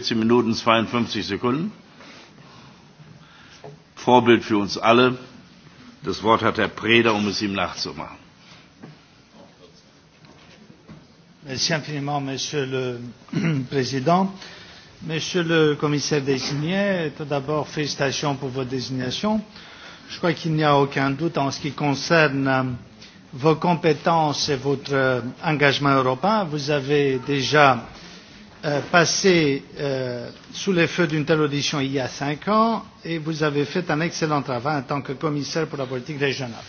14 Minuten 52 Sekunden. Vorbild für uns alle. Das Wort hat Herr Preder, um es ihm nachzumachen. Merci infiniment, Monsieur le Président. Monsieur le Commissaire désigné, tout d'abord, félicitations pour votre désignation. Je crois qu'il n'y a aucun doute en ce qui concerne euh, vos compétences et votre euh, engagement européen. Vous avez déjà Euh, passé euh, sous les feux d'une telle audition il y a cinq ans et vous avez fait un excellent travail en tant que commissaire pour la politique régionale.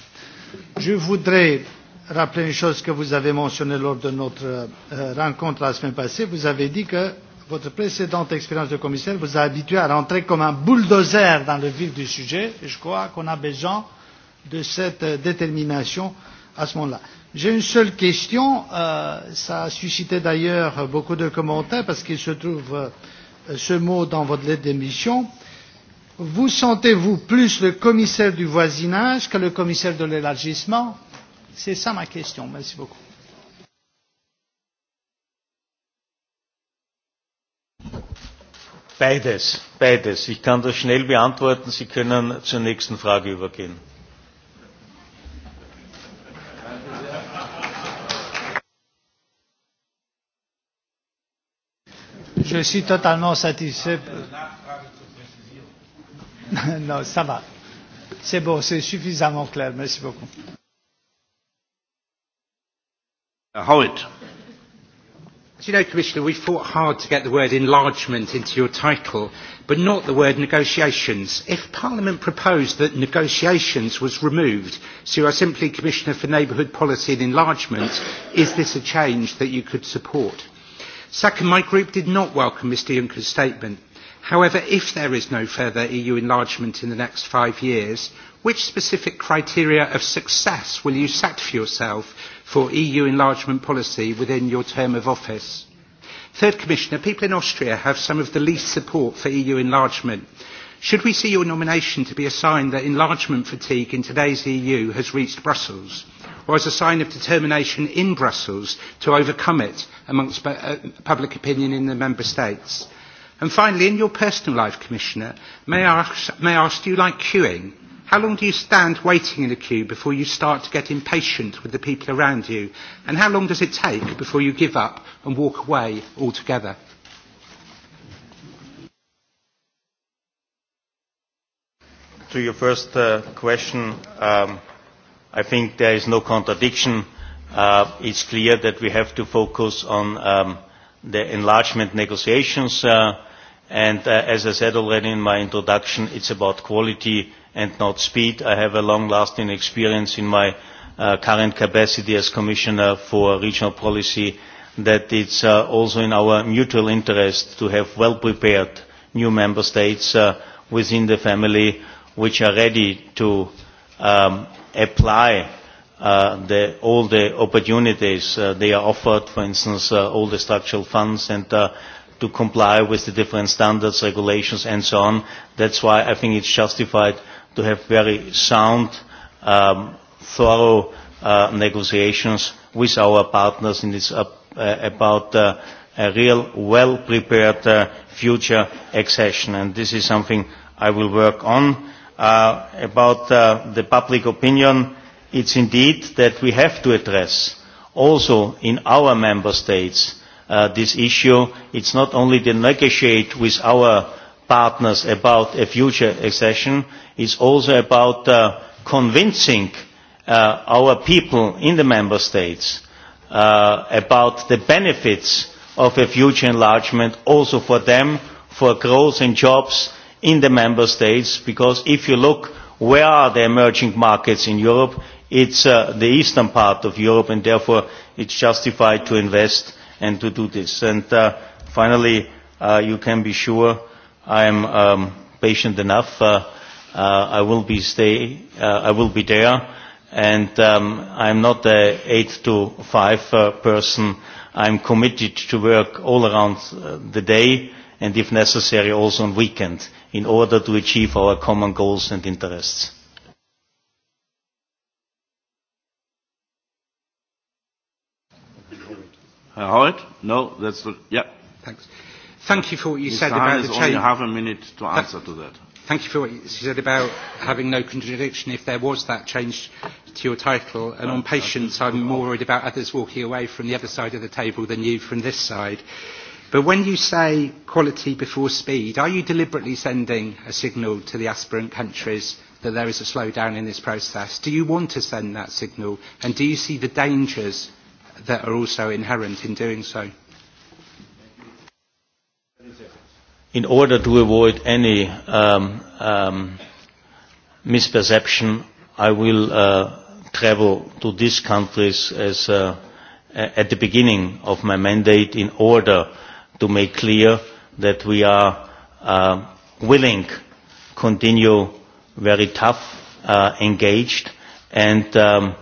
Je voudrais rappeler une chose que vous avez mentionnée lors de notre euh, rencontre la semaine passée. Vous avez dit que votre précédente expérience de commissaire vous a habitué à rentrer comme un bulldozer dans le vif du sujet. et Je crois qu'on a besoin de cette euh, détermination à ce moment-là. J'ai une seule question. Euh, ça a suscité d'ailleurs beaucoup de commentaires parce qu'il se trouve euh, ce mot dans votre lettre d'émission. Vous sentez-vous plus le commissaire du voisinage que le commissaire de l'élargissement C'est ça ma question. Merci beaucoup. Beides, beides. Ich kann das schnell beantworten. Sie können zur nächsten Frage übergehen. Je suis totalement satisfait. non, ça va. C'est bon, c'est suffisamment clair. Merci beaucoup. Uh, Howard. As you know, Commissioner, we fought hard to get the word enlargement into your title, but not the word negotiations. If Parliament proposed that negotiations was removed, so you are simply Commissioner for Neighbourhood Policy and Enlargement, is this a change that you could support? Second, my group did not welcome Mr Juncker's statement. However, if there is no further EU enlargement in the next five years, which specific criteria of success will you set for yourself for EU enlargement policy within your term of office? Third Commissioner, people in Austria have some of the least support for EU enlargement. Should we see your nomination to be a sign that enlargement fatigue in today's EU has reached Brussels? or as a sign of determination in Brussels to overcome it amongst uh, public opinion in the Member States? And finally, in your personal life, Commissioner, may I ask, may I ask do you like queuing? How long do you stand waiting in a queue before you start to get impatient with the people around you? And how long does it take before you give up and walk away altogether? To your first uh, question, um, I think there is no contradiction. Uh, it's clear that we have to focus on um, the enlargement negotiations. Uh, and uh, as I said already in my introduction, it's about quality and not speed. I have a long-lasting experience in my uh, current capacity as Commissioner for Regional Policy that it's uh, also in our mutual interest to have well-prepared new member states uh, within the family which are ready to um, apply uh, the, all the opportunities uh, they are offered, for instance, uh, all the structural funds and uh, to comply with the different standards, regulations and so on. That's why I think it's justified to have very sound, um, thorough uh, negotiations with our partners in this, uh, uh, about uh, a real well-prepared uh, future accession. And this is something I will work on uh, about uh, the public opinion, it's indeed that we have to address also in our member states uh, this issue. It's not only to negotiate with our partners about a future accession, it's also about uh, convincing uh, our people in the member states uh, about the benefits of a future enlargement also for them, for growth and jobs, in the member states because if you look where are the emerging markets in Europe, it's uh, the eastern part of Europe and therefore it's justified to invest and to do this. And uh, finally, uh, you can be sure I am um, patient enough. Uh, uh, I will be stay, uh, I will be there and um, I'm not a 8 to 5 uh, person. I'm committed to work all around uh, the day and if necessary also on weekend in order to achieve our common goals and interests. Uh, Holt? No, that's the, yeah. Thanks. Thank you for what you Mr. said Hines about the change. only half a minute to answer Th to that. Thank you for what you said about having no contradiction if there was that change to your title. And no, on patience, I'm more worried about others walking away from the other side of the table than you from this side. Uh, But when you say quality before speed, are you deliberately sending a signal to the aspirant countries that there is a slowdown in this process? Do you want to send that signal? And do you see the dangers that are also inherent in doing so? In order to avoid any um, um, misperception, I will uh, travel to these countries as, uh, at the beginning of my mandate in order to make clear that we are uh, willing continue very tough, uh, engaged and um,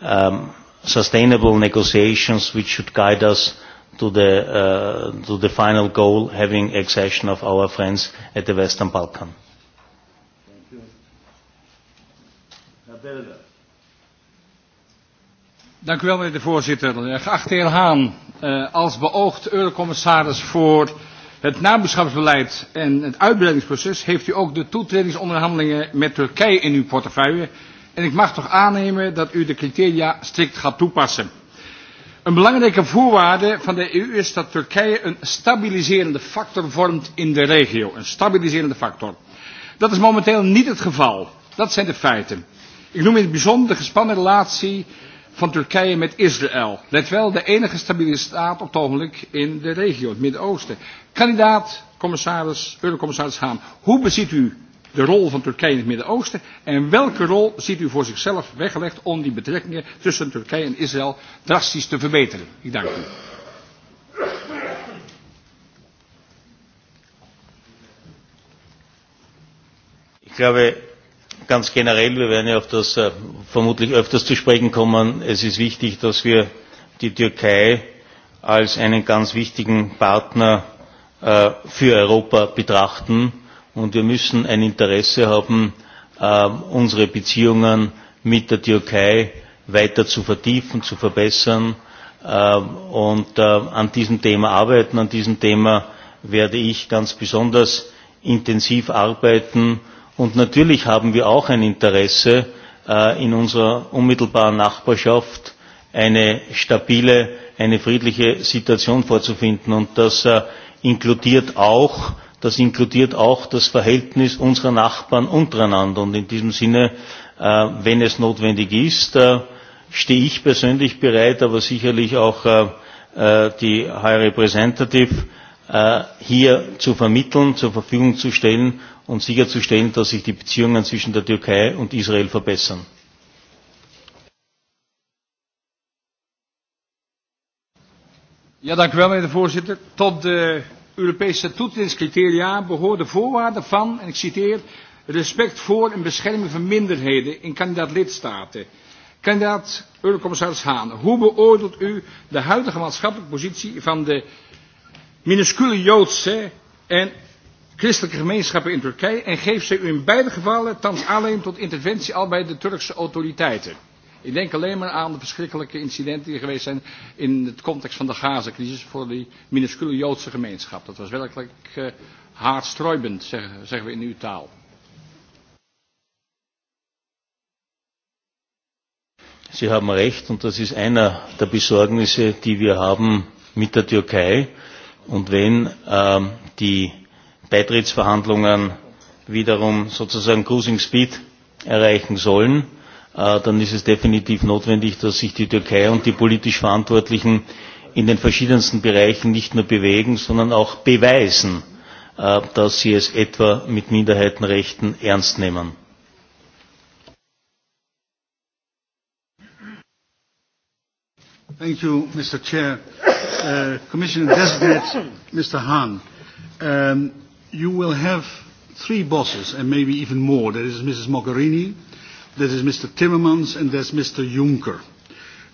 um, sustainable negotiations which should guide us to the, uh, to the final goal, having accession of our friends at the Western Balkan. Dank u wel, meneer de voorzitter. Geachte heer Haan, uh, als beoogd eurocommissaris voor het nabeschapsbeleid en het uitbreidingsproces heeft u ook de toetredingsonderhandelingen met Turkije in uw portefeuille. En ik mag toch aannemen dat u de criteria strikt gaat toepassen. Een belangrijke voorwaarde van de EU is dat Turkije een stabiliserende factor vormt in de regio. Een stabiliserende factor. Dat is momenteel niet het geval. Dat zijn de feiten. Ik noem in het bijzonder de gespannen relatie van Turkije met Israël. Let wel, de enige stabiele staat op het ogenblik in de regio, het Midden-Oosten. Kandidaat, commissaris, eurocommissaris Haan, hoe beziet u de rol van Turkije in het Midden-Oosten en welke rol ziet u voor zichzelf weggelegd om die betrekkingen tussen Turkije en Israël drastisch te verbeteren? Ik dank u. Ich glaube, ganz generell, wir werden ja auf das äh, vermutlich öfters zu sprechen kommen, es ist wichtig, dass wir die Türkei als einen ganz wichtigen Partner äh, für Europa betrachten und wir müssen ein Interesse haben, äh, unsere Beziehungen mit der Türkei weiter zu vertiefen, zu verbessern äh, und äh, an diesem Thema arbeiten. An diesem Thema werde ich ganz besonders intensiv arbeiten Und natürlich haben wir auch ein Interesse, äh, in unserer unmittelbaren Nachbarschaft eine stabile, eine friedliche Situation vorzufinden. Und das äh, inkludiert auch, das inkludiert auch das Verhältnis unserer Nachbarn untereinander. Und in diesem Sinne, äh, wenn es notwendig ist, stehe ich persönlich bereit, aber sicherlich auch die High Representative hier zu vermitteln, zur Verfügung zu stellen und sicherzustellen, dass sich die Beziehungen zwischen der Türkei und Israel verbessern. Ja, danke, wel, meneer de voorzitter. Tot de Europese toetredingscriteria behoort de voorwaarde van, en ik citeer, respect voor en bescherming van minderheden in kandidaat lidstaten. Kandidaat Eurocommissaris Haan, hoe beoordeelt u de huidige maatschappelijke positie van de minuscule Joodse en christelijke gemeenschappen in Turkije en geeft ze u in beide gevallen thans alleen tot interventie al bij de Turkse autoriteiten. Ik denk alleen maar aan de verschrikkelijke incidenten die er geweest zijn in het context van de Gaza-crisis voor die minuscule Joodse gemeenschap. Dat was werkelijk uh, haardstrooibend, zeggen, zeggen we in uw taal. Sie haben recht, und das ist einer der Besorgnisse, die wir haben mit der Türkei. Und wenn ähm, die Beitrittsverhandlungen wiederum sozusagen Cruising Speed erreichen sollen, äh, dann ist es definitiv notwendig, dass sich die Türkei und die politisch Verantwortlichen in den verschiedensten Bereichen nicht nur bewegen, sondern auch beweisen, äh, dass sie es etwa mit Minderheitenrechten ernst nehmen. Thank you, Mr. Chair. Uh, Commissioner Designate, Mr. Hahn. Um, you will have three bosses, and maybe even more. There is Mrs. Mogherini, there is Mr. Timmermans, and there's Mr. Juncker.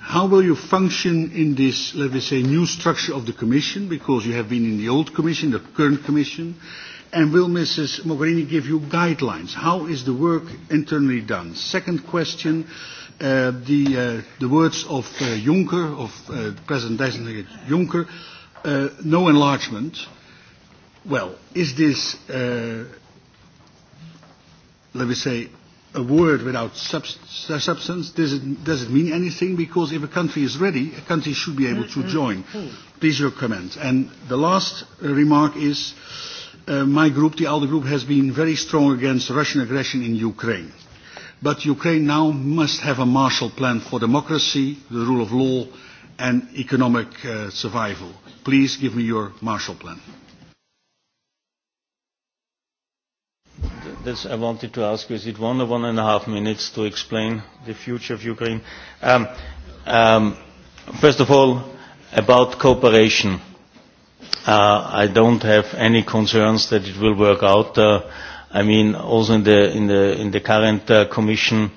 How will you function in this, let me say, new structure of the Commission, because you have been in the old Commission, the current Commission, and will Mrs. Mogherini give you guidelines? How is the work internally done? Second question, uh, the, uh, the words of uh, Juncker, of uh, President-designate Juncker, uh, no enlargement, uh, Well, is this, uh, let me say, a word without subst substance? Does it, does it mean anything? Because if a country is ready, a country should be able to mm-hmm. join. Please, mm-hmm. your comments. And the last uh, remark is, uh, my group, the ALDE group, has been very strong against Russian aggression in Ukraine. But Ukraine now must have a Marshall Plan for democracy, the rule of law, and economic uh, survival. Please give me your Marshall Plan. That's I wanted to ask you, is it one or one and a half minutes to explain the future of Ukraine? Um, um, first of all, about cooperation. Uh, I don't have any concerns that it will work out. Uh, I mean, also in the, in the, in the current uh, commission,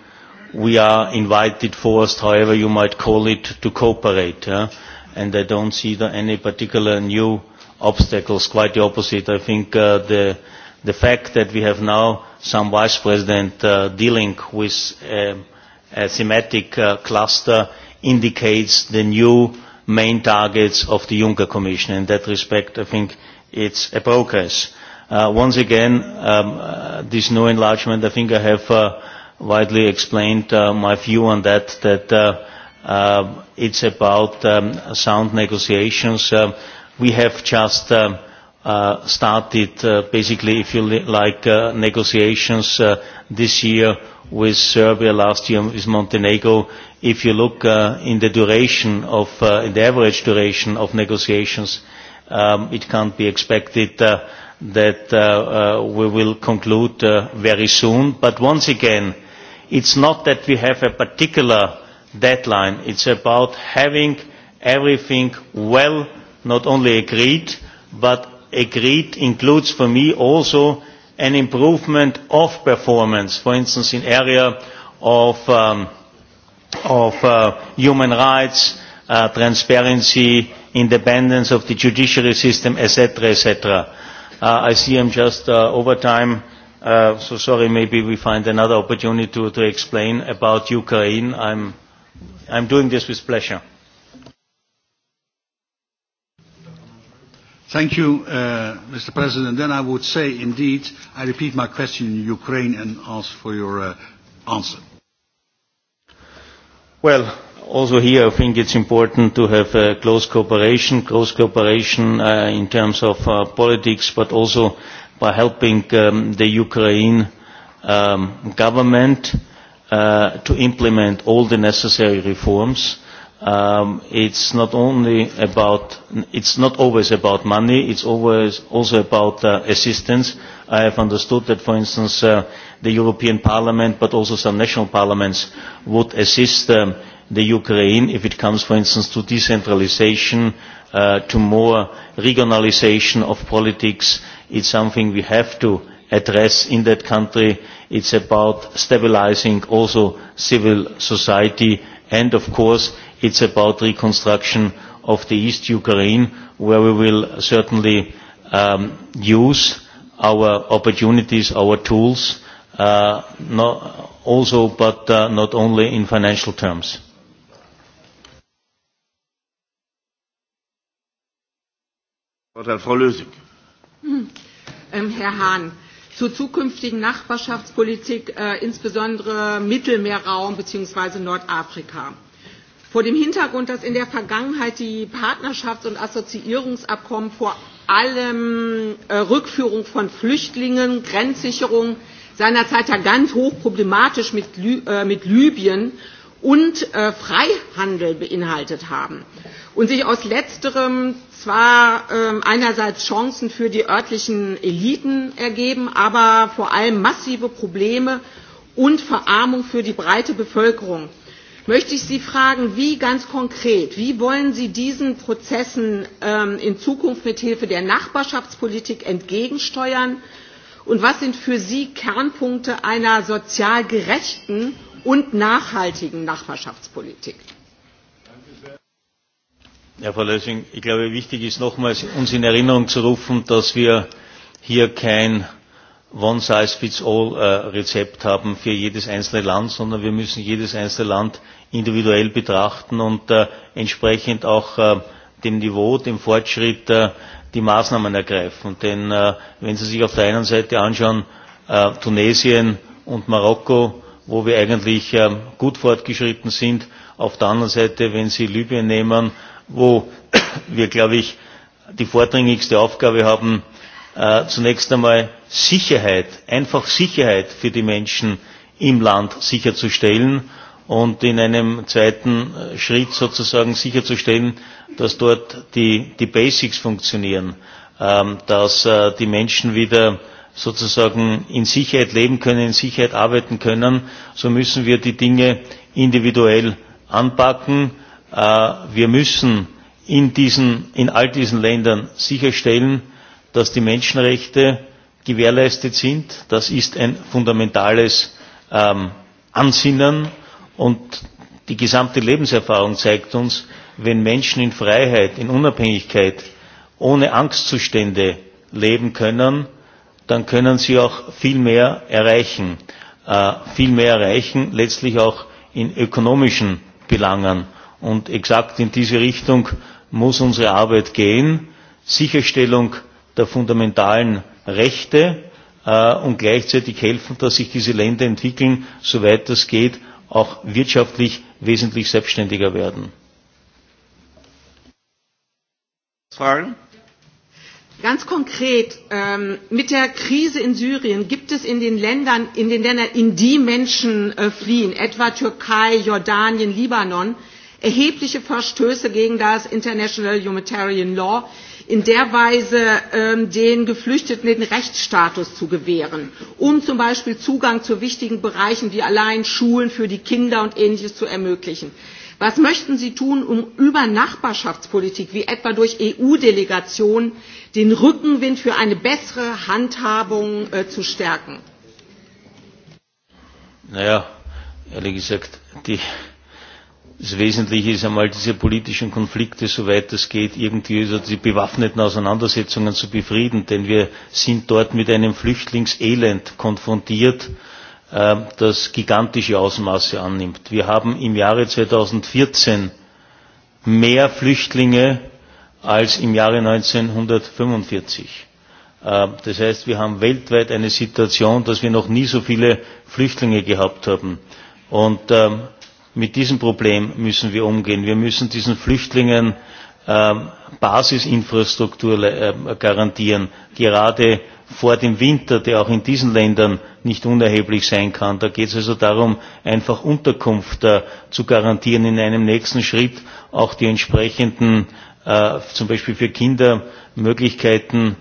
we are invited, forced, however you might call it, to cooperate. Uh, And I don't see the, any particular new obstacles, quite the opposite. I think uh, the the fact that we have now some vice president uh, dealing with um, a thematic uh, cluster indicates the new main targets of the Juncker Commission. In that respect, I think it's a progress. Uh, once again, um, uh, this new enlargement, I think I have uh, widely explained uh, my view on that, that uh, uh, it's about um, sound negotiations. Um, we have just uh Uh, started uh, basically, if you li like, uh, negotiations uh, this year with Serbia, last year with Montenegro. If you look uh, in the duration of, uh, in the average duration of negotiations, um, it can't be expected uh, that uh, uh, we will conclude uh, very soon. But once again, it's not that we have a particular deadline. It's about having everything well, not only agreed, but agreed includes for me also an improvement of performance, for instance, in area of, um, of uh, human rights, uh, transparency, independence of the judiciary system, etc., etc. Uh, I see I'm just uh, over time, uh, so sorry, maybe we find another opportunity to, to explain about Ukraine. I'm, I'm doing this with pleasure. Thank you, uh, Mr. President. Then I would say, indeed, I repeat my question in Ukraine and ask for your uh, answer. Well, also here I think it's important to have uh, close cooperation, close cooperation uh, in terms of uh, politics, but also by helping um, the Ukraine um, government uh, to implement all the necessary reforms um, it's not only about, it's not always about money, it's always also about uh, assistance. I have understood that, for instance, uh, the European Parliament, but also some national parliaments would assist um, the Ukraine if it comes, for instance, to decentralization, uh, to more regionalization of politics. It's something we have to address in that country. It's about stabilizing also civil society and, of course, It's about reconstruction of the East Ukraine, where we will certainly um, use our opportunities, our tools, uh, not also but uh, not only in financial terms. Frau Lösing. Ähm, Herr Hahn, zur zukünftigen Nachbarschaftspolitik, äh, insbesondere Mittelmeerraum bzw. Nordafrika. Vor dem Hintergrund, dass in der Vergangenheit die Partnerschafts- und Assoziierungsabkommen vor allem äh, Rückführung von Flüchtlingen, Grenzsicherung seinerzeit ja ganz problematisch mit, Ly äh, mit Libyen und äh, Freihandel beinhaltet haben und sich aus letzterem zwar äh, einerseits Chancen für die örtlichen Eliten ergeben, aber vor allem massive Probleme und Verarmung für die breite Bevölkerung möchte ich Sie fragen, wie ganz konkret, wie wollen Sie diesen Prozessen ähm, in Zukunft mit Hilfe der Nachbarschaftspolitik entgegensteuern? Und was sind für Sie Kernpunkte einer sozial gerechten und nachhaltigen Nachbarschaftspolitik? Herr Frau Lösing, ich glaube, wichtig ist nochmals, uns in Erinnerung zu rufen, dass wir hier kein One-Size-Fits-All-Rezept äh, haben für jedes einzelne Land, sondern wir müssen jedes einzelne Land individuell betrachten und äh, entsprechend auch äh, dem Niveau, dem Fortschritt äh, die Maßnahmen ergreifen. Denn äh, wenn Sie sich auf der einen Seite anschauen, äh, Tunesien und Marokko, wo wir eigentlich äh, gut fortgeschritten sind, auf der anderen Seite, wenn Sie Libyen nehmen, wo wir, glaube ich, die vordringlichste Aufgabe haben, äh, zunächst einmal Sicherheit, einfach Sicherheit für die Menschen im Land sicherzustellen und in einem zweiten äh, Schritt sozusagen sicherzustellen, dass dort die, die Basics funktionieren, ähm, dass äh, die Menschen wieder sozusagen in Sicherheit leben können, in Sicherheit arbeiten können, so müssen wir die Dinge individuell anpacken. Äh, wir müssen in, diesen, in all diesen Ländern sicherstellen, dass die Menschenrechte gewährleistet sind. Das ist ein fundamentales ähm, Ansinnen und die gesamte Lebenserfahrung zeigt uns, wenn Menschen in Freiheit, in Unabhängigkeit, ohne Angstzustände leben können, dann können sie auch viel mehr erreichen, äh, viel mehr erreichen, letztlich auch in ökonomischen Belangen. Und exakt in diese Richtung muss unsere Arbeit gehen. Sicherstellung der fundamentalen Rechte äh, und gleichzeitig helfen, dass sich diese Länder entwickeln, soweit das geht, auch wirtschaftlich wesentlich selbstständiger werden. Fragen? Ganz konkret, ähm, mit der Krise in Syrien gibt es in den Ländern, in den Ländern, in die Menschen äh, fliehen, etwa Türkei, Jordanien, Libanon, erhebliche Verstöße gegen das International Humanitarian Law, in der Weise ähm, den Geflüchteten den Rechtsstatus zu gewähren, um zum Beispiel Zugang zu wichtigen Bereichen wie allein Schulen für die Kinder und ähnliches zu ermöglichen. Was möchten Sie tun, um über Nachbarschaftspolitik, wie etwa durch EU-Delegationen, den Rückenwind für eine bessere Handhabung äh, zu stärken? Naja, ehrlich gesagt, die Das Wesentliche ist einmal, diese politischen Konflikte, soweit es geht, irgendwie also die bewaffneten Auseinandersetzungen zu befrieden, denn wir sind dort mit einem Flüchtlingselend konfrontiert, äh, das gigantische Ausmaße annimmt. Wir haben im Jahre 2014 mehr Flüchtlinge als im Jahre 1945. Äh, das heißt, wir haben weltweit eine Situation, dass wir noch nie so viele Flüchtlinge gehabt haben. Und ähm, Mit diesem Problem müssen wir umgehen. Wir müssen diesen Flüchtlingen ähm, Basisinfrastruktur äh, garantieren, gerade vor dem Winter, der auch in diesen Ländern nicht unerheblich sein kann. Da geht es also darum, einfach Unterkunft äh, zu garantieren, in einem nächsten Schritt auch die entsprechenden, äh, zum Beispiel für Kinder, Möglichkeiten,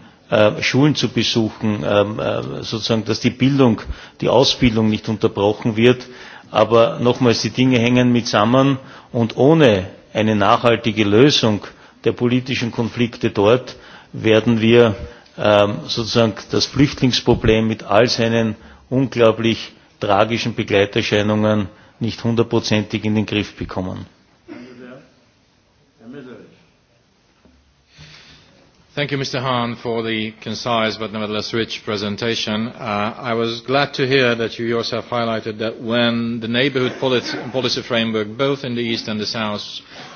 Schulen zu besuchen, ähm, sozusagen, dass die Bildung, die Ausbildung nicht unterbrochen wird. Aber nochmals, die Dinge hängen mit zusammen und ohne eine nachhaltige Lösung der politischen Konflikte dort werden wir ähm, sozusagen das Flüchtlingsproblem mit all seinen unglaublich tragischen Begleiterscheinungen nicht hundertprozentig in den Griff bekommen. Thank you, Mr. Hahn, for the concise but nevertheless rich presentation. Uh, I was glad to hear that you yourself highlighted that when the neighborhood policy, policy framework, both in the East and the South,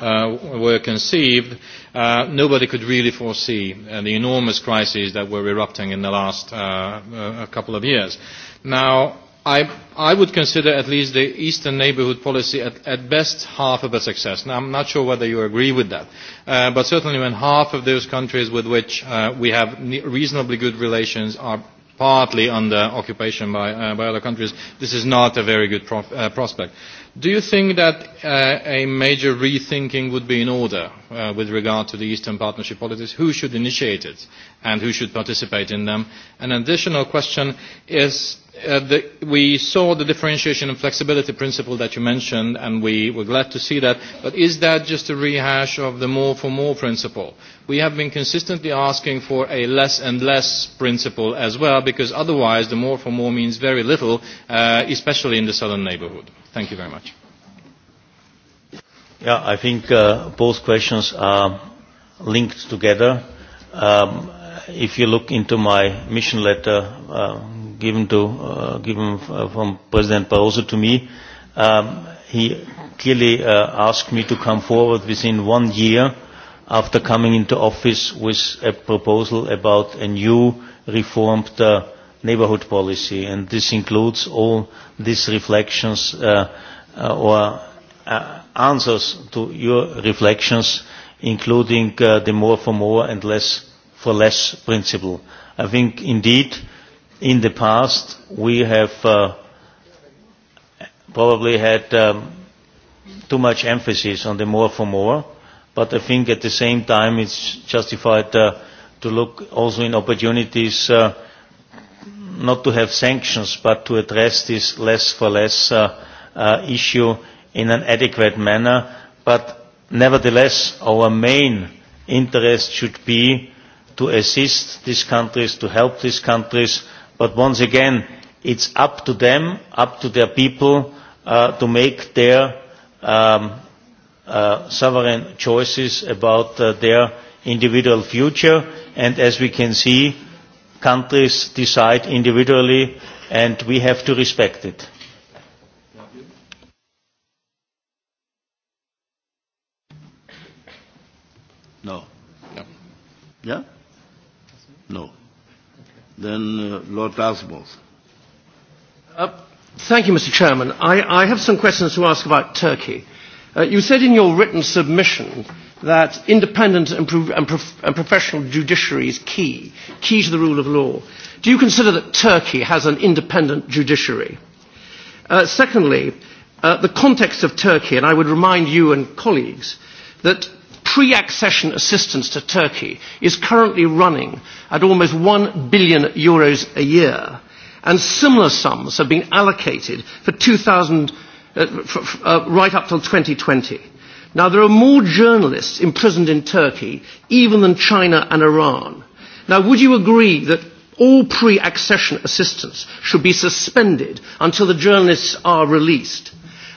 uh, were conceived, uh, nobody could really foresee uh, the enormous crises that were erupting in the last uh, uh, couple of years. Now, I, I would consider at least the Eastern Neighbourhood Policy at, at best half of a success. Now, I'm not sure whether you agree with that, uh, but certainly when half of those countries with which uh, we have reasonably good relations are partly under occupation by, uh, by other countries, this is not a very good pro uh, prospect. Do you think that uh, a major rethinking would be in order uh, with regard to the Eastern Partnership policies? Who should initiate it and who should participate in them? An additional question is Uh, the, we saw the differentiation and flexibility principle that you mentioned, and we were glad to see that. But is that just a rehash of the more for more principle? We have been consistently asking for a less and less principle as well, because otherwise the more for more means very little, uh, especially in the southern neighborhood. Thank you very much. Yeah, I think uh, both questions are linked together. Um, if you look into my mission letter, uh, given, to, uh, given uh, from President Barroso to me, um, he clearly uh, asked me to come forward within one year after coming into office with a proposal about a new reformed uh, neighborhood policy. And this includes all these reflections uh, uh, or uh, answers to your reflections, including uh, the more for more and less for less principle. I think indeed in the past we have uh, probably had um, too much emphasis on the more for more, but I think at the same time it's justified uh, to look also in opportunities uh, not to have sanctions but to address this less for less uh, uh, issue in an adequate manner. But nevertheless, our main interest should be to assist these countries, to help these countries But once again, it's up to them, up to their people uh, to make their um, uh, sovereign choices about uh, their individual future. And as we can see, countries decide individually and we have to respect it. No. Yeah? No then uh, Lord Dartmouth. Uh, thank you, Mr. Chairman. I, I have some questions to ask about Turkey. Uh, you said in your written submission that independent and, pro and, prof and professional judiciary is key, key to the rule of law. Do you consider that Turkey has an independent judiciary? Uh, secondly, uh, the context of Turkey, and I would remind you and colleagues that pre-accession assistance to Turkey is currently running at almost 1 billion euros a year, and similar sums have been allocated for 2000, uh, for, uh, right up till 2020. Now, there are more journalists imprisoned in Turkey even than China and Iran. Now, would you agree that all pre-accession assistance should be suspended until the journalists are released?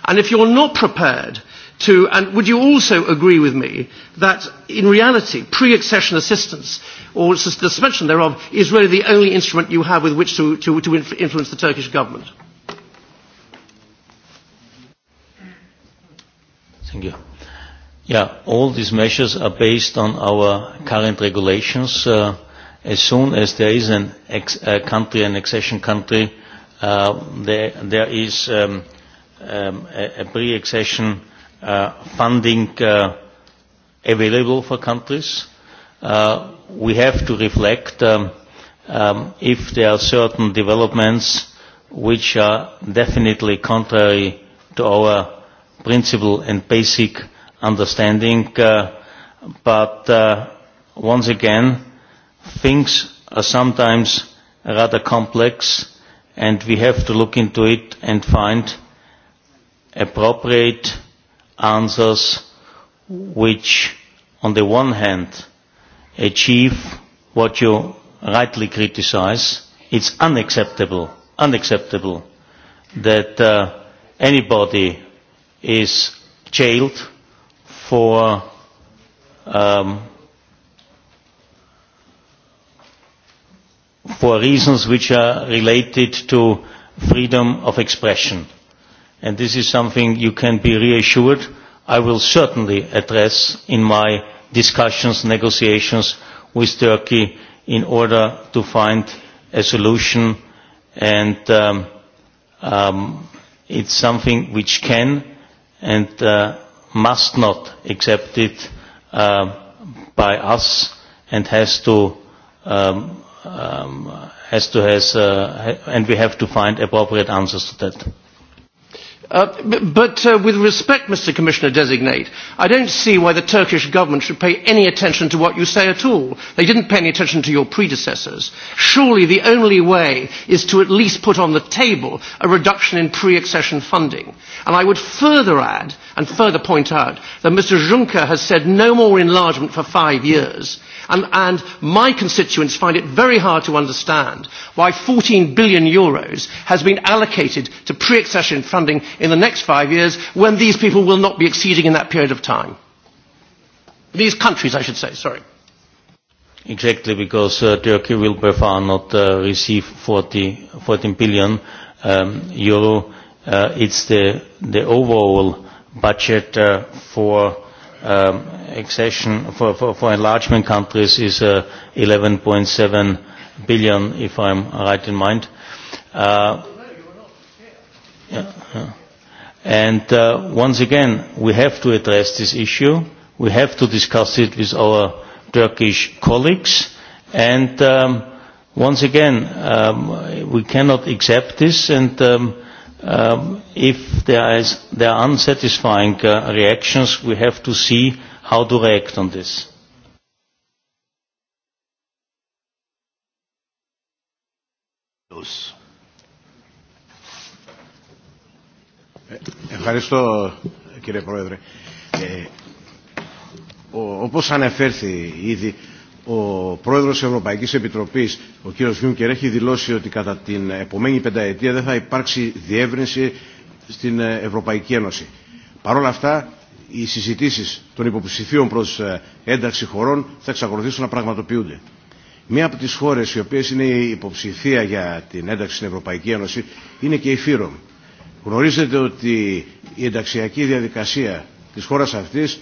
And if you're not prepared to, and would you also agree with me that in reality pre-accession assistance or the suspension thereof is really the only instrument you have with which to, to, to influence the Turkish government? Thank you. Yeah, all these measures are based on our current regulations. Uh, as soon as there is an ex a country, an accession country, uh, there, there is um, um, a, a pre-accession uh, funding uh, available for countries. Uh, we have to reflect um, um, if there are certain developments which are definitely contrary to our principle and basic understanding. Uh, but uh, once again, things are sometimes rather complex and we have to look into it and find appropriate answers which, on the one hand, achieve what you rightly criticize. It's unacceptable, unacceptable that uh, anybody is jailed for um, for reasons which are related to freedom of expression and this is something you can be reassured I will certainly address in my discussions, negotiations with Turkey in order to find a solution and um, um, it's something which can and uh, must not accept it uh, um, by us and has to um, um, has to has uh, and we have to find appropriate answers to that. Uh, but uh, with respect, Mr. Commissioner designate, I don't see why the Turkish government should pay any attention to what you say at all. They didn't pay any attention to your predecessors. Surely the only way is to at least put on the table a reduction in pre-accession funding. And I would further add and further point out that Mr. Juncker has said no more enlargement for five years. And, and my constituents find it very hard to understand why 14 billion euros has been allocated to pre-accession funding in the next five years when these people will not be exceeding in that period of time. These countries, I should say, sorry. Exactly, because uh, Turkey will by far not uh, receive 40, 14 billion um, euro. Uh, it's the, the overall budget uh, for um, accession for, for, for enlargement countries is uh, 11.7 billion, if I'm right in mind. Uh, yeah, And uh, once again, we have to address this issue. We have to discuss it with our Turkish colleagues. And um, once again, um, we cannot accept this. And um, um, if there, is, there are unsatisfying uh, reactions, we have to see how to react on this. Ευχαριστώ κύριε Πρόεδρε. Ε, ο, όπως αναφέρθη ήδη ο πρόεδρος της Ευρωπαϊκής Επιτροπής, ο κ. Γιούνκερ, έχει δηλώσει ότι κατά την επομένη πενταετία δεν θα υπάρξει διεύρυνση στην Ευρωπαϊκή Ένωση. Παρ' όλα αυτά, οι συζητήσεις των υποψηφίων προς ένταξη χωρών θα εξακολουθήσουν να πραγματοποιούνται. Μία από τις χώρες οι οποίες είναι η υποψηφία για την ένταξη στην Ευρωπαϊκή Ένωση είναι και η Φύρομ. Γνωρίζετε ότι η ενταξιακή διαδικασία της χώρας αυτής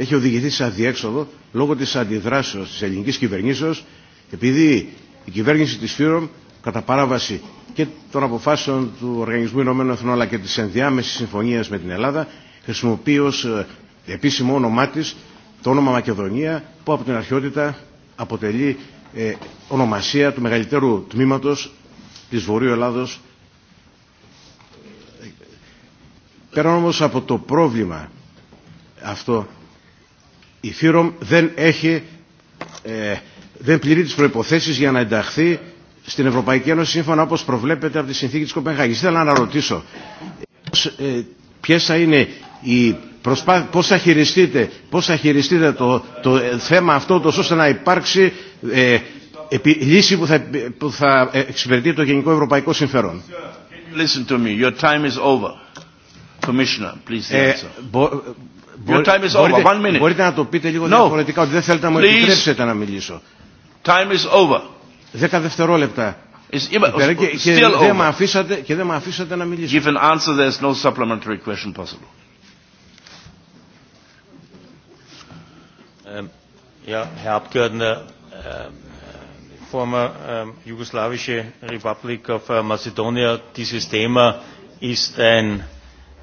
έχει οδηγηθεί σε αδιέξοδο λόγω της αντιδράσεως της ελληνικής κυβερνήσεως επειδή η κυβέρνηση της Φύρων κατά παράβαση και των αποφάσεων του Οργανισμού Ηνωμένων Εθνών αλλά και της ενδιάμεσης συμφωνίας με την Ελλάδα χρησιμοποιεί ως επίσημο όνομά της το όνομα Μακεδονία που από την αρχαιότητα αποτελεί ε, ονομασία του μεγαλύτερου τμήματος της Βορείου Ελλάδος Πέραν όμως από το πρόβλημα αυτό η Φύρομ δεν έχει ε, δεν πληρεί τις προϋποθέσεις για να ενταχθεί στην Ευρωπαϊκή Ένωση σύμφωνα όπως προβλέπεται από τη συνθήκη της Κοπενχάγης. Θέλω να ρωτήσω ε, ποιες θα είναι οι προσπά... πώς θα χειριστείτε, πώς θα χειριστείτε το, το θέμα αυτό το, ώστε να υπάρξει ε, επι... λύση που θα, που θα εξυπηρετεί το γενικό ευρωπαϊκό συμφέρον. Listen to me, your time is over. Commissioner, please. Ε, Your time is over. One minute. Μπορείτε να το πείτε λίγο no. διαφορετικά ότι δεν θέλετε να μου επιτρέψετε να μιλήσω. Time is over. Δέκα δευτερόλεπτα. Και δεν με αφήσατε και δεν με αφήσατε να μιλήσω. Give an answer, there is no supplementary question possible. Um, ja, Herr Abgeordneter, um, former um, jugoslawische Republic of äh, Macedonia, dieses Thema ist ein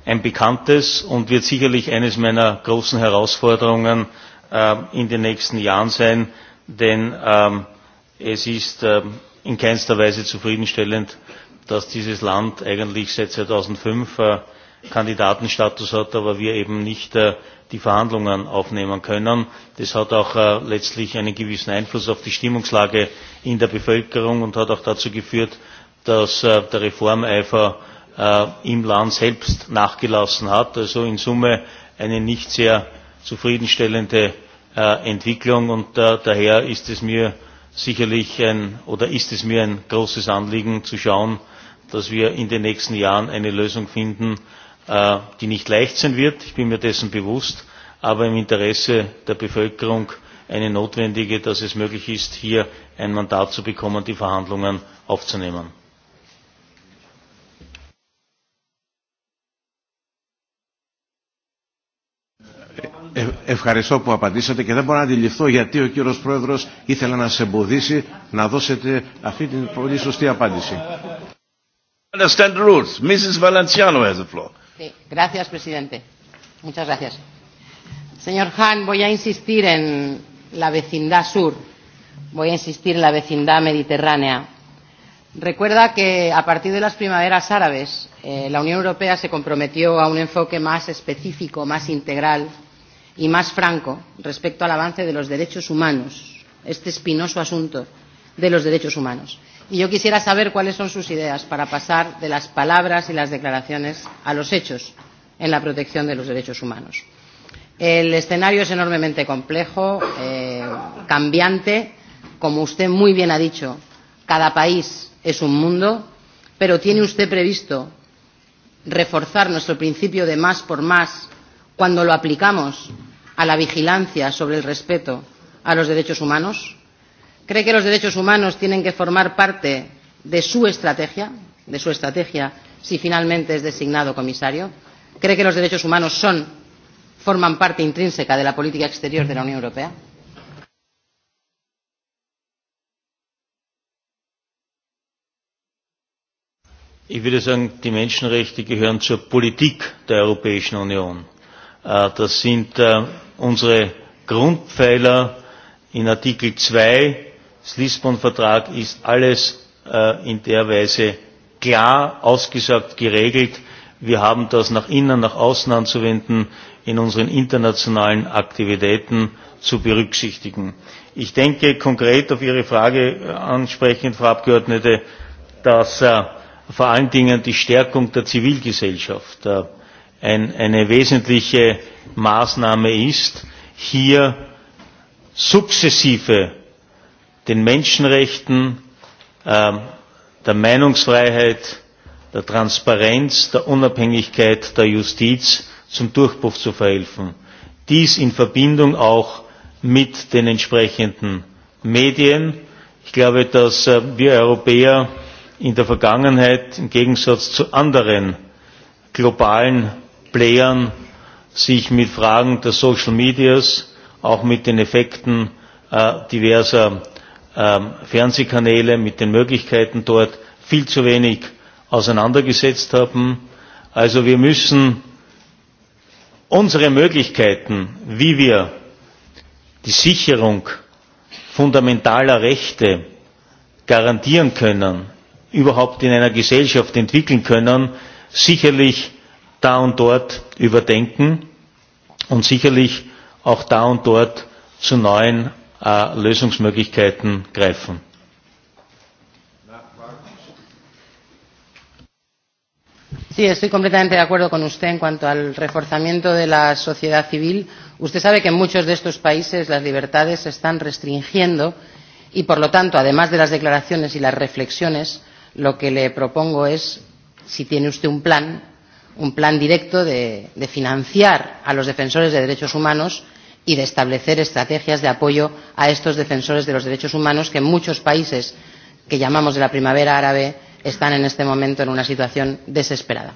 ein bekanntes und wird sicherlich eines meiner großen Herausforderungen äh, in den nächsten Jahren sein, denn ähm, es ist äh, in keinster Weise zufriedenstellend, dass dieses Land eigentlich seit 2005 äh, Kandidatenstatus hat, aber wir eben nicht äh, die Verhandlungen aufnehmen können. Das hat auch äh, letztlich einen gewissen Einfluss auf die Stimmungslage in der Bevölkerung und hat auch dazu geführt, dass äh, der Reformeifer äh, im Land selbst nachgelassen hat. Also in Summe eine nicht sehr zufriedenstellende äh, Entwicklung und äh, daher ist es mir sicherlich ein, oder ist es mir ein großes Anliegen zu schauen, dass wir in den nächsten Jahren eine Lösung finden, äh, die nicht leicht sein wird, ich bin mir dessen bewusst, aber im Interesse der Bevölkerung eine notwendige, dass es möglich ist, hier ein Mandat zu bekommen, die Verhandlungen aufzunehmen. Ε, ευχαριστώ που απαντήσατε και δεν μπορώ να αντιληφθώ γιατί ο κύριος Πρόεδρος ήθελε να σε εμποδίσει να δώσετε αυτή την πολύ σωστή απάντηση. Understand the rules. Mrs. Valenciano has the floor. Sí, gracias, presidente. Muchas gracias. Señor Hahn, voy a insistir en la vecindad sur, voy a insistir en la vecindad mediterránea. Recuerda que a partir de las primaveras árabes, eh, la Unión Europea se comprometió a un enfoque más específico, más integral y más franco respecto al avance de los derechos humanos, este espinoso asunto de los derechos humanos. Y yo quisiera saber cuáles son sus ideas para pasar de las palabras y las declaraciones a los hechos en la protección de los derechos humanos. El escenario es enormemente complejo, eh, cambiante. Como usted muy bien ha dicho, cada país es un mundo, pero ¿tiene usted previsto reforzar nuestro principio de más por más cuando lo aplicamos a la vigilancia sobre el respeto a los derechos humanos? ¿Cree que los derechos humanos tienen que formar parte de su estrategia, de su estrategia si finalmente es designado comisario? ¿Cree que los derechos humanos son, forman parte intrínseca de la política exterior de la Unión Europea? Ich würde sagen, die Menschenrechte gehören zur Politik der Europäischen Union. Äh, das sind äh, unsere Grundpfeiler in Artikel 2 des Lisbon vertrag ist alles äh, in der Weise klar ausgesagt geregelt. Wir haben das nach innen, nach außen anzuwenden, in unseren internationalen Aktivitäten zu berücksichtigen. Ich denke konkret auf Ihre Frage äh, ansprechend, Frau Abgeordnete, dass äh, vor allen Dingen die Stärkung der Zivilgesellschaft äh, ein, eine wesentliche Maßnahme ist, hier sukzessive den Menschenrechten, äh, der Meinungsfreiheit, der Transparenz, der Unabhängigkeit der Justiz zum Durchbruch zu verhelfen. Dies in Verbindung auch mit den entsprechenden Medien. Ich glaube, dass äh, wir Europäer in der Vergangenheit im Gegensatz zu anderen globalen Playern sich mit Fragen der Social Medias, auch mit den Effekten äh, diverser äh, Fernsehkanäle, mit den Möglichkeiten dort viel zu wenig auseinandergesetzt haben. Also wir müssen unsere Möglichkeiten, wie wir die Sicherung fundamentaler Rechte garantieren können, überhaupt in einer Gesellschaft entwickeln können, sicherlich da und dort überdenken und sicherlich auch da und dort zu neuen äh, Lösungsmöglichkeiten greifen. Sí, estoy completamente de acuerdo con usted en cuanto al reforzamiento de la sociedad civil. Usted sabe que en muchos de estos países las libertades se están restringiendo y, por lo tanto, además de las declaraciones y las reflexiones, lo que le propongo es, si tiene usted un plan, un plan directo de, de financiar a los defensores de derechos humanos y de establecer estrategias de apoyo a estos defensores de los derechos humanos que en muchos países que llamamos de la primavera árabe están en este momento en una situación desesperada.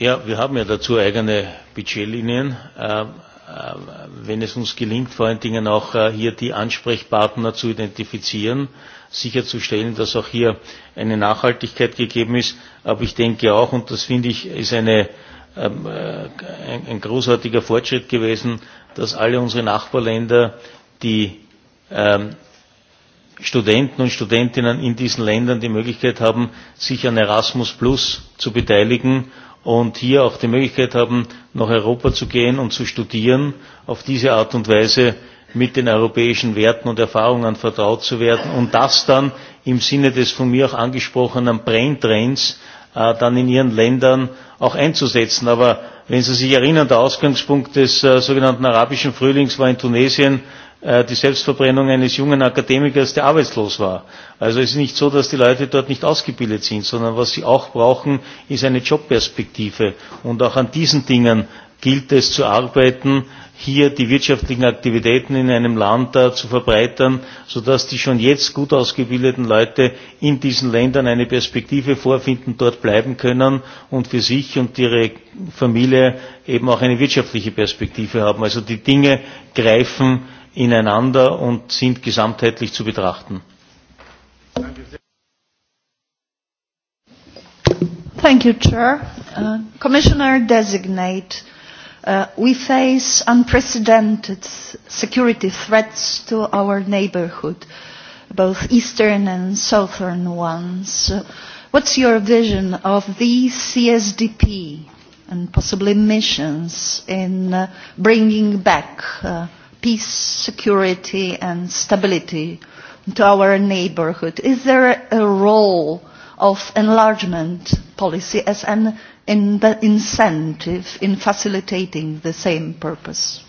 Ja, wir haben ja dazu eigene Budgetlinien. Ähm, ähm, wenn es uns gelingt, vor allen Dingen auch äh, hier die Ansprechpartner zu identifizieren, sicherzustellen, dass auch hier eine Nachhaltigkeit gegeben ist. Aber ich denke auch, und das finde ich, ist eine, ähm, äh, ein, ein großartiger Fortschritt gewesen, dass alle unsere Nachbarländer die ähm, Studenten und Studentinnen in diesen Ländern die Möglichkeit haben, sich an Erasmus Plus zu beteiligen und hier auch die Möglichkeit haben, nach Europa zu gehen und zu studieren. Auf diese Art und Weise mit den europäischen Werten und Erfahrungen vertraut zu werden und das dann im Sinne des von mir auch angesprochenen Brain Trains äh, dann in ihren Ländern auch einzusetzen. Aber wenn Sie sich erinnern, der Ausgangspunkt des äh, sogenannten arabischen Frühlings war in Tunesien äh, die Selbstverbrennung eines jungen Akademikers, der arbeitslos war. Also es ist nicht so, dass die Leute dort nicht ausgebildet sind, sondern was sie auch brauchen, ist eine Jobperspektive. Und auch an diesen Dingen gilt es zu arbeiten, hier die wirtschaftlichen Aktivitäten in einem Land äh, zu verbreitern, sodass die schon jetzt gut ausgebildeten Leute in diesen Ländern eine Perspektive vorfinden, dort bleiben können und für sich und ihre Familie eben auch eine wirtschaftliche Perspektive haben. Also die Dinge greifen ineinander und sind gesamtheitlich zu betrachten. Thank you, Chair. Uh, Commissioner Designate. Uh, we face unprecedented security threats to our neighborhood, both eastern and southern ones. what's your vision of the CSDP and possibly missions in uh, bringing back uh, peace, security and stability to our neighborhood? Is there a role of enlargement policy as an in the incentive in facilitating the same purpose.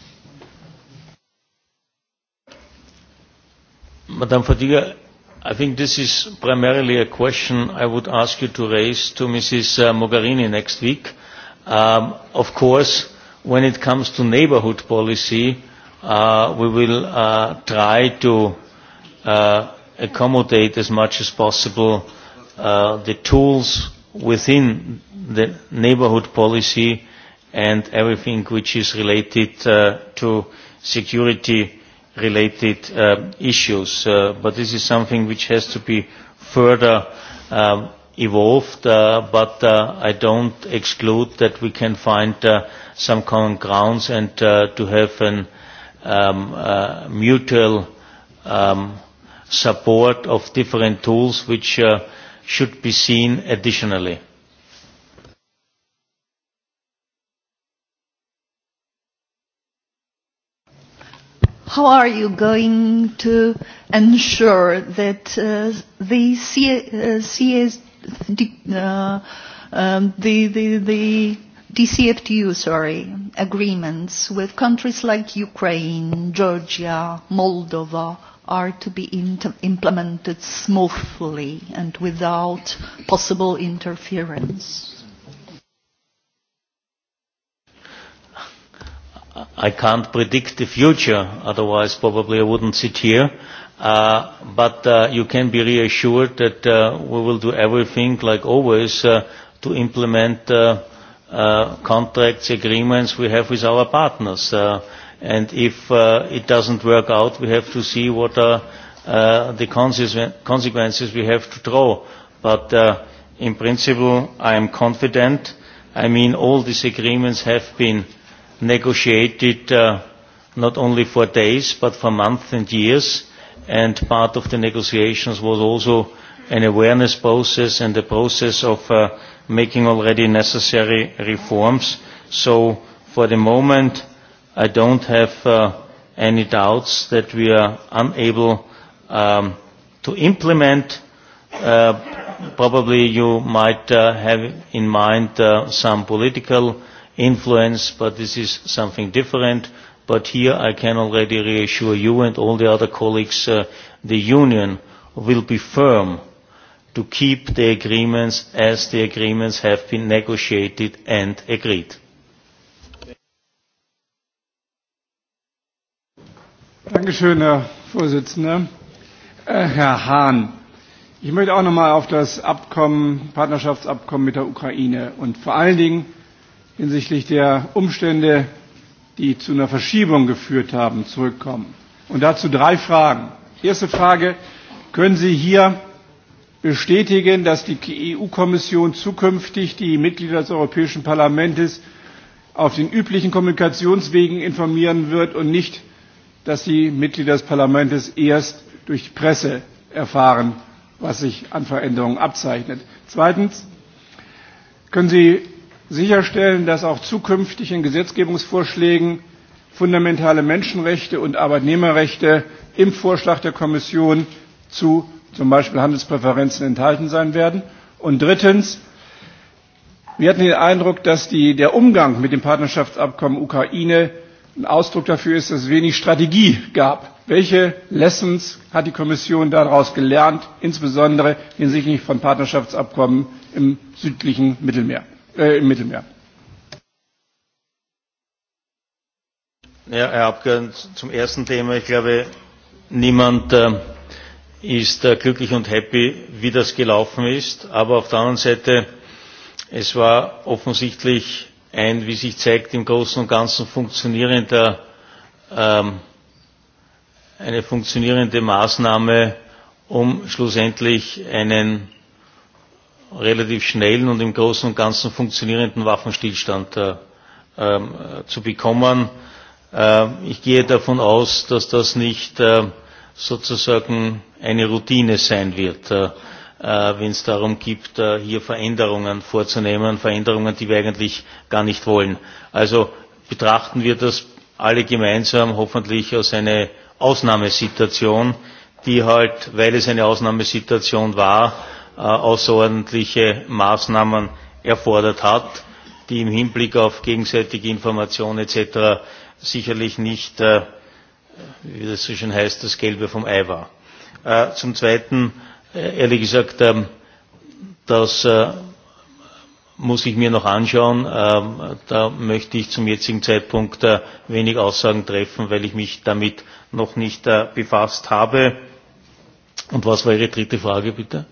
Madame Fadiga, I think this is primarily a question I would ask you to raise to Mrs. Uh, Mogherini next week. Um, of course, when it comes to neighborhood policy, uh, we will uh, try to uh, accommodate as much as possible uh, the tools within the neighborhood policy and everything which is related uh, to security related uh, issues. Uh, but this is something which has to be further um, evolved, uh, but uh, I don't exclude that we can find uh, some common grounds and uh, to have an um, uh, mutual um, support of different tools which uh, should be seen additionally. How are you going to ensure that uh, the C uh, CS, uh, um, the, the, the DCFTU, sorry, agreements with countries like Ukraine, Georgia, Moldova are to be implemented smoothly and without possible interference? I can't predict the future, otherwise probably I wouldn't sit here. Uh, but uh, you can be reassured that uh, we will do everything, like always, uh, to implement uh, uh, contracts, agreements we have with our partners. Uh, and if uh, it doesn't work out, we have to see what are uh, the consequences we have to draw. But uh, in principle, I am confident. I mean, all these agreements have been negotiated uh, not only for days but for months and years and part of the negotiations was also an awareness process and the process of uh, making already necessary reforms. So for the moment I don't have uh, any doubts that we are unable um, to implement. Uh, probably you might uh, have in mind uh, some political influence, but this is something different. But here I can already reassure you and all the other colleagues, uh, the Union will be firm to keep the agreements as the agreements have been negotiated and agreed. Dankeschön, Herr Vorsitzender. Äh, Herr Hahn, ich möchte auch mal auf das Abkommen, Partnerschaftsabkommen mit der Ukraine und vor allen Dingen hinsichtlich der Umstände, die zu einer Verschiebung geführt haben, zurückkommen. Und dazu drei Fragen. Erste Frage, können Sie hier bestätigen, dass die EU-Kommission zukünftig die Mitglieder des Europäischen Parlaments auf den üblichen Kommunikationswegen informieren wird und nicht, dass die Mitglieder des Parlaments erst durch die Presse erfahren, was sich an Veränderungen abzeichnet. Zweitens, können Sie sicherstellen, dass auch zukünftig in Gesetzgebungsvorschlägen fundamentale Menschenrechte und Arbeitnehmerrechte im Vorschlag der Kommission zu zum Beispiel Handelspräferenzen enthalten sein werden. Und drittens, wir hatten den Eindruck, dass die, der Umgang mit dem Partnerschaftsabkommen Ukraine ein Ausdruck dafür ist, dass es wenig Strategie gab. Welche Lessons hat die Kommission daraus gelernt, insbesondere hinsichtlich von Partnerschaftsabkommen im südlichen Mittelmeer? Äh, Mittelmeer. Ja, Herr Abgeordneter, zum ersten Thema. Ich glaube, niemand äh, ist äh, glücklich und happy, wie das gelaufen ist. Aber auf der anderen Seite, es war offensichtlich ein, wie sich zeigt, im Großen und Ganzen funktionierender, ähm, eine funktionierende Maßnahme, um schlussendlich einen relativ schnellen und im Großen und Ganzen funktionierenden Waffenstillstand äh, äh, zu bekommen. Äh, ich gehe davon aus, dass das nicht äh, sozusagen eine Routine sein wird, äh, äh, wenn es darum gibt, äh, hier Veränderungen vorzunehmen, Veränderungen, die wir eigentlich gar nicht wollen. Also betrachten wir das alle gemeinsam hoffentlich als eine Ausnahmesituation, die halt, weil es eine Ausnahmesituation war, Äh, außerordentliche Maßnahmen erfordert hat, die im Hinblick auf gegenseitige Information etc. sicherlich nicht, äh, wie das so schön heißt, das Gelbe vom Ei war. Äh, zum Zweiten, ehrlich gesagt, ähm, das muss ich mir noch anschauen. Ähm, da möchte ich zum jetzigen Zeitpunkt wenig Aussagen treffen, weil ich mich damit noch nicht befasst habe. Und was war Ihre dritte Frage, bitte?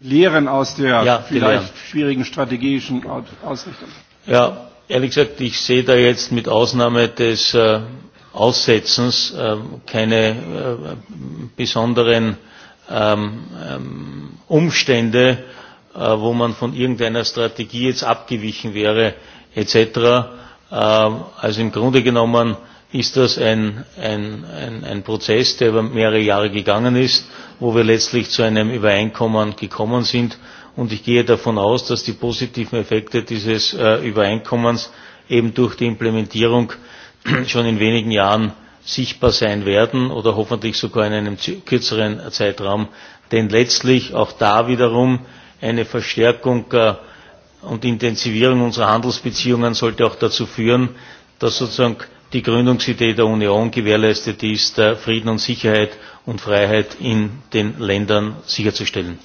Lehren aus der ja, vielleicht schwierigen strategischen Ausrichtung? Ja, ehrlich gesagt, ich sehe da jetzt mit Ausnahme des äh, Aussetzens äh, keine äh, besonderen ähm, ähm, Umstände, äh, wo man von irgendeiner Strategie jetzt abgewichen wäre, etc. Äh, also im Grunde genommen ist das ein, ein, ein, ein Prozess, der über mehrere Jahre gegangen ist, wo wir letztlich zu einem Übereinkommen gekommen sind. Und ich gehe davon aus, dass die positiven Effekte dieses äh, Übereinkommens eben durch die Implementierung schon in wenigen Jahren sichtbar sein werden oder hoffentlich sogar in einem kürzeren Zeitraum. Denn letztlich auch da wiederum eine Verstärkung äh, und Intensivierung unserer Handelsbeziehungen sollte auch dazu führen, dass sozusagen die Gründungsidee der Union gewährleistet ist, äh, Frieden und Sicherheit und Freiheit in den Ländern sicherzustellen.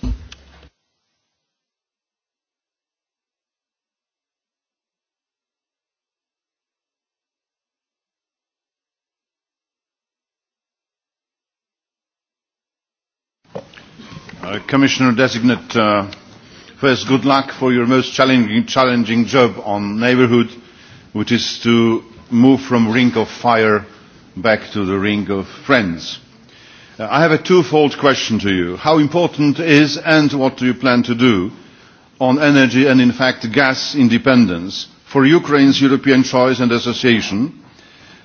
Uh, Commissioner designate, uh, first good luck for your most challenging, challenging job on neighborhood, which is to move from ring of fire back to the ring of friends. Uh, I have a twofold question to you. How important is and what do you plan to do on energy and in fact gas independence for Ukraine's European choice and association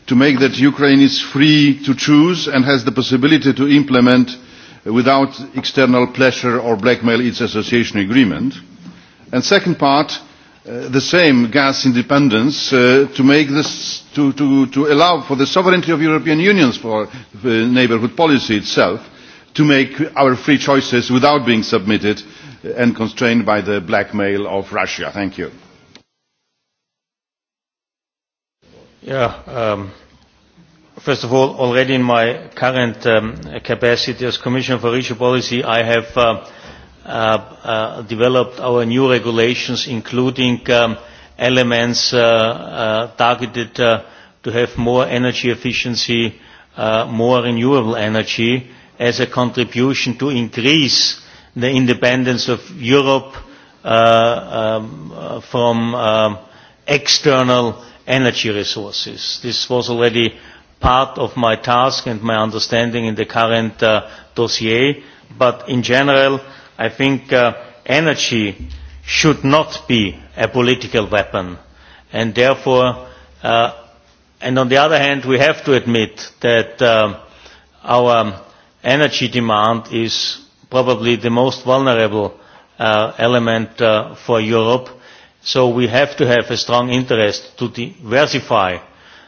to make that Ukraine is free to choose and has the possibility to implement without external pressure or blackmail its association agreement? And second part, Uh, the same gas independence uh, to, make this, to, to, to allow for the sovereignty of European Unions for the uh, neighbourhood policy itself to make our free choices without being submitted and constrained by the blackmail of Russia. Thank you. Yeah, um, first of all, already in my current um, capacity as Commissioner for Regional Policy, I have uh, uh, uh, developed our new regulations, including um, elements uh, uh, targeted uh, to have more energy efficiency, uh, more renewable energy as a contribution to increase the independence of Europe uh, um, uh, from um, external energy resources. This was already part of my task and my understanding in the current uh, dossier, but in general, I think uh, energy should not be a political weapon. And therefore, uh, and on the other hand, we have to admit that uh, our energy demand is probably the most vulnerable uh, element uh, for Europe. So we have to have a strong interest to diversify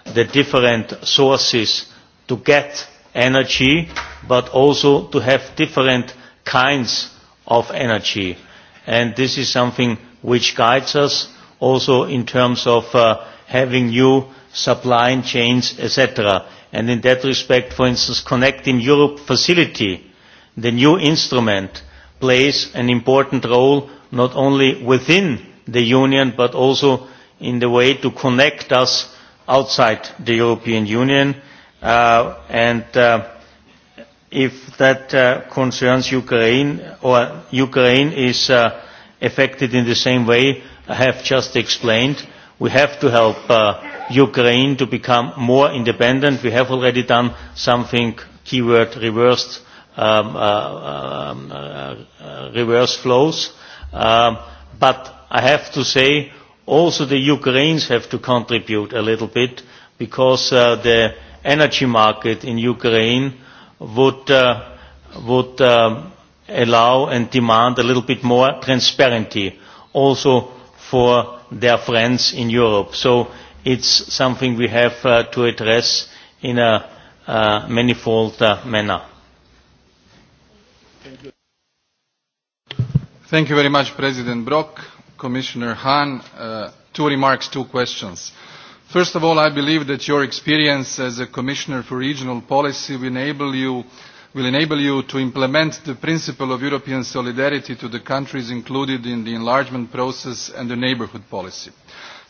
the different sources to get energy, but also to have different kinds of energy. And this is something which guides us also in terms of uh, having new supply chains, etc. And in that respect, for instance, Connecting Europe facility, the new instrument, plays an important role not only within the Union but also in the way to connect us outside the European Union. Uh, and uh, if that uh, concerns Ukraine or Ukraine is uh, affected in the same way I have just explained. We have to help uh, Ukraine to become more independent. We have already done something, keyword reversed, um, uh, um, uh, uh reverse flows. Um, but I have to say also the Ukrainians have to contribute a little bit because uh, the energy market in Ukraine – would, uh, would um, allow and demand a little bit more transparency also for their friends in Europe. So it's something we have uh, to address in a uh, manifold uh, manner. Thank you. very much, President Brock, Commissioner Hahn. Uh, two remarks, two questions. First of all, I believe that your experience as a Commissioner for Regional Policy will enable you, will enable you to implement the principle of European solidarity to the countries included in the enlargement process and the neighbourhood policy.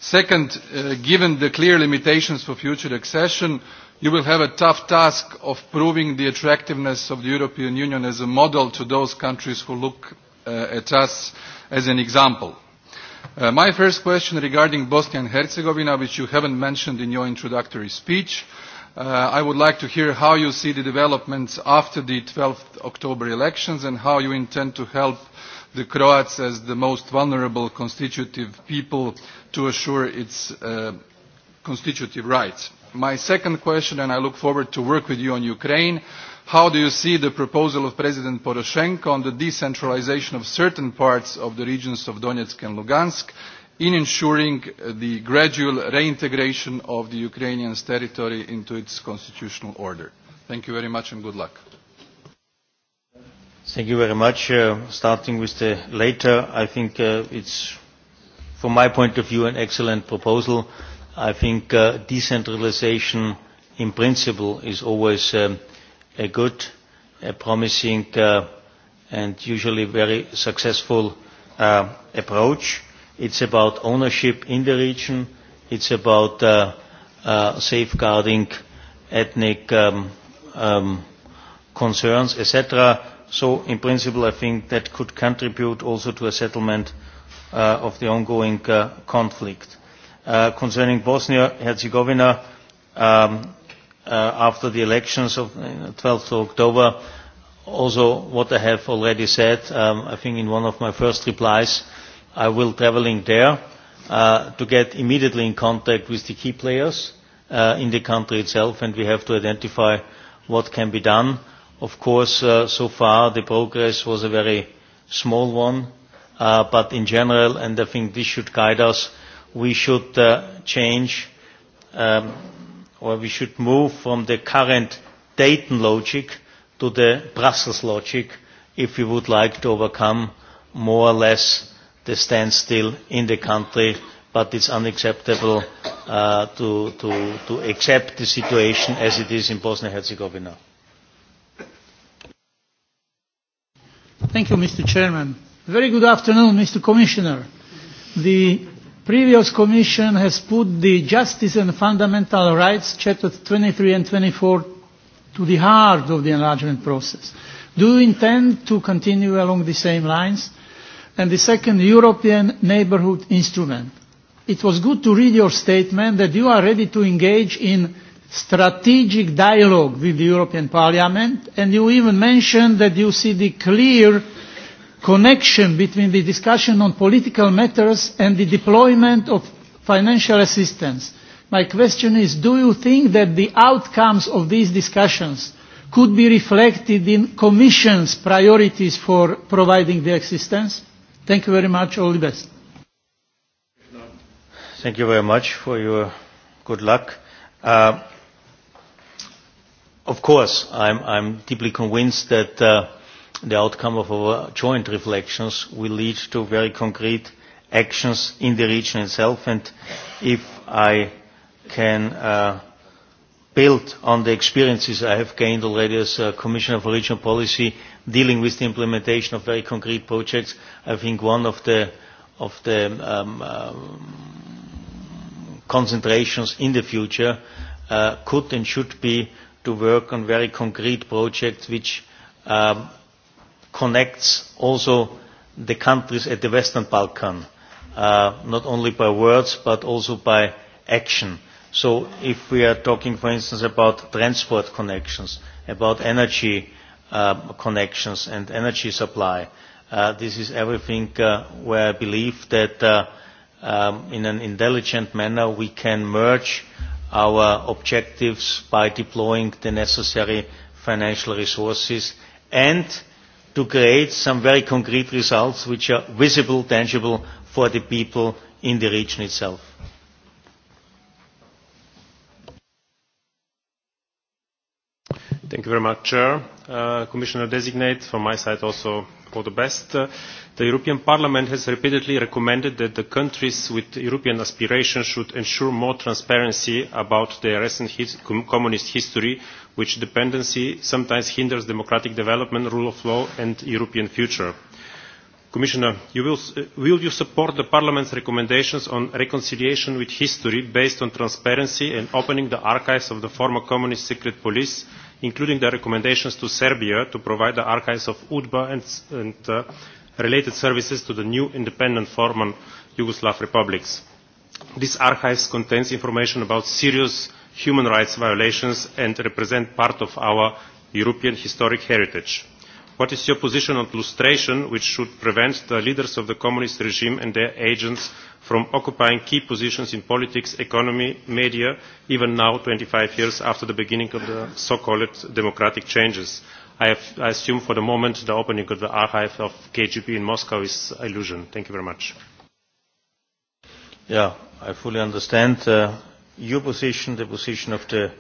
Second, uh, given the clear limitations for future accession, you will have a tough task of proving the attractiveness of the European Union as a model to those countries who look uh, at us as an example. Uh, my first question regarding Bosnia and Herzegovina, which you haven't mentioned in your introductory speech, uh, I would like to hear how you see the developments after the 12th October elections and how you intend to help the Croats as the most vulnerable constitutive people to assure its uh, constitutive rights. My second question, and I look forward to work with you on Ukraine, How do you see the proposal of President Poroshenko on the decentralization of certain parts of the regions of Donetsk and Lugansk in ensuring the gradual reintegration of the Ukrainian's territory into its constitutional order? Thank you very much and good luck. Thank you very much. Uh, starting with the later, I think uh, it's, from my point of view, an excellent proposal. I think uh, decentralization in principle is always um, a good, a promising uh, and usually very successful uh, approach. It's about ownership in the region. It's about uh, uh, safeguarding ethnic um, um, concerns, etc. So in principle, I think that could contribute also to a settlement uh, of the ongoing uh, conflict. Uh, concerning Bosnia-Herzegovina, um, Uh, after the elections of 12th uh, of October, also what I have already said, um, I think in one of my first replies, I will traveling there uh, to get immediately in contact with the key players uh, in the country itself and we have to identify what can be done. Of course, uh, so far the progress was a very small one, uh, but in general, and I think this should guide us, we should uh, change um, or we should move from the current Dayton logic to the Brussels logic if we would like to overcome more or less the standstill in the country, but it's unacceptable uh, to, to, to accept the situation as it is in Bosnia-Herzegovina. Thank you, Mr. Chairman. Very good afternoon, Mr. Commissioner. The Previous Commission has put the justice and fundamental rights, chapters 23 and 24, to the heart of the enlargement process. Do you intend to continue along the same lines? And the second, European Neighbourhood Instrument. It was good to read your statement that you are ready to engage in strategic dialogue with the European Parliament, and you even mentioned that you see the clear connection between the discussion on political matters and the deployment of financial assistance. My question is, do you think that the outcomes of these discussions could be reflected in Commission's priorities for providing the assistance? Thank you very much. All the best. Thank you very much for your good luck. Uh, of course, I'm, I'm deeply convinced that uh, the outcome of our joint reflections will lead to very concrete actions in the region itself. And if I can uh, build on the experiences I have gained already as a Commissioner for Regional Policy, dealing with the implementation of very concrete projects, I think one of the, of the um, um, concentrations in the future uh, could and should be to work on very concrete projects which um, connects also the countries at the Western Balkan, uh, not only by words but also by action. So if we are talking, for instance, about transport connections, about energy uh, connections and energy supply, uh, this is everything uh, where I believe that uh, um, in an intelligent manner we can merge our objectives by deploying the necessary financial resources and to create some very concrete results which are visible, tangible for the people in the region itself. Thank you very much, Chair. Uh, Commissioner Designate, from my side also all the best. Uh, The European Parliament has repeatedly recommended that the countries with European aspirations should ensure more transparency about their recent his communist history, which dependency sometimes hinders democratic development, rule of law and European future. Commissioner, you will, uh, will you support the Parliament's recommendations on reconciliation with history based on transparency and opening the archives of the former communist secret police, including the recommendations to Serbia to provide the archives of UDBA and, and uh, related services to the new independent former Yugoslav republics. These archives contain information about serious human rights violations and represent part of our European historic heritage. What is your position on lustration, which should prevent the leaders of the communist regime and their agents from occupying key positions in politics, economy, media, even now, 25 years after the beginning of the so-called democratic changes? I, have, I assume for the moment the opening of the archive of KGB in Moscow is an illusion. Thank you very much. Yeah, I fully understand uh, your position, the position of the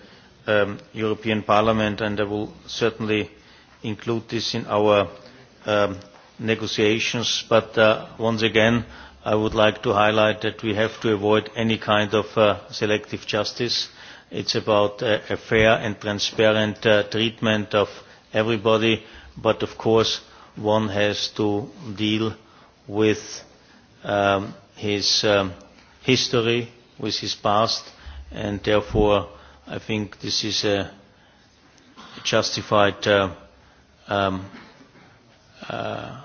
um, European Parliament, and I will certainly include this in our um, negotiations. But uh, once again, I would like to highlight that we have to avoid any kind of uh, selective justice. It's about uh, a fair and transparent uh, treatment of everybody, but of course one has to deal with um, his um, history, with his past, and therefore I think this is a justified uh, um, uh,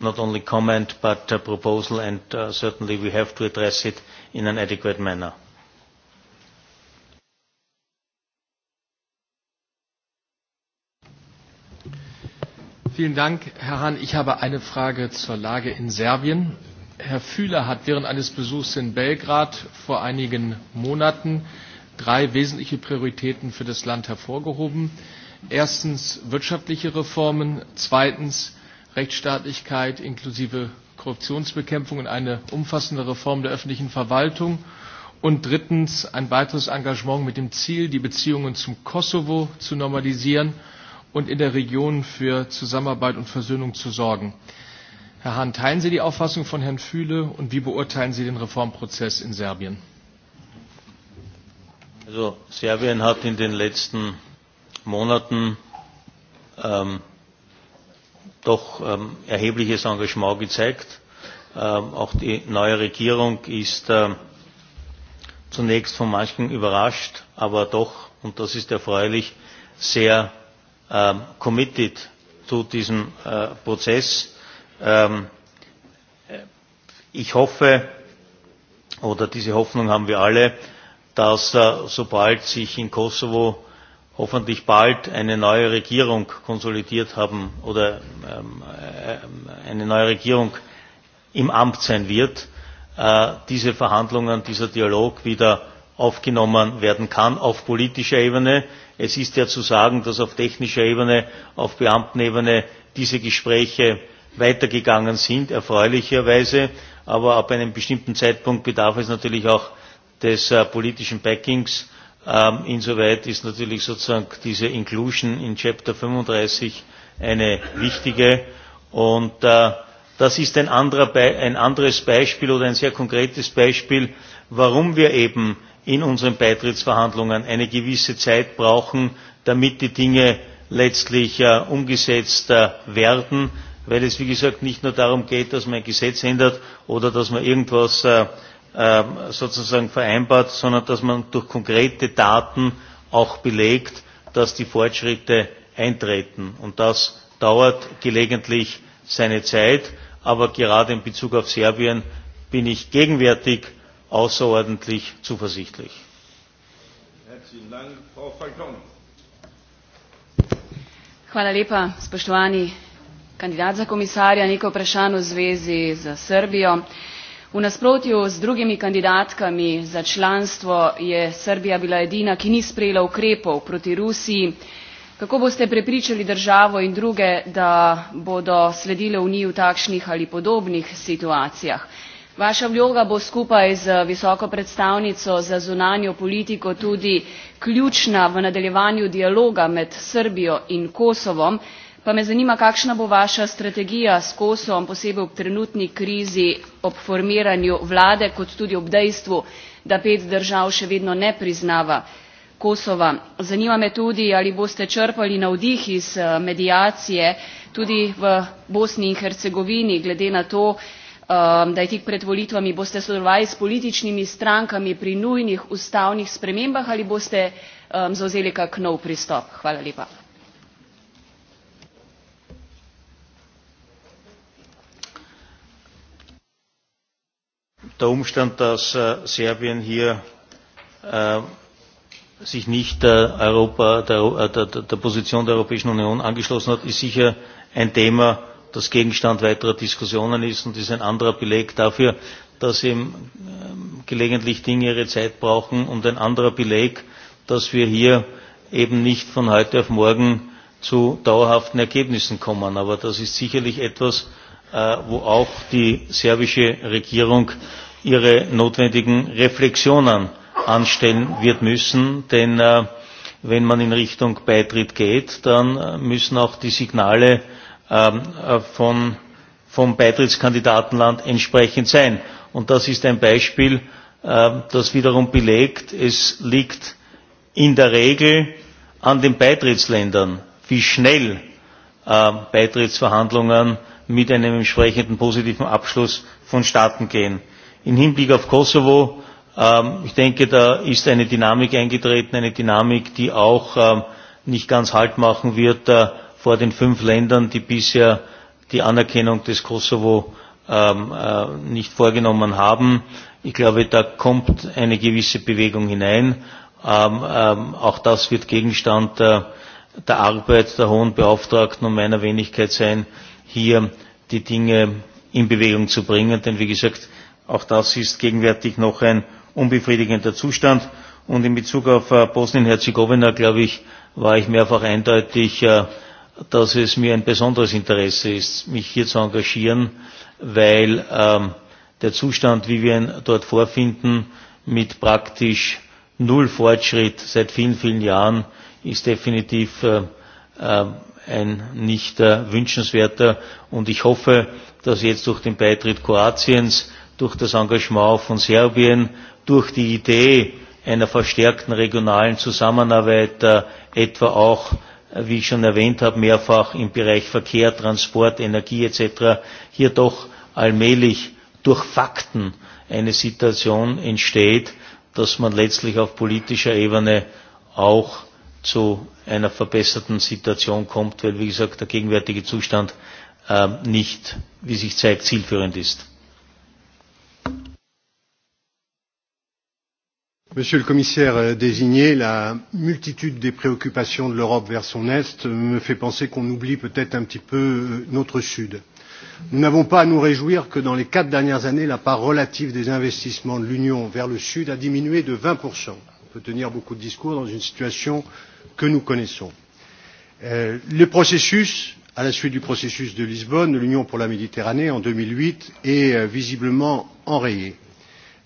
not only comment but a proposal and uh, certainly we have to address it in an adequate manner. Vielen Dank, Herr Hahn. Ich habe eine Frage zur Lage in Serbien. Herr Fühler hat während eines Besuchs in Belgrad vor einigen Monaten drei wesentliche Prioritäten für das Land hervorgehoben. Erstens wirtschaftliche Reformen, zweitens Rechtsstaatlichkeit inklusive Korruptionsbekämpfung und eine umfassende Reform der öffentlichen Verwaltung und drittens ein weiteres Engagement mit dem Ziel, die Beziehungen zum Kosovo zu normalisieren – und in der Region für Zusammenarbeit und Versöhnung zu sorgen. Herr Hahn, teilen Sie die Auffassung von Herrn Fühle und wie beurteilen Sie den Reformprozess in Serbien? Also Serbien hat in den letzten Monaten ähm, doch ähm, erhebliches Engagement gezeigt. Ähm, auch die neue Regierung ist äh, zunächst von manchen überrascht, aber doch, und das ist erfreulich, sehr um, committed zu diesem uh, Prozess. Um, ich hoffe, oder diese Hoffnung haben wir alle, dass uh, sobald sich in Kosovo hoffentlich bald eine neue Regierung konsolidiert haben oder ähm, äh, eine neue Regierung im Amt sein wird, äh, diese Verhandlungen, dieser Dialog wieder aufgenommen werden kann auf politischer Ebene. Es ist ja zu sagen, dass auf technischer Ebene, auf Beamtenebene diese Gespräche weitergegangen sind, erfreulicherweise. Aber ab einem bestimmten Zeitpunkt bedarf es natürlich auch des äh, politischen Backings. Ähm, insoweit ist natürlich sozusagen diese Inclusion in Chapter 35 eine wichtige. Und äh, das ist ein, anderer ein anderes Beispiel oder ein sehr konkretes Beispiel, warum wir eben in unseren Beitrittsverhandlungen eine gewisse Zeit brauchen, damit die Dinge letztlich äh, umgesetzt äh, werden, weil es wie gesagt nicht nur darum geht, dass man ein Gesetz ändert oder dass man irgendwas äh, ähm, sozusagen vereinbart, sondern dass man durch konkrete Daten auch belegt, dass die Fortschritte eintreten. Und das dauert gelegentlich seine Zeit, aber gerade in Bezug auf Serbien bin ich gegenwärtig außerordentlich zuversichtlich. Herzlichen Dank, Frau Falcon. Hvala lepa, spoštovani kandidat za komisarja, neko vprašanje v zvezi z Srbijo. V nasprotju z drugimi kandidatkami za članstvo je Srbija bila edina, ki ni sprejela ukrepov proti Rusiji. Kako boste prepričali državo in druge, da bodo sledile Uniji v takšnih ali podobnih situacijah? Vaša vloga bo skupaj z visoko predstavnico za zunanjo politiko tudi ključna v nadaljevanju dialoga med Srbijo in Kosovom, pa me zanima kakšna bo vaša strategija s Kosovom, posebej ob trenutni krizi, ob formiranju vlade, kot tudi ob dejstvu, da pet držav še vedno ne priznava Kosova. Zanima me tudi, ali boste črpali navdih iz eh, medijacije tudi v Bosni in Hercegovini, glede na to, Ehm, da je tik pred volitvami boste sodelovali s političnimi strankami pri nujnih ustavnih spremembah ali boste um, ehm, zauzeli kak nov pristop? Hvala lepa. Der Umstand, dass äh, Serbien hier äh, sich nicht äh, Europa, der, äh, der, der Position der Europäischen Union angeschlossen hat, ist sicher ein Thema, das Gegenstand weiterer Diskussionen ist und ist ein anderer Beleg dafür, dass eben ähm, gelegentlich Dinge ihre Zeit brauchen und ein anderer Beleg, dass wir hier eben nicht von heute auf morgen zu dauerhaften Ergebnissen kommen. Aber das ist sicherlich etwas, äh, wo auch die serbische Regierung ihre notwendigen Reflexionen anstellen wird müssen, denn äh, wenn man in Richtung Beitritt geht, dann äh, müssen auch die Signale ähm, äh, von, vom Beitrittskandidatenland entsprechend sein. Und das ist ein Beispiel, äh, das wiederum belegt, es liegt in der Regel an den Beitrittsländern, wie schnell äh, Beitrittsverhandlungen mit einem entsprechenden positiven Abschluss vonstatten gehen. Im Hinblick auf Kosovo, ähm, ich denke, da ist eine Dynamik eingetreten, eine Dynamik, die auch ähm, nicht ganz Halt machen wird, äh, vor den fünf Ländern, die bisher die Anerkennung des Kosovo ähm, äh, nicht vorgenommen haben. Ich glaube, da kommt eine gewisse Bewegung hinein. Ähm, ähm, auch das wird Gegenstand äh, der Arbeit der Hohen Beauftragten und meiner Wenigkeit sein, hier die Dinge in Bewegung zu bringen. Denn wie gesagt, auch das ist gegenwärtig noch ein unbefriedigender Zustand. Und in Bezug auf äh, Bosnien-Herzegowina, glaube ich, war ich mehrfach eindeutig, äh, dass es mir ein besonderes Interesse ist, mich hier zu engagieren, weil ähm, der Zustand, wie wir ihn dort vorfinden, mit praktisch null Fortschritt seit vielen, vielen Jahren, ist definitiv äh, äh ein nicht äh, wünschenswerter. Und ich hoffe, dass jetzt durch den Beitritt Kroatiens, durch das Engagement von Serbien, durch die Idee einer verstärkten regionalen Zusammenarbeit äh, etwa auch wie ich schon erwähnt habe, mehrfach im Bereich Verkehr, Transport, Energie etc. hier doch allmählich durch Fakten eine Situation entsteht, dass man letztlich auf politischer Ebene auch zu einer verbesserten Situation kommt, weil, wie gesagt, der gegenwärtige Zustand äh, nicht, wie sich zeigt, zielführend ist. Monsieur le commissaire euh, désigné, la multitude des préoccupations de l'Europe vers son Est me fait penser qu'on oublie peut-être un petit peu euh, notre Sud. Nous n'avons pas à nous réjouir que dans les quatre dernières années, la part relative des investissements de l'Union vers le Sud a diminué de 20%. On peut tenir beaucoup de discours dans une situation que nous connaissons. Euh, le processus, à la suite du processus de Lisbonne, de l'Union pour la Méditerranée en 2008, est euh, visiblement enrayé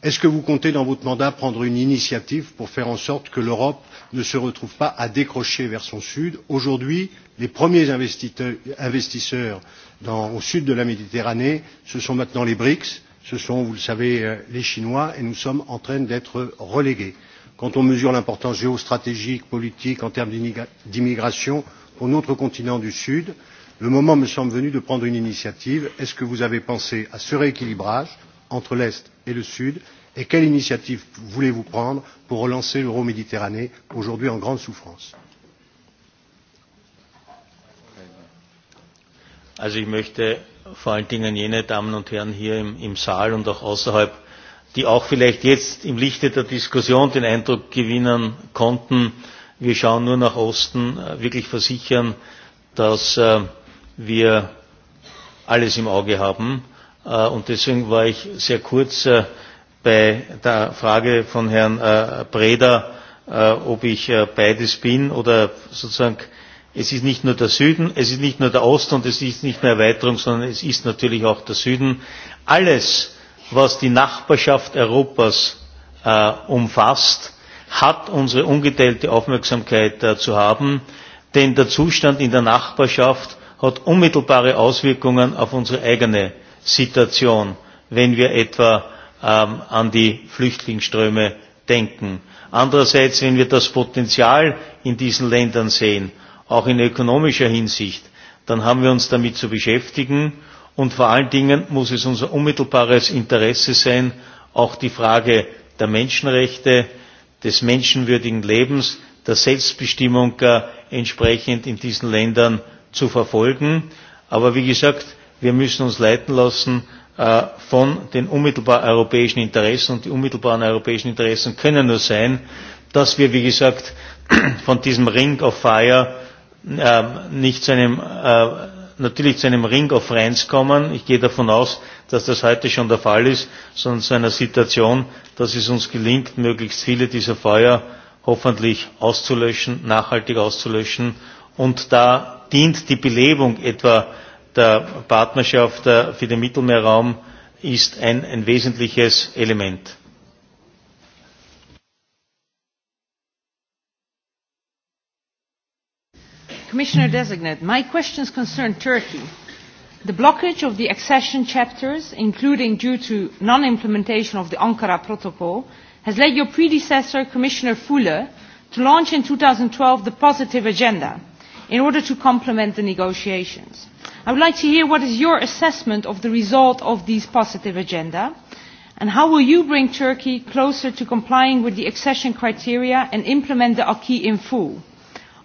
Est-ce que vous comptez dans votre mandat prendre une initiative pour faire en sorte que l'Europe ne se retrouve pas à décrocher vers son sud Aujourd'hui, les premiers investisseurs dans, au sud de la Méditerranée, ce sont maintenant les BRICS, ce sont, vous le savez, euh, les Chinois, et nous sommes en train d'être relégués. Quand on mesure l'importance géostratégique, politique, en termes d'immigration pour notre continent du Sud, le moment me semble venu de prendre une initiative. Est-ce que vous avez pensé à ce rééquilibrage entre l'Est et le Sud et quelle initiative voulez-vous prendre pour relancer l'euro-Méditerranée aujourd'hui en grande souffrance Also ich möchte vor allen Dingen jene Damen und Herren hier im, im Saal und auch außerhalb, die auch vielleicht jetzt im Lichte der Diskussion den Eindruck gewinnen konnten, wir schauen nur nach Osten, äh, wirklich versichern, dass äh, wir alles im Auge haben Äh, und deswegen war ich sehr kurz äh, bei der Frage von Herrn äh, Breda, äh, ob ich äh, beides bin oder sozusagen es ist nicht nur der Süden, es ist nicht nur der Osten und es ist nicht nur Erweiterung, sondern es ist natürlich auch der Süden. Alles, was die Nachbarschaft Europas äh, umfasst, hat unsere ungeteilte Aufmerksamkeit äh, zu haben, denn der Zustand in der Nachbarschaft hat unmittelbare Auswirkungen auf unsere eigene Situation, wenn wir etwa ähm, an die Flüchtlingsströme denken. Andererseits, wenn wir das Potenzial in diesen Ländern sehen, auch in ökonomischer Hinsicht, dann haben wir uns damit zu beschäftigen und vor allen Dingen muss es unser unmittelbares Interesse sein, auch die Frage der Menschenrechte, des menschenwürdigen Lebens, der Selbstbestimmung äh, entsprechend in diesen Ländern zu verfolgen. Aber wie gesagt, Wir müssen uns leiten lassen äh, von den unmittelbar europäischen Interessen. Und die unmittelbaren europäischen Interessen können nur sein, dass wir, wie gesagt, von diesem Ring of Fire ähm, nicht zu einem, äh, natürlich zu einem Ring of Friends kommen. Ich gehe davon aus, dass das heute schon der Fall ist, sondern zu einer Situation, dass es uns gelingt, möglichst viele dieser Feuer hoffentlich auszulöschen, nachhaltig auszulöschen. Und da dient die Belebung etwa der Partnerschaft für den Mittelmeerraum ist ein, ein wesentliches Element. Commissioner Designate, my questions concern Turkey. The blockage of the accession chapters, including due to non-implementation of the Ankara Protocol, has led your predecessor, Commissioner Fuller, to launch in 2012 the positive agenda in order to complement the negotiations. I would like to hear what is your assessment of the result of this positive agenda and how will you bring Turkey closer to complying with the accession criteria and implement the acquis in full?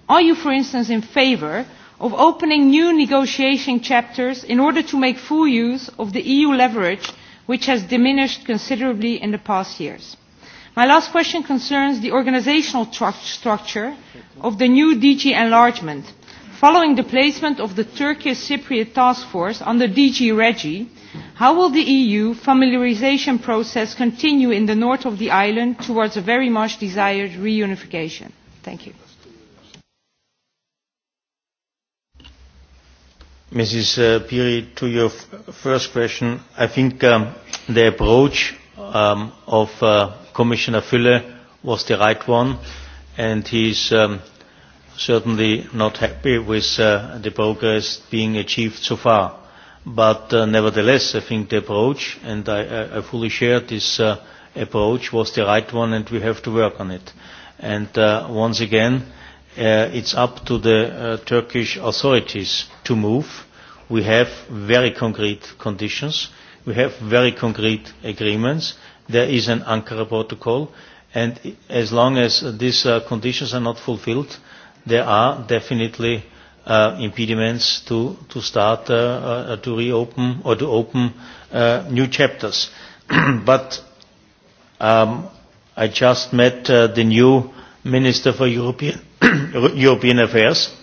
Are you, for instance, in favour of opening new negotiation chapters in order to make full use of the EU leverage which has diminished considerably in the past years? My last question concerns the organisational structure of the new DG enlargement Following the placement of the Turkish Cypriot Task Force under DG Regi, how will the EU familiarization process continue in the north of the island towards a very much desired reunification? Thank you. Mrs. Uh, Piri, to your first question, I think um, the approach um, of uh, Commissioner Fülle was the right one, and he's um, certainly not happy with uh, the progress being achieved so far. But uh, nevertheless, I think the approach, and I, I, I fully share this uh, approach, was the right one and we have to work on it. And uh, once again, uh, it's up to the uh, Turkish authorities to move. We have very concrete conditions. We have very concrete agreements. There is an Ankara protocol. And as long as these uh, conditions are not fulfilled, there are definitely uh, impediments to, to start, uh, uh, to reopen or to open uh, new chapters. but um, I just met uh, the new Minister for European, European Affairs.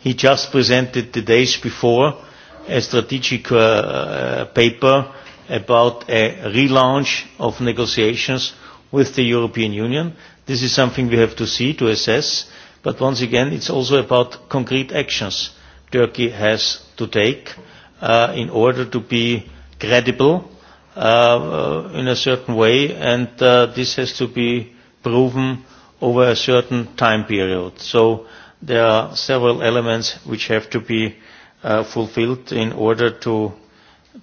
He just presented the days before a strategic uh, uh, paper about a relaunch of negotiations with the European Union. This is something we have to see, to assess But once again, it's also about concrete actions Turkey has to take uh, in order to be credible uh, uh, in a certain way, and uh, this has to be proven over a certain time period. So there are several elements which have to be uh, fulfilled in order to,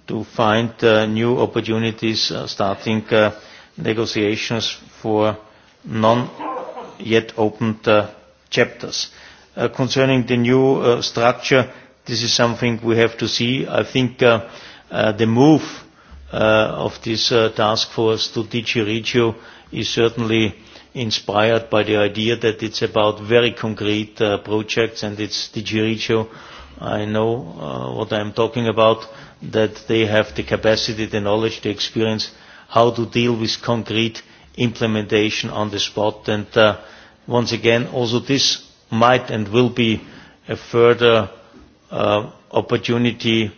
to find uh, new opportunities, uh, starting uh, negotiations for non-yet opened uh, chapters. Uh, concerning the new uh, structure, this is something we have to see. I think uh, uh, the move uh, of this uh, task force to digi Regio is certainly inspired by the idea that it's about very concrete uh, projects and it's digi Regio. I know uh, what I'm talking about, that they have the capacity, the knowledge, the experience how to deal with concrete implementation on the spot and uh, once again, also this might and will be a further uh, opportunity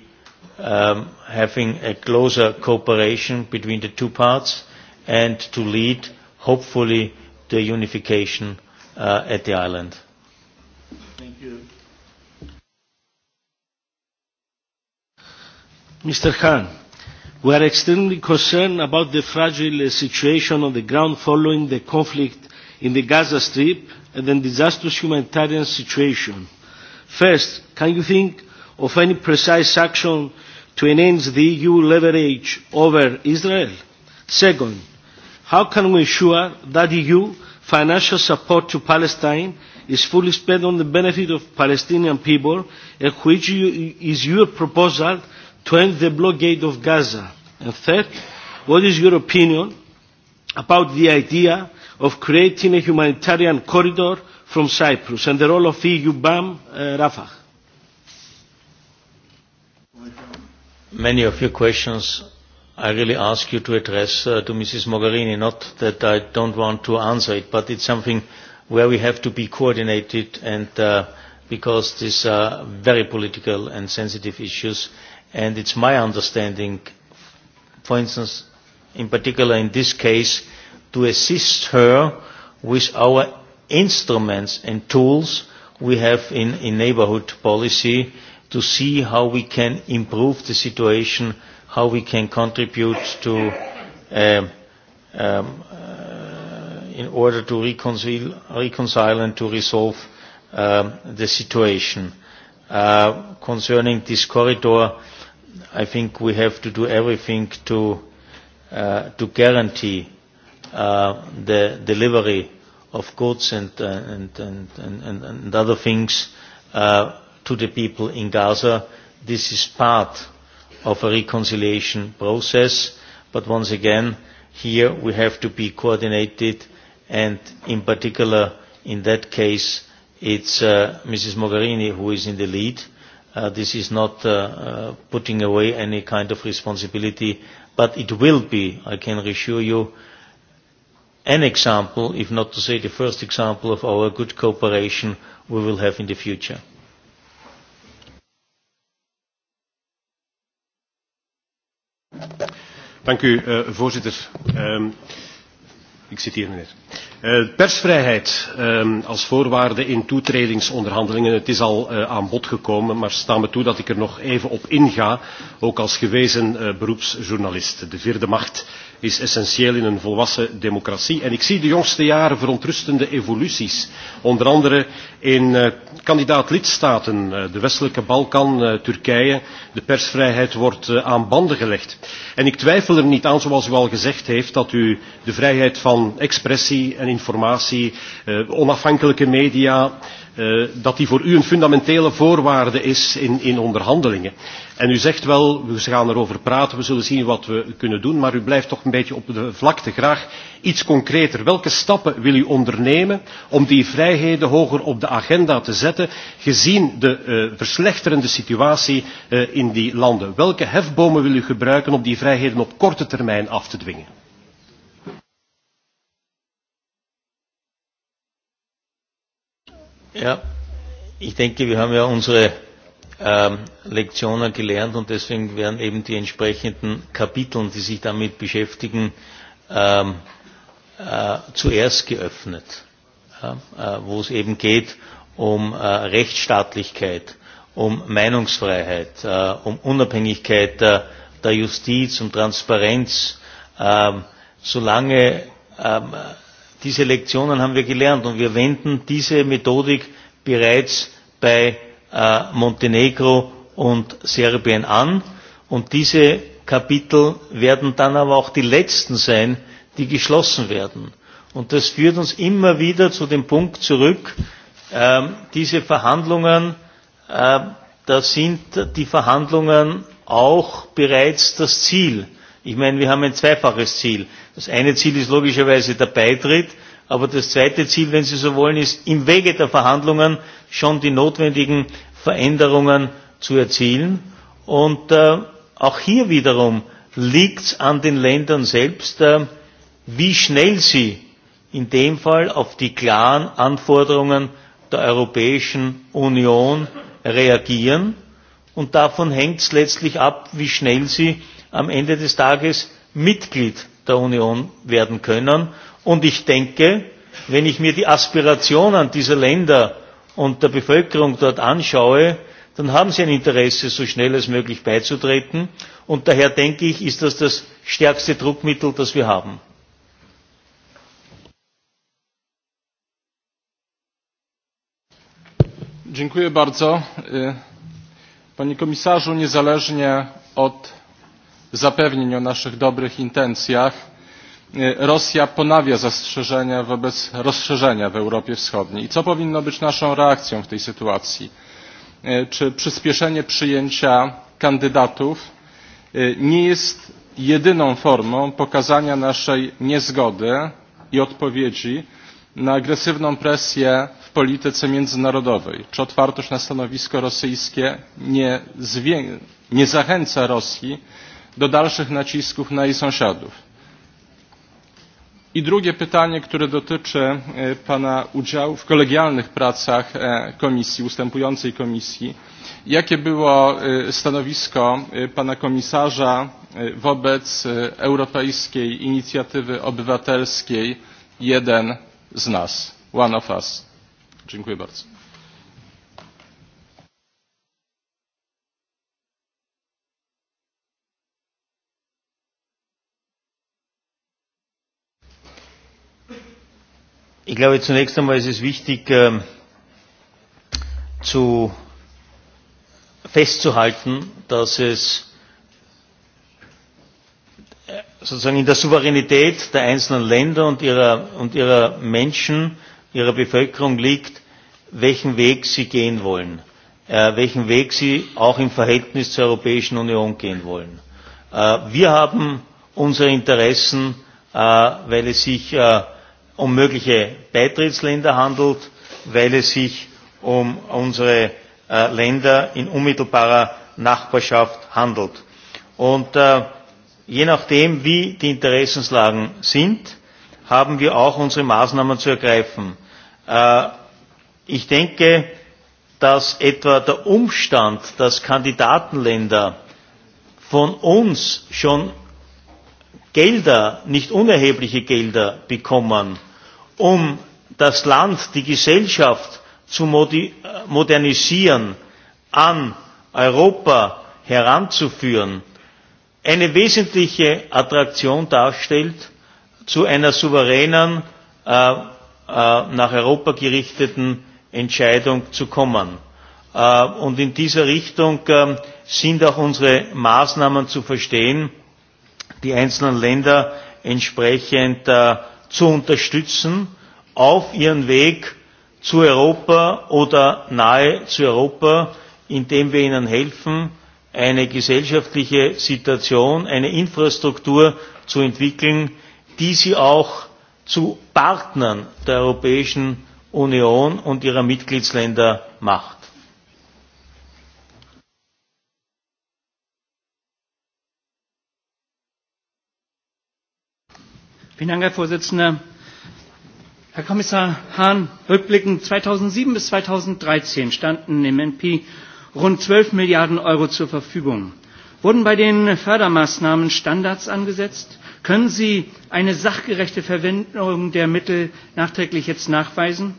um, having a closer cooperation between the two parts and to lead, hopefully, the unification uh, at the island. Thank you. Mr. Khan, we are extremely concerned about the fragile situation on the ground following the conflict in the Gaza Strip and the disastrous humanitarian situation. First, can you think of any precise action to enhance the EU leverage over Israel? Second, how can we ensure that EU financial support to Palestine is fully spent on the benefit of Palestinian people and which is your proposal to end the blockade of Gaza? And third, what is your opinion about the idea of creating a humanitarian corridor from Cyprus and the role of EU BAM uh, Rafah. Many of your questions I really ask you to address uh, to Mrs. Mogherini, not that I don't want to answer it, but it's something where we have to be coordinated and uh, because these are very political and sensitive issues and it's my understanding, for instance, in particular in this case, to assist her with our instruments and tools we have in, in neighborhood policy to see how we can improve the situation, how we can contribute to um, um, uh, in order to reconcile, reconcile and to resolve um, the situation. Uh, concerning this corridor, I think we have to do everything to, uh, to guarantee uh, the delivery of goods and, uh, and, and, and, and other things uh, to the people in Gaza. This is part of a reconciliation process, but once again, here we have to be coordinated and in particular in that case it's uh, Mrs. Mogherini who is in the lead. Uh, this is not uh, uh, putting away any kind of responsibility, but it will be, I can reassure you, an example, if not to say the first example, of our good cooperation we will have in the future. Dank u, uh, voorzitter. Um, ik zit hier, meneer. Uh, eh, persvrijheid um, als voorwaarde in toetredingsonderhandelingen. Het is al uh, aan bod gekomen, maar sta me toe dat ik er nog even op inga, ook als gewezen uh, beroepsjournalist. De vierde macht is essentieel in een volwassen democratie. En ik zie de jongste jaren verontrustende evoluties. Onder andere in uh, eh, kandidaat-lidstaten, uh, eh, de westelijke Balkan, uh, Turkije. De persvrijheid wordt uh, aan banden gelegd. En ik twijfel er niet aan, zoals u al gezegd heeft, dat u de vrijheid van expressie en informatie, uh, onafhankelijke media, uh, dat die voor u een fundamentele voorwaarde is in, in onderhandelingen. En u zegt wel, we gaan erover praten, we zullen zien wat we kunnen doen, maar u blijft toch een beetje op de vlakte. Graag iets concreter. Welke stappen wil u ondernemen om die vrijheden hoger op de agenda te zetten, gezien de uh, verslechterende situatie uh, in die landen? Welke hefbomen wil u gebruiken om die vrijheden op korte termijn af te dwingen? Ja, ich denke, wir haben ja unsere ähm, Lektionen gelernt und deswegen werden eben die entsprechenden Kapiteln, die sich damit beschäftigen, ähm, äh, zuerst geöffnet, ja, äh, wo es eben geht um äh, Rechtsstaatlichkeit, um Meinungsfreiheit, äh, um Unabhängigkeit äh, der Justiz, um Transparenz, äh, solange äh, Diese Lektionen haben wir gelernt und wir wenden diese Methodik bereits bei äh, Montenegro und Serbien an. Und diese Kapitel werden dann aber auch die letzten sein, die geschlossen werden. Und das führt uns immer wieder zu dem Punkt zurück, ähm, diese Verhandlungen, äh, da sind die Verhandlungen auch bereits das Ziel Ich meine, wir haben ein zweifaches Ziel. Das eine Ziel ist logischerweise der Beitritt, aber das zweite Ziel, wenn Sie so wollen, ist im Wege der Verhandlungen schon die notwendigen Veränderungen zu erzielen. Und äh, auch hier wiederum liegt es an den Ländern selbst, äh, wie schnell sie in dem Fall auf die klaren Anforderungen der Europäischen Union reagieren. Und davon hängt es letztlich ab, wie schnell sie am Ende des Tages Mitglied der Union werden können. Und ich denke, wenn ich mir die Aspirationen dieser Länder und der Bevölkerung dort anschaue, dann haben sie ein Interesse, so schnell als möglich beizutreten. Und daher denke ich, ist das das stärkste Druckmittel, das wir haben. Dziękuję bardzo. Panie komisarzu, niezależnie od zapewnień o naszych dobrych intencjach Rosja ponawia zastrzeżenia wobec rozszerzenia w Europie Wschodniej. I co powinno być naszą reakcją w tej sytuacji? Czy przyspieszenie przyjęcia kandydatów nie jest jedyną formą pokazania naszej niezgody i odpowiedzi na agresywną presję w polityce międzynarodowej? Czy otwartość na stanowisko rosyjskie nie, nie zachęca Rosji do dalszych nacisków na jej sąsiadów. I drugie pytanie, które dotyczy e, Pana udziału w kolegialnych pracach e, komisji, ustępującej komisji. Jakie było e, stanowisko Pana komisarza wobec europejskiej inicjatywy obywatelskiej Jeden z nas, One of Us? Dziękuję bardzo. Ich glaube, zunächst einmal ist es wichtig, ähm, zu festzuhalten, dass es äh, sozusagen in der Souveränität der einzelnen Länder und ihrer, und ihrer Menschen, ihrer Bevölkerung liegt, welchen Weg sie gehen wollen, äh, welchen Weg sie auch im Verhältnis zur Europäischen Union gehen wollen. Äh, wir haben unsere Interessen, äh, weil es sich äh, um mögliche Beitrittsländer handelt, weil es sich um unsere äh, Länder in unmittelbarer Nachbarschaft handelt. Und äh, je nachdem, wie die Interessenslagen sind, haben wir auch unsere Maßnahmen zu ergreifen. Äh, ich denke, dass etwa der Umstand, dass Kandidatenländer von uns schon Gelder, nicht unerhebliche Gelder bekommen, um das Land, die Gesellschaft zu äh, modernisieren, an Europa heranzuführen, eine wesentliche Attraktion darstellt zu einer souveränen, äh, äh, nach Europa gerichteten Entscheidung zu kommen. Äh, und in dieser Richtung äh, sind auch unsere Maßnahmen zu verstehen, die einzelnen Länder entsprechend äh, zu unterstützen auf ihren Weg zu Europa oder nahe zu Europa, indem wir ihnen helfen, eine gesellschaftliche Situation, eine Infrastruktur zu entwickeln, die sie auch zu Partnern der Europäischen Union und ihrer Mitgliedsländer macht. Vielen Dank, Herr Vorsitzender. Herr Kommissar Hahn, rückblickend 2007 bis 2013 standen im NP rund 12 Milliarden Euro zur Verfügung. Wurden bei den Fördermaßnahmen Standards angesetzt? Können Sie eine sachgerechte Verwendung der Mittel nachträglich jetzt nachweisen?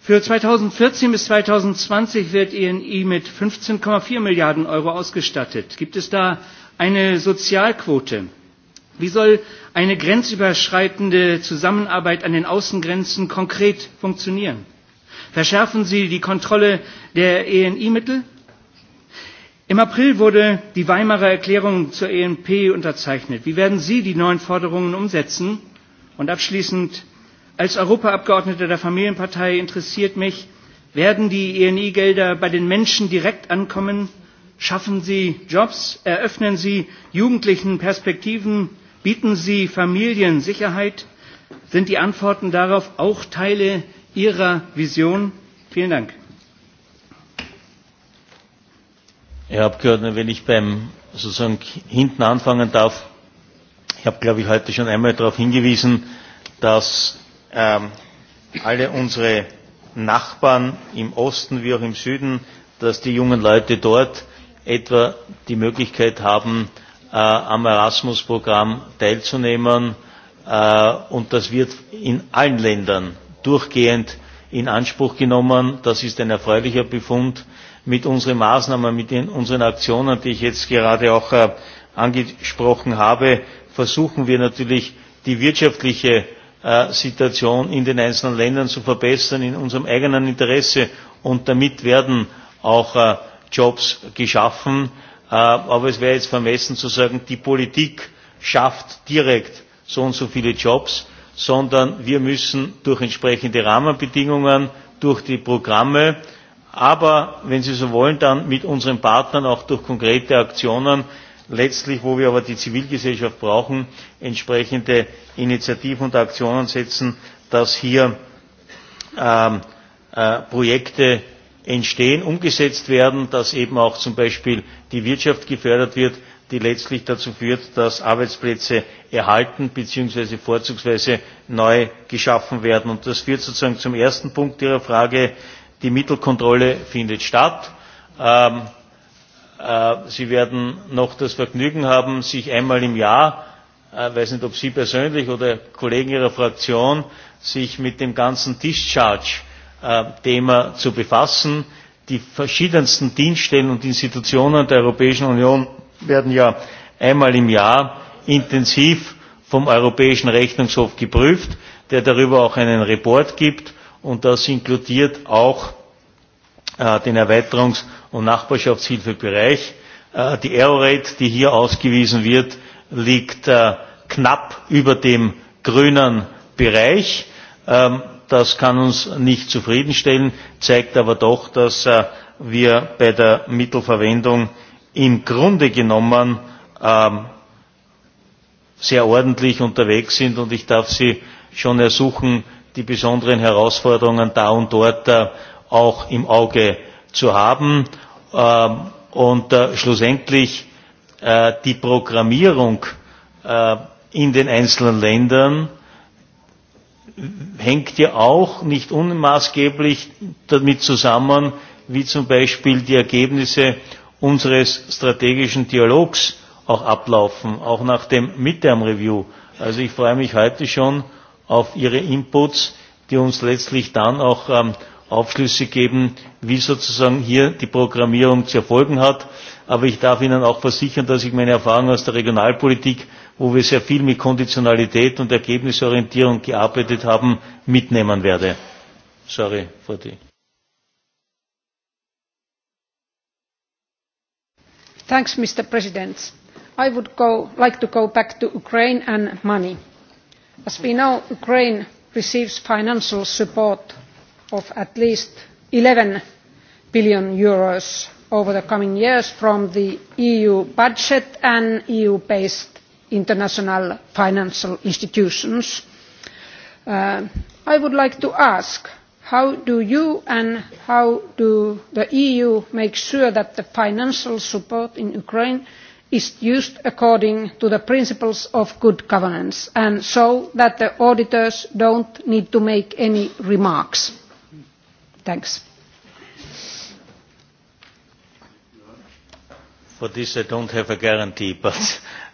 Für 2014 bis 2020 wird INI e mit 15,4 Milliarden Euro ausgestattet. Gibt es da eine Sozialquote? Wie soll eine grenzüberschreitende Zusammenarbeit an den Außengrenzen konkret funktionieren? Verschärfen Sie die Kontrolle der ENI-Mittel? Im April wurde die Weimarer Erklärung zur ENP unterzeichnet. Wie werden Sie die neuen Forderungen umsetzen? Und abschließend, als Europaabgeordneter der Familienpartei interessiert mich, werden die ENI-Gelder bei den Menschen direkt ankommen? Schaffen Sie Jobs? Eröffnen Sie Jugendlichen Perspektiven? Bieten Sie Familien Sicherheit? Sind die Antworten darauf auch Teile Ihrer Vision? Vielen Dank. Herr Abgeordneter, wenn ich beim sozusagen hinten anfangen darf, ich habe, glaube ich, heute schon einmal darauf hingewiesen, dass ähm, alle unsere Nachbarn im Osten wie auch im Süden, dass die jungen Leute dort etwa die Möglichkeit haben, äh, am Erasmus-Programm teilzunehmen. Äh, und das wird in allen Ländern durchgehend in Anspruch genommen. Das ist ein erfreulicher Befund. Mit unseren Maßnahmen, mit den, unseren Aktionen, die ich jetzt gerade auch äh, angesprochen habe, versuchen wir natürlich die wirtschaftliche äh, Situation in den einzelnen Ländern zu verbessern, in unserem eigenen Interesse. Und damit werden auch äh, Jobs geschaffen. Äh, aber es wäre jetzt vermessen zu sagen, die Politik schafft direkt so und so viele Jobs, sondern wir müssen durch entsprechende Rahmenbedingungen, durch die Programme, aber wenn Sie so wollen, dann mit unseren Partnern auch durch konkrete Aktionen, letztlich, wo wir aber die Zivilgesellschaft brauchen, entsprechende Initiativen und Aktionen setzen, dass hier ähm, äh, Projekte entstehen, umgesetzt werden, dass eben auch zum Beispiel die Wirtschaft gefördert wird, die letztlich dazu führt, dass Arbeitsplätze erhalten bzw. vorzugsweise neu geschaffen werden. Und das führt sozusagen zum ersten Punkt Ihrer Frage. Die Mittelkontrolle findet statt. Ähm, äh, Sie werden noch das Vergnügen haben, sich einmal im Jahr, äh, weiß nicht ob Sie persönlich oder Kollegen Ihrer Fraktion, sich mit dem ganzen Discharge Äh, Thema zu befassen. Die verschiedensten Dienststellen und Institutionen der Europäischen Union werden ja einmal im Jahr intensiv vom Europäischen Rechnungshof geprüft, der darüber auch einen Report gibt und das inkludiert auch äh, den Erweiterungs- und Nachbarschaftshilfebereich. Äh, die Error-Rate, die hier ausgewiesen wird, liegt äh, knapp über dem grünen Bereich. Ähm, Das kann uns nicht zufriedenstellen, zeigt aber doch, dass äh, wir bei der Mittelverwendung im Grunde genommen ähm, sehr ordentlich unterwegs sind und ich darf Sie schon ersuchen, die besonderen Herausforderungen da und dort äh, auch im Auge zu haben ähm, und äh, schlussendlich äh, die Programmierung äh, in den einzelnen Ländern hängt ja auch nicht unmaßgeblich damit zusammen, wie zum Beispiel die Ergebnisse unseres strategischen Dialogs auch ablaufen, auch nach dem Midterm Review. Also ich freue mich heute schon auf Ihre Inputs, die uns letztlich dann auch ähm, Aufschlüsse geben, wie sozusagen hier die Programmierung zu erfolgen hat. Aber ich darf Ihnen auch versichern, dass ich meine Erfahrung aus der Regionalpolitik wo wir sehr viel mit Konditionalität und Ergebnisorientierung gearbeitet haben, mitnehmen werde. Sorry for Thanks, Mr. President. I would go, like to go back to Ukraine and money. As we know, Ukraine receives financial support of at least 11 billion euros over the coming years from the EU budget and EU-based international financial institutions. Uh, I would like to ask, how do you and how do the EU make sure that the financial support in Ukraine is used according to the principles of good governance and so that the auditors don't need to make any remarks? Thanks. For this I don't have a guarantee, but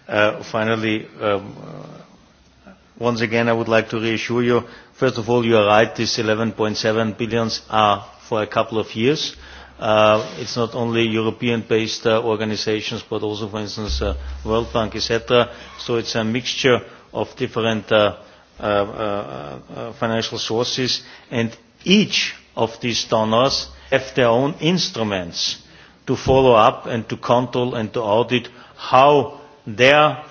Uh, finally, um, uh, once again, I would like to reassure you, first of all, you are right, these 11.7 billions are for a couple of years. Uh, it's not only European-based uh, organizations, but also, for instance, uh, World Bank, etc. So it's a mixture of different uh, uh, uh, uh, financial sources, and each of these donors have their own instruments to follow up and to control and to audit how their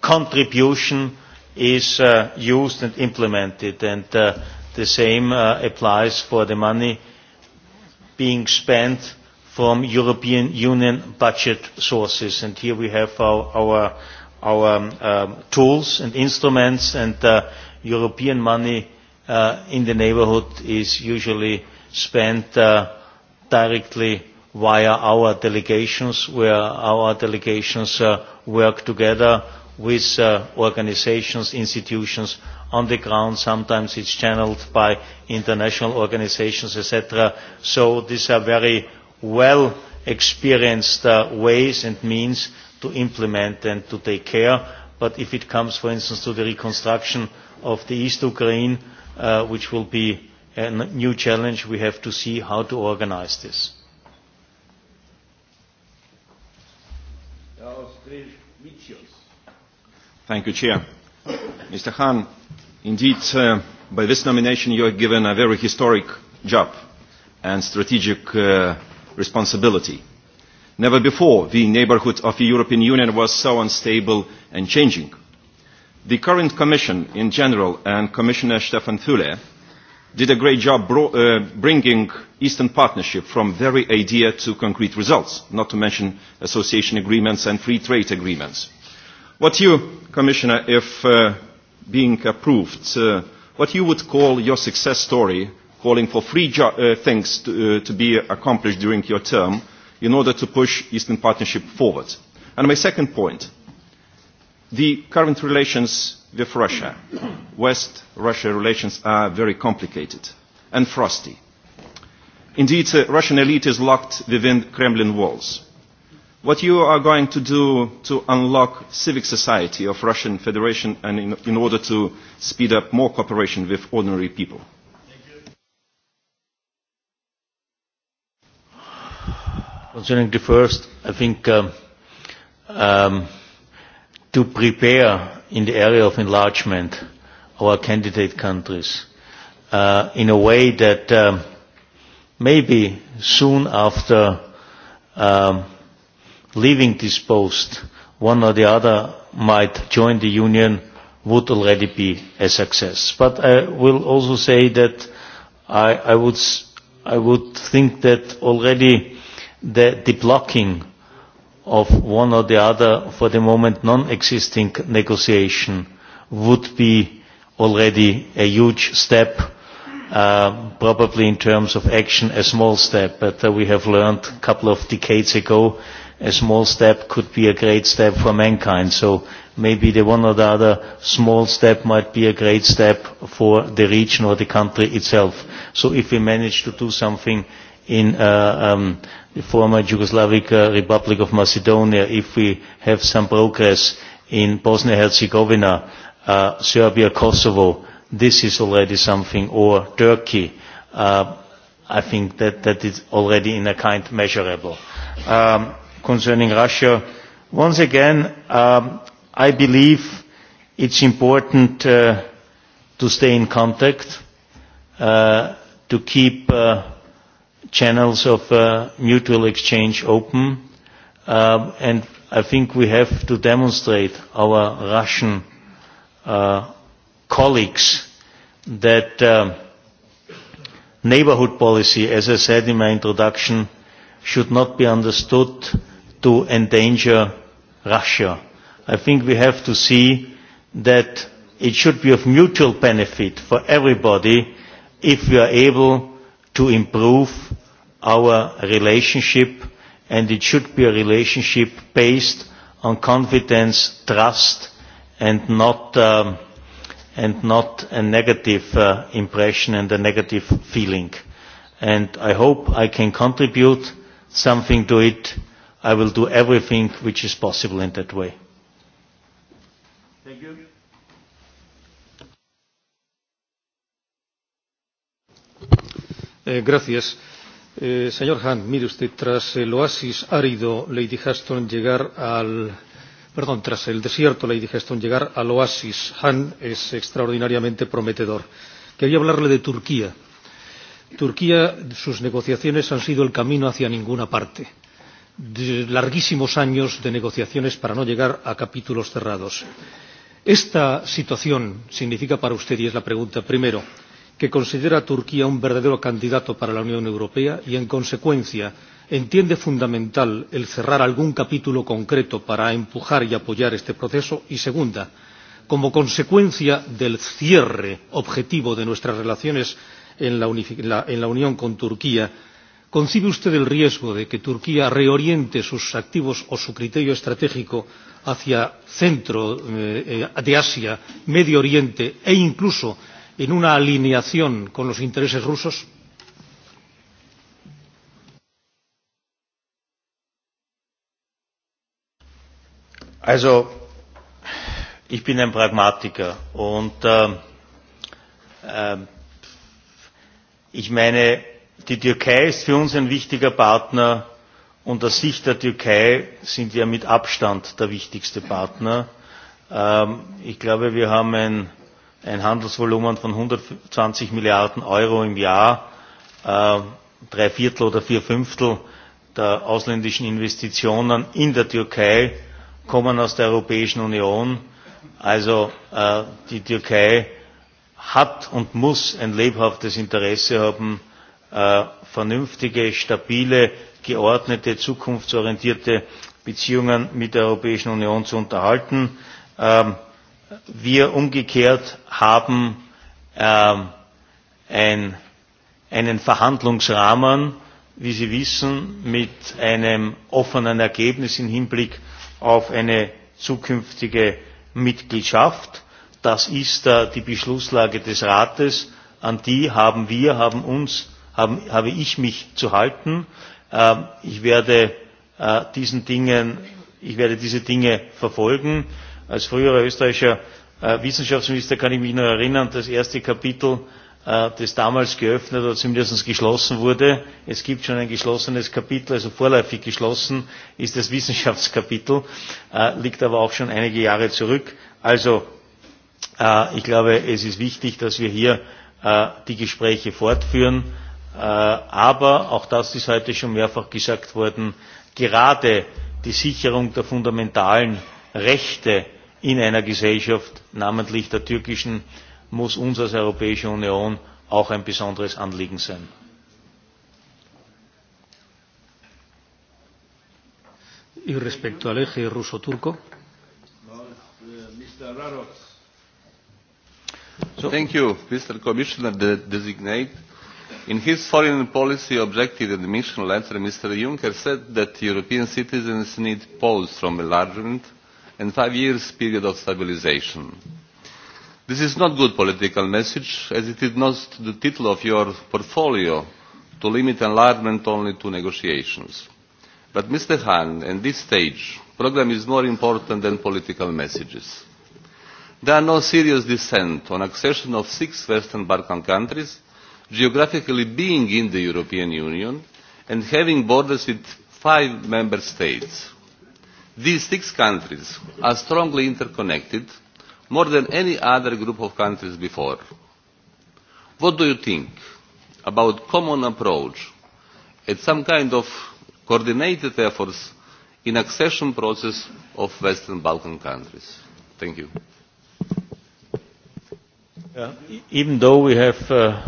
contribution is uh, used and implemented. And uh, the same uh, applies for the money being spent from European Union budget sources. And here we have our, our, our um, um, tools and instruments, and uh, European money uh, in the neighborhood is usually spent uh, directly via our delegations, where our delegations uh, work together with uh, organizations, institutions on the ground. Sometimes it's channeled by international organizations, etc. So these are very well experienced uh, ways and means to implement and to take care. But if it comes, for instance, to the reconstruction of the East Ukraine, uh, which will be a new challenge, we have to see how to organize this. Thank you, Chair. Mr. Khan, indeed, uh, by this nomination you are given a very historic job and strategic uh, responsibility. Never before the neighborhood of the European Union was so unstable and changing. The current Commission in general and Commissioner Stefan Thule did a great job bro uh, bringing Eastern Partnership from very idea to concrete results, not to mention association agreements and free trade agreements. What you, Commissioner, if uh, being approved, uh, what you would call your success story, calling for free uh, things to, uh, to be accomplished during your term in order to push Eastern Partnership forward. And my second point, the current relations with Russia. West-Russia relations are very complicated and frosty. Indeed, the uh, Russian elite is locked within Kremlin walls. What you are going to do to unlock civic society of Russian Federation and in, in order to speed up more cooperation with ordinary people? Concerning the first, I think um, um, to prepare in the area of enlargement, our candidate countries, uh, in a way that um, maybe soon after um, leaving this post, one or the other might join the union would already be a success. But I will also say that I, I, would, I would think that already the, the blocking of one or the other, for the moment non-existing negotiation would be already a huge step, uh, probably in terms of action a small step, but uh, we have learned a couple of decades ago a small step could be a great step for mankind. So maybe the one or the other small step might be a great step for the region or the country itself. So if we manage to do something in uh, um, the former Yugoslavic uh, Republic of Macedonia, if we have some progress in Bosnia-Herzegovina, uh, Serbia, Kosovo, this is already something, or Turkey, uh, I think that, that is already in a kind measurable. Um, concerning Russia, once again, um, I believe it's important uh, to stay in contact, uh, to keep uh, channels of uh, mutual exchange open. Uh, and I think we have to demonstrate our Russian uh, colleagues that uh, neighborhood policy, as I said in my introduction, should not be understood to endanger Russia. I think we have to see that it should be of mutual benefit for everybody if we are able to improve our relationship and it should be a relationship based on confidence, trust and not, um, and not a negative uh, impression and a negative feeling. And I hope I can contribute something to it. I will do everything which is possible in that way. Thank you. Eh, gracias. Eh, señor Hunt, mire usted, tras el oasis árido, Lady Haston llegar al. Perdón, tras el desierto, Lady Haston llegar al oasis Han es extraordinariamente prometedor. Quería hablarle de Turquía. Turquía, sus negociaciones han sido el camino hacia ninguna parte. De larguísimos años de negociaciones para no llegar a capítulos cerrados. Esta situación significa para usted, y es la pregunta primero, que considera a Turquía un verdadero candidato para la Unión Europea y, en consecuencia, entiende fundamental el cerrar algún capítulo concreto para empujar y apoyar este proceso y, segunda, como consecuencia del cierre objetivo de nuestras relaciones en la, la, en la Unión con Turquía, ¿concibe usted el riesgo de que Turquía reoriente sus activos o su criterio estratégico hacia centro eh, eh de Asia, Medio Oriente e incluso en una alineación con los intereses rusos? Also, ich bin ein Pragmatiker und äh, äh, ich meine, die Türkei ist für uns ein wichtiger Partner und aus Sicht der Türkei sind wir mit Abstand der wichtigste Partner. Ähm, ich glaube, wir haben ein ein Handelsvolumen von 120 Milliarden Euro im Jahr, äh, drei Viertel oder vier Fünftel der ausländischen Investitionen in der Türkei kommen aus der Europäischen Union. Also äh, die Türkei hat und muss ein lebhaftes Interesse haben, äh, vernünftige, stabile, geordnete, zukunftsorientierte Beziehungen mit der Europäischen Union zu unterhalten. Ähm, wir umgekehrt haben ähm, ein, einen Verhandlungsrahmen, wie Sie wissen, mit einem offenen Ergebnis im Hinblick auf eine zukünftige Mitgliedschaft. Das ist äh, die Beschlusslage des Rates. An die haben wir, haben uns, haben, habe ich mich zu halten. Äh, ich werde äh, diesen Dingen, ich werde diese Dinge verfolgen. Als früherer österreichischer äh, Wissenschaftsminister kann ich mich noch erinnern, das erste Kapitel, äh, das damals geöffnet oder zumindest geschlossen wurde, es gibt schon ein geschlossenes Kapitel, also vorläufig geschlossen ist das Wissenschaftskapitel, äh, liegt aber auch schon einige Jahre zurück. Also äh, ich glaube, es ist wichtig, dass wir hier äh, die Gespräche fortführen. Äh, aber, auch das ist heute schon mehrfach gesagt worden, gerade die Sicherung der fundamentalen Rechte in einer Gesellschaft, namentlich der türkischen, muss uns als Europäische Union auch ein besonderes Anliegen sein. Y respecto al eje ruso-turco. So, Thank you, Mr. Commissioner de Designate. In his foreign policy objective and mission letter, Mr. Juncker said that European citizens need pause from enlargement and five years period of stabilization. This is not good political message, as it is not the title of your portfolio to limit enlargement only to negotiations. But Mr. Hahn, at this stage, program is more important than political messages. There are no serious dissent on accession of six Western Balkan countries, geographically being in the European Union and having borders with five member states. These six countries are strongly interconnected, more than any other group of countries before. What do you think about common approach at some kind of coordinated efforts in accession process of Western Balkan countries? Thank you. Uh, e-, even though we have uh,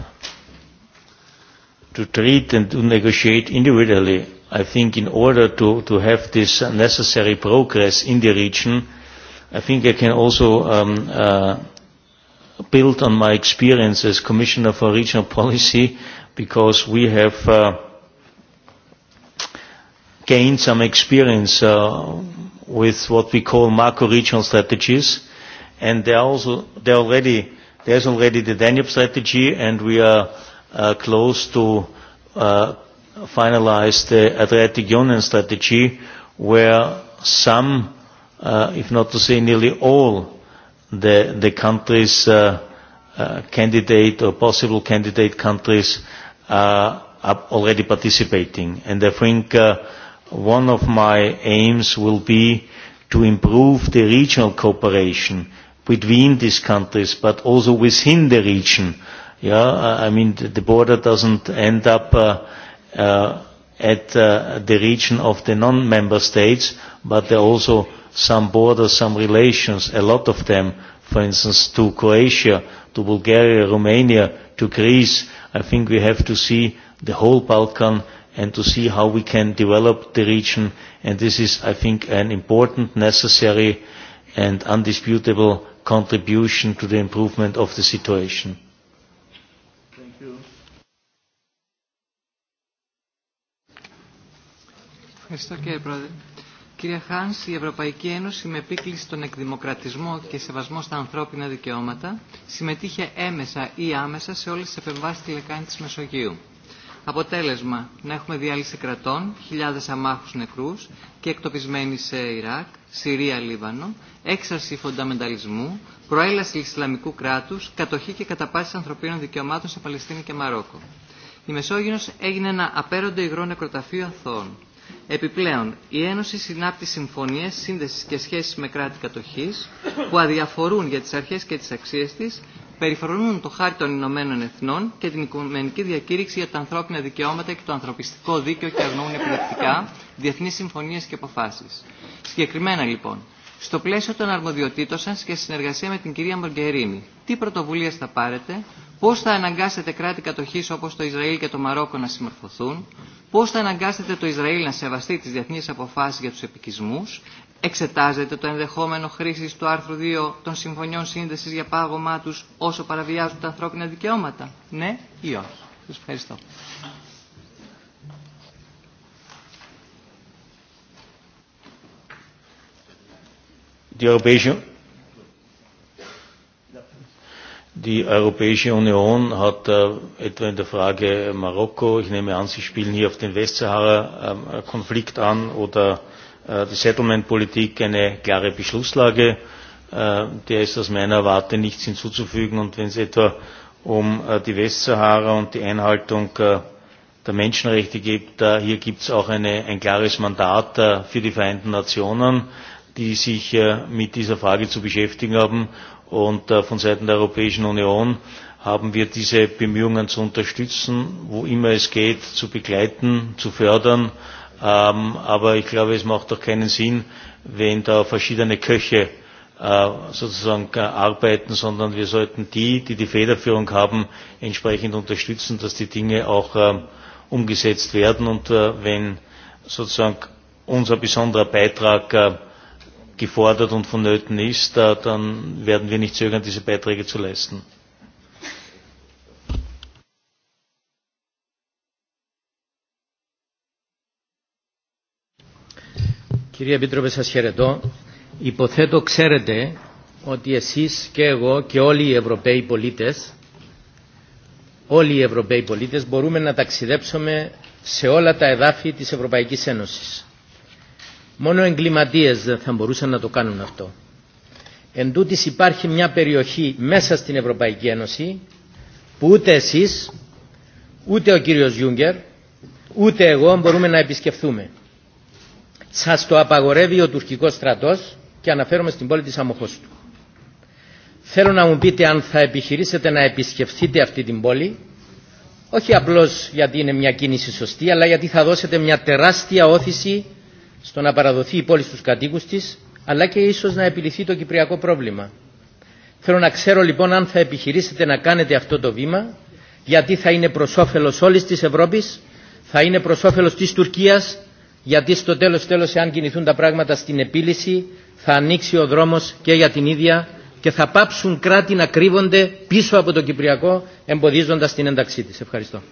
to treat and to negotiate individually I think in order to, to have this necessary progress in the region, I think I can also um, uh, build on my experience as Commissioner for Regional Policy because we have uh, gained some experience uh, with what we call macro-regional strategies and there also there already there's already the Danube strategy and we are uh, close to uh, finalized the eh, Adriatic Union strategy where some, uh, if not to say nearly all, the, the countries, uh, uh, candidate or possible candidate countries uh, are already participating. And I think uh, one of my aims will be to improve the regional cooperation between these countries, but also within the region. Yeah, I mean, the border doesn't end up uh, uh, at uh, the region of the non-member states, but there are also some borders, some relations, a lot of them, for instance, to Croatia, to Bulgaria, Romania, to Greece. I think we have to see the whole Balkan and to see how we can develop the region. And this is, I think, an important, necessary and undisputable contribution to the improvement of the situation. Ευχαριστώ κύριε Πρόεδρε. Κύριε Χάνς, η Ευρωπαϊκή Ένωση με επίκληση στον εκδημοκρατισμό και σεβασμό στα ανθρώπινα δικαιώματα συμμετείχε έμεσα ή άμεσα σε όλες τις επεμβάσεις τη λεκάνη της Μεσογείου. Αποτέλεσμα, να έχουμε διάλυση κρατών, χιλιάδες αμάχους νεκρούς και εκτοπισμένοι σε Ιράκ, Συρία, Λίβανο, έξαρση φονταμενταλισμού, προέλαση Ισλαμικού κράτους, κατοχή και καταπάτηση ανθρωπίνων δικαιωμάτων σε Παλαιστίνη και Μαρόκο. Η Μεσόγειος έγινε ένα απέροντο υγρό νεκροταφείο αθώων. Επιπλέον, η Ένωση συνάπτει συμφωνίες σύνδεσης και σχέσεις με κράτη κατοχής που αδιαφορούν για τις αρχές και τις αξίες της, περιφρονούν το χάρτη των Ηνωμένων Εθνών και την Οικουμενική Διακήρυξη για τα ανθρώπινα δικαιώματα και το ανθρωπιστικό δίκαιο και αγνοούν επιλεκτικά διεθνείς συμφωνίες και αποφάσεις. Συγκεκριμένα λοιπόν, στο πλαίσιο των αρμοδιοτήτων σας και συνεργασία με την κυρία Μοργκερίνη, τι πρωτοβουλίες θα πάρετε, πώς θα αναγκάσετε κράτη κατοχής όπως το Ισραήλ και το Μαρόκο να συμμορφωθούν, πώς θα αναγκάσετε το Ισραήλ να σεβαστεί τις διεθνείς αποφάσεις για τους επικισμούς, εξετάζετε το ενδεχόμενο χρήση του άρθρου 2 των συμφωνιών σύνδεσης για πάγωμά τους όσο παραβιάζουν τα ανθρώπινα δικαιώματα, ναι ή όχι. Σας ευχαριστώ. Die Europäische Union hat äh, etwa in der Frage Marokko, ich nehme an, Sie spielen hier auf den Westsahara-Konflikt ähm, an oder äh, die Settlement-Politik eine klare Beschlusslage. Äh, der ist aus meiner Warte nichts hinzuzufügen. Und wenn es etwa um äh, die Westsahara und die Einhaltung äh, der Menschenrechte geht, äh, hier gibt es auch eine, ein klares Mandat äh, für die Vereinten Nationen die sich äh, mit dieser Frage zu beschäftigen haben. Und äh, von Seiten der Europäischen Union haben wir diese Bemühungen zu unterstützen, wo immer es geht, zu begleiten, zu fördern. Ähm, aber ich glaube, es macht doch keinen Sinn, wenn da verschiedene Köche äh, sozusagen äh, arbeiten, sondern wir sollten die, die die Federführung haben, entsprechend unterstützen, dass die Dinge auch äh, umgesetzt werden. Und äh, wenn sozusagen unser besonderer Beitrag äh, gefordert und vonnöten ist, dann werden wir nicht zögern, diese Beiträge zu leisten. Κυρία Επίτροπε, σας χαιρετώ. Υποθέτω ξέρετε ότι εσείς και εγώ και όλοι οι Ευρωπαίοι πολίτες όλοι οι Ευρωπαίοι πολίτες μπορούμε να ταξιδέψουμε σε όλα τα εδάφη της Ευρωπαϊκής Ένωσης. Μόνο εγκληματίε δεν θα μπορούσαν να το κάνουν αυτό. Εν τούτης υπάρχει μια περιοχή μέσα στην Ευρωπαϊκή Ένωση που ούτε εσεί, ούτε ο κύριος Γιούγκερ, ούτε εγώ μπορούμε να επισκεφθούμε. Σας το απαγορεύει ο τουρκικός στρατός και αναφέρομαι στην πόλη της Αμοχώστου. Θέλω να μου πείτε αν θα επιχειρήσετε να επισκεφθείτε αυτή την πόλη, όχι απλώς γιατί είναι μια κίνηση σωστή, αλλά γιατί θα δώσετε μια τεράστια όθηση στο να παραδοθεί η πόλη στους κατοίκους της, αλλά και ίσως να επιληθεί το κυπριακό πρόβλημα. Θέλω να ξέρω λοιπόν αν θα επιχειρήσετε να κάνετε αυτό το βήμα, γιατί θα είναι προς όφελος όλης της Ευρώπης, θα είναι προς όφελος της Τουρκίας, γιατί στο τέλος τέλος εάν κινηθούν τα πράγματα στην επίλυση θα ανοίξει ο δρόμος και για την ίδια και θα πάψουν κράτη να κρύβονται πίσω από το Κυπριακό εμποδίζοντας την ένταξή της. Ευχαριστώ.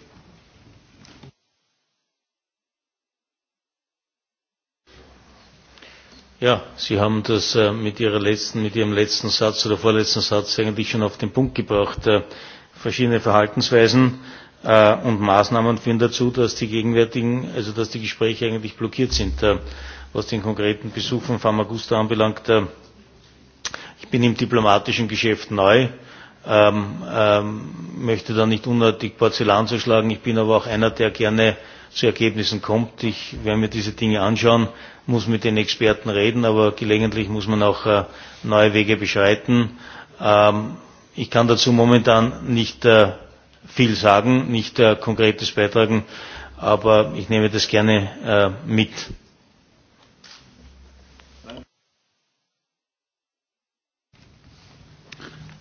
Ja, Sie haben das äh, mit, Ihrer letzten, mit Ihrem letzten Satz oder vorletzten Satz eigentlich schon auf den Punkt gebracht. Äh, verschiedene Verhaltensweisen äh, und Maßnahmen führen dazu, dass die gegenwärtigen, also dass die Gespräche eigentlich blockiert sind, äh, was den konkreten Besuch von Famagusta anbelangt. Äh, ich bin im diplomatischen Geschäft neu, ähm, ähm, möchte da nicht unnötig Porzellan zerschlagen. Ich bin aber auch einer, der gerne zu Ergebnissen kommt. Ich werde mir diese Dinge anschauen muss mit den Experten reden, aber gelegentlich muss man auch äh, neue Wege beschreiten. Ähm, ich kann dazu momentan nicht äh, viel sagen, nicht äh, konkretes beitragen, aber ich nehme das gerne mit.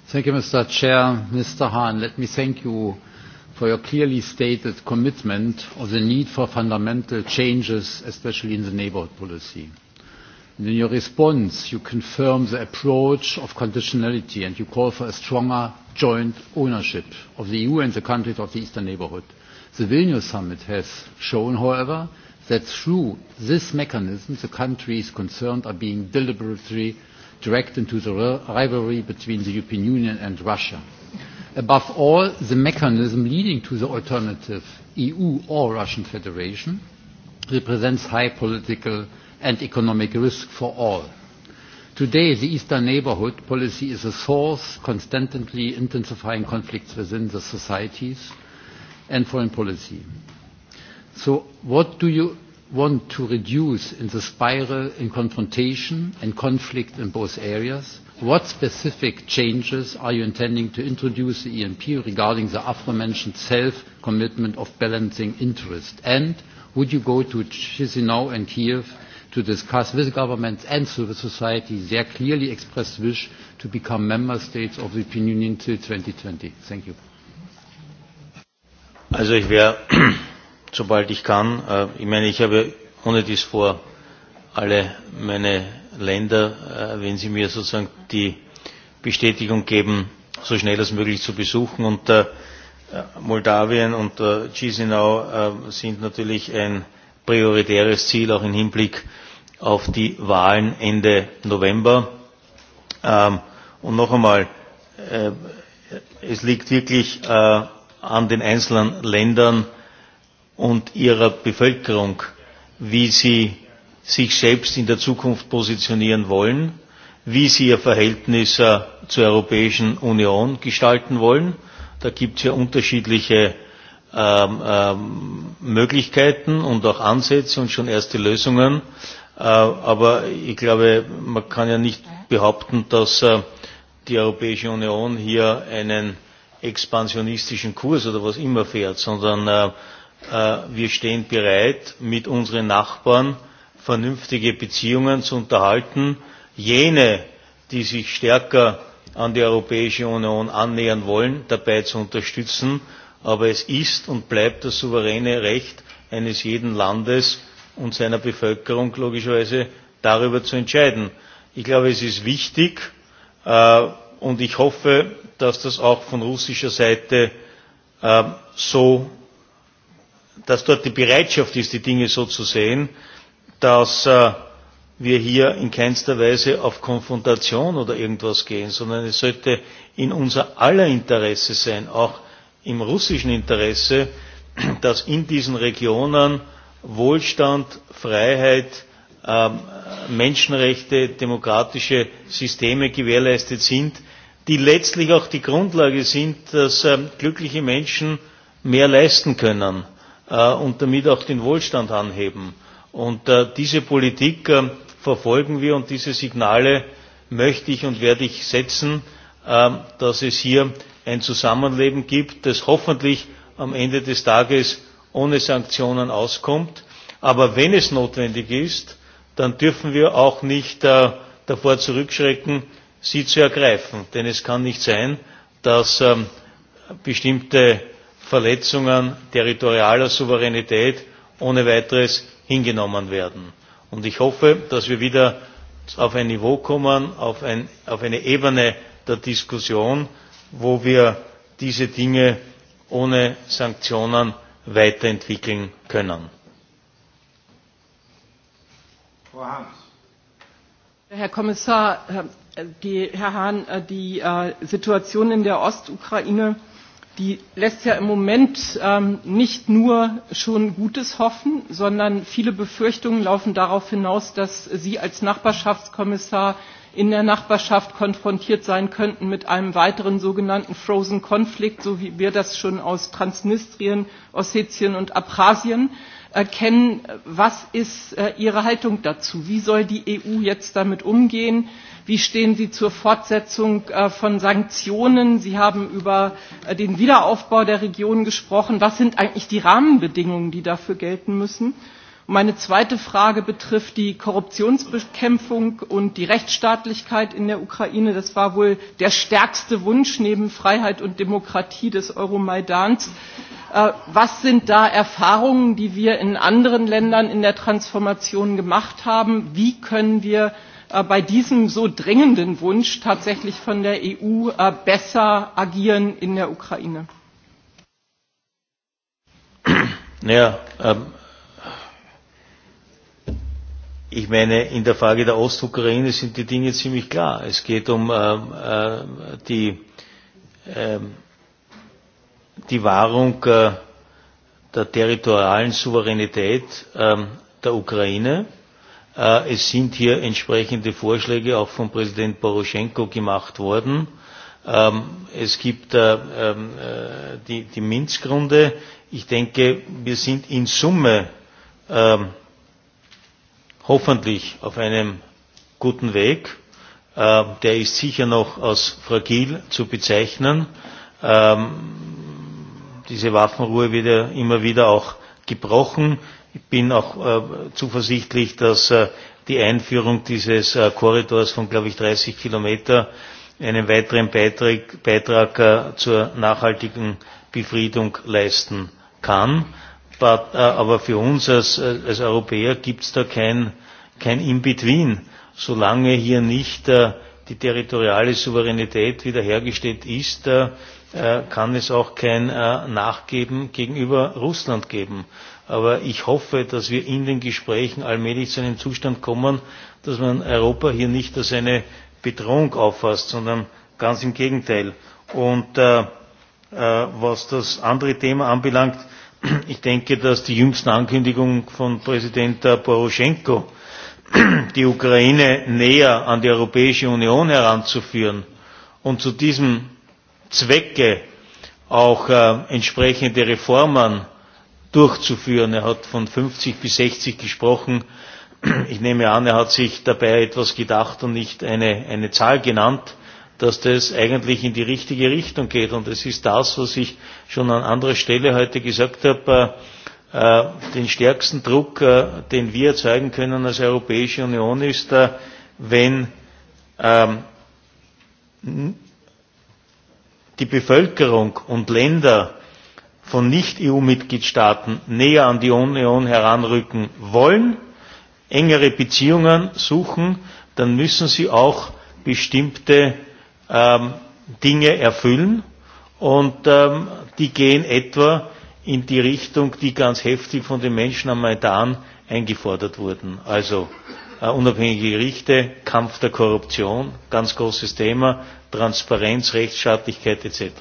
Thank you, Mr. Chair. Mr. Hahn, let me thank you for your clearly stated commitment of the need for fundamental changes, especially in the neighborhood policy. And in your response, you confirm the approach of conditionality and you call for a stronger joint ownership of the EU and the countries of the Eastern neighborhood. The Vilnius summit has shown, however, that through this mechanism, the countries concerned are being deliberately directed into the rivalry between the European Union and Russia above all, the mechanism leading to the alternative EU or Russian Federation represents high political and economic risk for all. Today, the Eastern Neighborhood policy is a source constantly intensifying conflicts within the societies and foreign policy. So what do you want to reduce in the spiral in confrontation and conflict in both areas? What specific changes are you intending to introduce the EMP regarding the aforementioned self-commitment of balancing interest? And would you go to Chisinau and Kiev to discuss with governments and civil society their clearly expressed wish to become member states of the European Union till 2020? Thank you. Also ich werde, sobald ich kann, äh, ich meine, ich habe ohne dies vor, alle meine Länder, äh, wenn Sie mir sozusagen die Bestätigung geben, so schnell als möglich zu besuchen. Und äh, Moldawien und äh, Chisinau äh, sind natürlich ein prioritäres Ziel, auch im Hinblick auf die Wahlen Ende November. Ähm, und noch einmal, äh, es liegt wirklich äh, an den einzelnen Ländern und ihrer Bevölkerung, wie sie sich selbst in der Zukunft positionieren wollen, wie sie ihr Verhältnis äh, zur Europäischen Union gestalten wollen. Da gibt es ja unterschiedliche ähm, ähm, Möglichkeiten und auch Ansätze und schon erste Lösungen. Äh, aber ich glaube, man kann ja nicht behaupten, dass äh, die Europäische Union hier einen expansionistischen Kurs oder was immer fährt, sondern äh, äh, wir stehen bereit, mit unseren Nachbarn vernünftige Beziehungen zu unterhalten. Jene, die sich stärker an die Europäische Union annähern wollen, dabei zu unterstützen. Aber es ist und bleibt das souveräne Recht eines jeden Landes und seiner Bevölkerung logischerweise darüber zu entscheiden. Ich glaube, es ist wichtig äh, und ich hoffe, dass das auch von russischer Seite äh, so, dass dort die Bereitschaft ist, die Dinge so zu sehen, dass äh, wir hier in keinster Weise auf Konfrontation oder irgendwas gehen, sondern es sollte in unser aller Interesse sein, auch im russischen Interesse, dass in diesen Regionen Wohlstand, Freiheit, äh, Menschenrechte, demokratische Systeme gewährleistet sind, die letztlich auch die Grundlage sind, dass äh, glückliche Menschen mehr leisten können äh, und damit auch den Wohlstand anheben. Und äh, diese Politik äh, verfolgen wir und diese Signale möchte ich und werde ich setzen, äh, dass es hier ein Zusammenleben gibt, das hoffentlich am Ende des Tages ohne Sanktionen auskommt. Aber wenn es notwendig ist, dann dürfen wir auch nicht äh, davor zurückschrecken, sie zu ergreifen. Denn es kann nicht sein, dass ähm, bestimmte Verletzungen territorialer Souveränität ohne weiteres hingenommen werden. Und ich hoffe, dass wir wieder auf ein Niveau kommen, auf, ein, auf eine Ebene der Diskussion, wo wir diese Dinge ohne Sanktionen weiterentwickeln können. Herr Kommissar, äh, die, Herr Hahn, äh, die äh, Situation in der Ostukraine die lässt ja im Moment ähm, nicht nur schon Gutes hoffen, sondern viele Befürchtungen laufen darauf hinaus, dass Sie als Nachbarschaftskommissar in der Nachbarschaft konfrontiert sein könnten mit einem weiteren sogenannten Frozen Konflikt, so wie wir das schon aus Transnistrien, Ossetien und Abchasien erkennen. kennen. Was ist äh, Ihre Haltung dazu? Wie soll die EU jetzt damit umgehen? Wie stehen Sie zur Fortsetzung äh, von Sanktionen? Sie haben über äh, den Wiederaufbau der Region gesprochen. Was sind eigentlich die Rahmenbedingungen, die dafür gelten müssen? Meine zweite Frage betrifft die Korruptionsbekämpfung und die Rechtsstaatlichkeit in der Ukraine. Das war wohl der stärkste Wunsch neben Freiheit und Demokratie des Euromaidans. Äh, was sind da Erfahrungen, die wir in anderen Ländern in der Transformation gemacht haben? Wie können wir Äh, bei diesem so dringenden Wunsch tatsächlich von der EU äh, besser agieren in der Ukraine? Ja, ähm, ich meine, in der Frage der Ostukraine sind die Dinge ziemlich klar. Es geht um ähm, äh, die, ähm, die Wahrung äh, der territorialen Souveränität ähm, der Ukraine. Äh, es sind hier entsprechende Vorschläge auch von Präsident Poroschenko gemacht worden. Ähm, es gibt äh, ähm, äh, die, die Minzgrunde. Ich denke, wir sind in Summe äh, hoffentlich auf einem guten Weg. Äh, der ist sicher noch als fragil zu bezeichnen. Ähm, diese Waffenruhe wird ja immer wieder auch gebrochen. Ich bin auch äh, zuversichtlich, dass äh, die Einführung dieses äh, Korridors von, glaube ich, 30 Kilometer einen weiteren Beitrag, Beitrag äh, zur nachhaltigen Befriedung leisten kann. But, äh, aber für uns als, äh, als Europäer gibt es da kein, kein In-Between. Solange hier nicht äh, die territoriale Souveränität wiederhergestellt ist, äh, äh kann es auch kein äh, Nachgeben gegenüber Russland geben. Aber ich hoffe, dass wir in den Gesprächen allmählich zu einem Zustand kommen, dass man Europa hier nicht als eine Bedrohung auffasst, sondern ganz im Gegenteil. Und äh, äh, was das andere Thema anbelangt, ich denke, dass die jüngsten Ankündigungen von Präsident äh, Poroschenko, die Ukraine näher an die Europäische Union heranzuführen und zu diesem Zwecke auch äh, entsprechende Reformen durchzuführen. Er hat von 50 bis 60 gesprochen. Ich nehme an, er hat sich dabei etwas gedacht und nicht eine, eine Zahl genannt, dass das eigentlich in die richtige Richtung geht. Und es ist das, was ich schon an anderer Stelle heute gesagt habe, äh, äh den stärksten Druck, äh, den wir erzeugen können als Europäische Union, ist, äh, wenn ähm, die Bevölkerung und Länder von Nicht-EU-Mitgliedstaaten näher an die Union heranrücken wollen, engere Beziehungen suchen, dann müssen sie auch bestimmte ähm, Dinge erfüllen und ähm, die gehen etwa in die Richtung, die ganz heftig von den Menschen am Maidan eingefordert wurden. Also äh, unabhängige Gerichte, Kampf der Korruption, ganz großes Thema, Transparenz, Rechtsstaatlichkeit etc.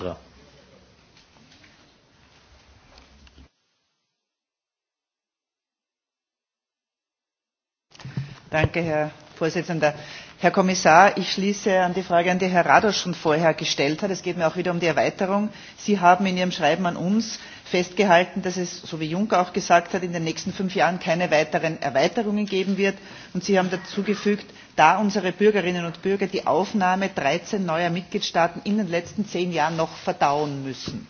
Danke, Herr Vorsitzender. Herr Kommissar, ich schließe an die Frage an die Herr Rados schon vorher gestellt hat. Es geht mir auch wieder um die Erweiterung. Sie haben in Ihrem Schreiben an uns festgehalten, dass es, so wie Juncker auch gesagt hat, in den nächsten fünf Jahren keine weiteren Erweiterungen geben wird. Und Sie haben dazu gefügt, da unsere Bürgerinnen und Bürger die Aufnahme 13 neuer Mitgliedstaaten in den letzten zehn Jahren noch verdauen müssen.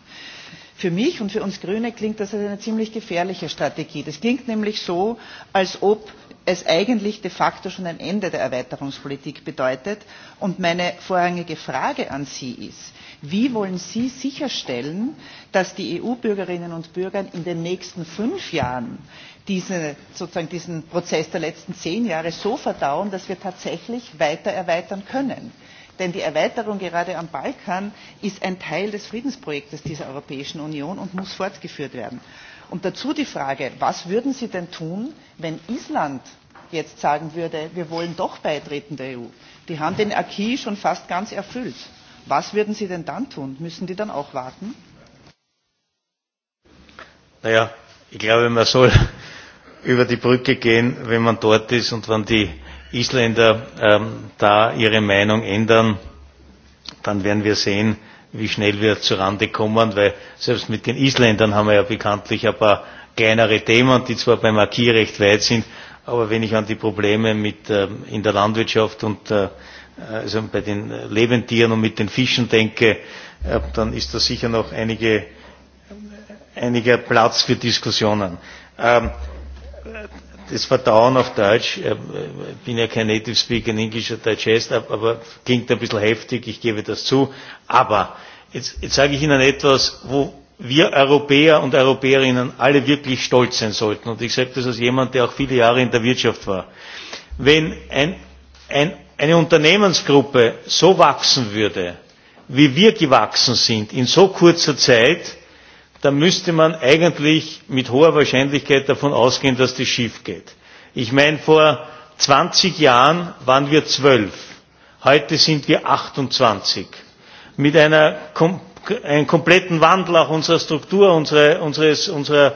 Für mich und für uns Grüne klingt das als eine ziemlich gefährliche Strategie. Das klingt nämlich so, als ob es eigentlich de facto schon ein Ende der Erweiterungspolitik bedeutet. Und meine vorrangige Frage an Sie ist, wie wollen Sie sicherstellen, dass die EU-Bürgerinnen und Bürger in den nächsten fünf Jahren diese, sozusagen diesen Prozess der letzten zehn Jahre so verdauen, dass wir tatsächlich weiter erweitern können? Denn die Erweiterung gerade am Balkan ist ein Teil des Friedensprojektes dieser Europäischen Union und muss fortgeführt werden. Und dazu die Frage, was würden Sie denn tun, wenn Island jetzt sagen würde, wir wollen doch beitreten der EU? Die haben den Acquis schon fast ganz erfüllt. Was würden Sie denn dann tun? Müssen die dann auch warten? Naja, ich glaube, man soll über die Brücke gehen, wenn man dort ist und wenn die Isländer ähm, da ihre Meinung ändern, dann werden wir sehen, wie schnell wir zu Rande kommen, weil selbst mit den Isländern haben wir ja bekanntlich ein paar kleinere Themen, die zwar beim Acquis recht weit sind, aber wenn ich an die Probleme mit, ähm, in der Landwirtschaft und äh, also bei den Lebendtieren und mit den Fischen denke, äh, dann ist da sicher noch einige, äh, einiger Platz für Diskussionen. Ähm, das Vertrauen auf Deutsch, äh, ich bin ja kein Native Speaker in Englisch oder Deutsch heißt, aber klingt ein bisschen heftig, ich gebe das zu. Aber jetzt, jetzt sage ich Ihnen etwas, wo wir Europäer und Europäerinnen alle wirklich stolz sein sollten. Und ich sage das als jemand, der auch viele Jahre in der Wirtschaft war. Wenn ein, ein, eine Unternehmensgruppe so wachsen würde, wie wir gewachsen sind, in so kurzer Zeit, dann müsste man eigentlich mit hoher Wahrscheinlichkeit davon ausgehen, dass das schief geht. Ich meine, vor 20 Jahren waren wir zwölf, heute sind wir 28. Mit einer einem kompletten Wandel auch unserer Struktur, unserer, unseres, unserer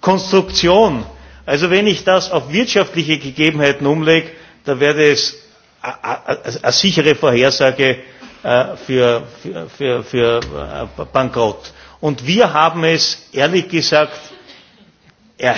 Konstruktion. Also wenn ich das auf wirtschaftliche Gegebenheiten umlege, da wäre es eine sichere Vorhersage äh, für, für, für, für äh, Bankrott. Und wir haben es, ehrlich gesagt, er-,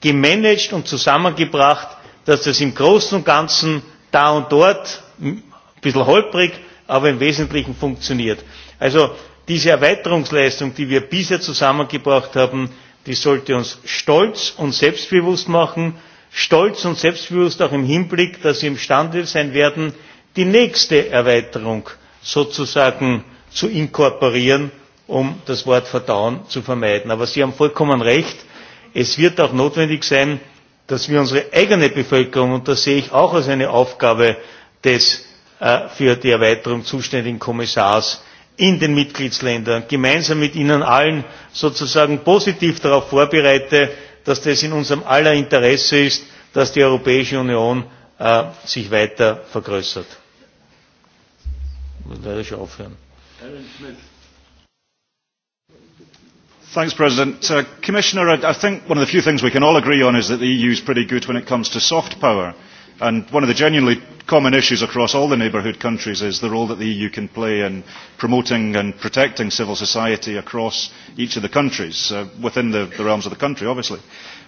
gemanagt und zusammengebracht, dass das im Großen und Ganzen da und dort ein bisschen holprig, aber im Wesentlichen funktioniert. Also diese Erweiterungsleistung, die wir bisher zusammengebracht haben, die sollte uns stolz und selbstbewusst machen, stolz und selbstbewusst auch im Hinblick, dass wir imstande sein werden, die nächste Erweiterung sozusagen zu inkorporieren um das Wort Vertrauen zu vermeiden. Aber Sie haben vollkommen recht, es wird auch notwendig sein, dass wir unsere eigene Bevölkerung, und das sehe ich auch als eine Aufgabe des äh, für die Erweiterung zuständigen Kommissars, in den Mitgliedsländern gemeinsam mit Ihnen allen sozusagen positiv darauf vorbereite, dass das in unserem aller Interesse ist, dass die Europäische Union äh, sich weiter vergrößert. Ich werde ich aufhören. Aaron Smith. Thanks, President. Uh, Commissioner, I, I think one of the few things we can all agree on is that the EU is pretty good when it comes to soft power. And one of the genuinely common issues across all the neighbourhood countries is the role that the EU can play in promoting and protecting civil society across each of the countries, uh, within the, the realms of the country, obviously.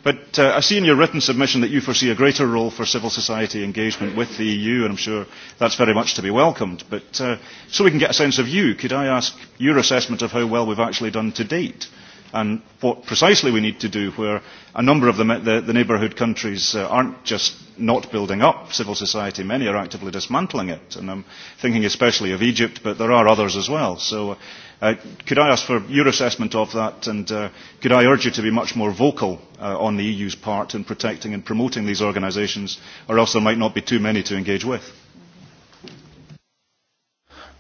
But uh, I see in your written submission that you foresee a greater role for civil society engagement with the EU, and I'm sure that's very much to be welcomed. But uh, so we can get a sense of you, could I ask your assessment of how well we've actually done to date? Uh, and what precisely we need to do where a number of the, the, the neighbourhood countries uh, aren't just not building up civil society, many are actively dismantling it. And I'm thinking especially of Egypt, but there are others as well. So uh, uh could I ask for your assessment of that and uh, could I urge you to be much more vocal uh, on the EU's part in protecting and promoting these organisations or else there might not be too many to engage with?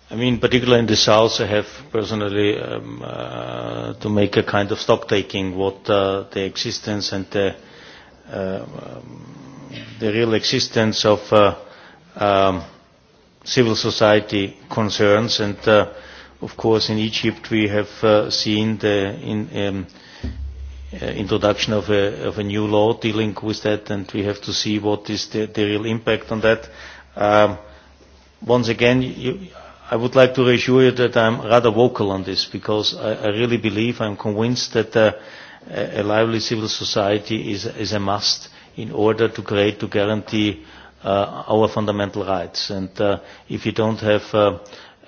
I mean, particularly in the South, I have personally um, uh, to make a kind of stock taking what uh, the existence and the, uh, um, the real existence of uh, um, civil society concerns. And uh, of course, in Egypt, we have uh, seen the in, um, uh, introduction of a, of a new law dealing with that, and we have to see what is the, the real impact on that. Um, once again, you, I would like to reassure you that I'm rather vocal on this because I, I really believe, I'm convinced that uh, a lively civil society is, is a must in order to create, to guarantee uh, our fundamental rights. And uh, if you don't have uh,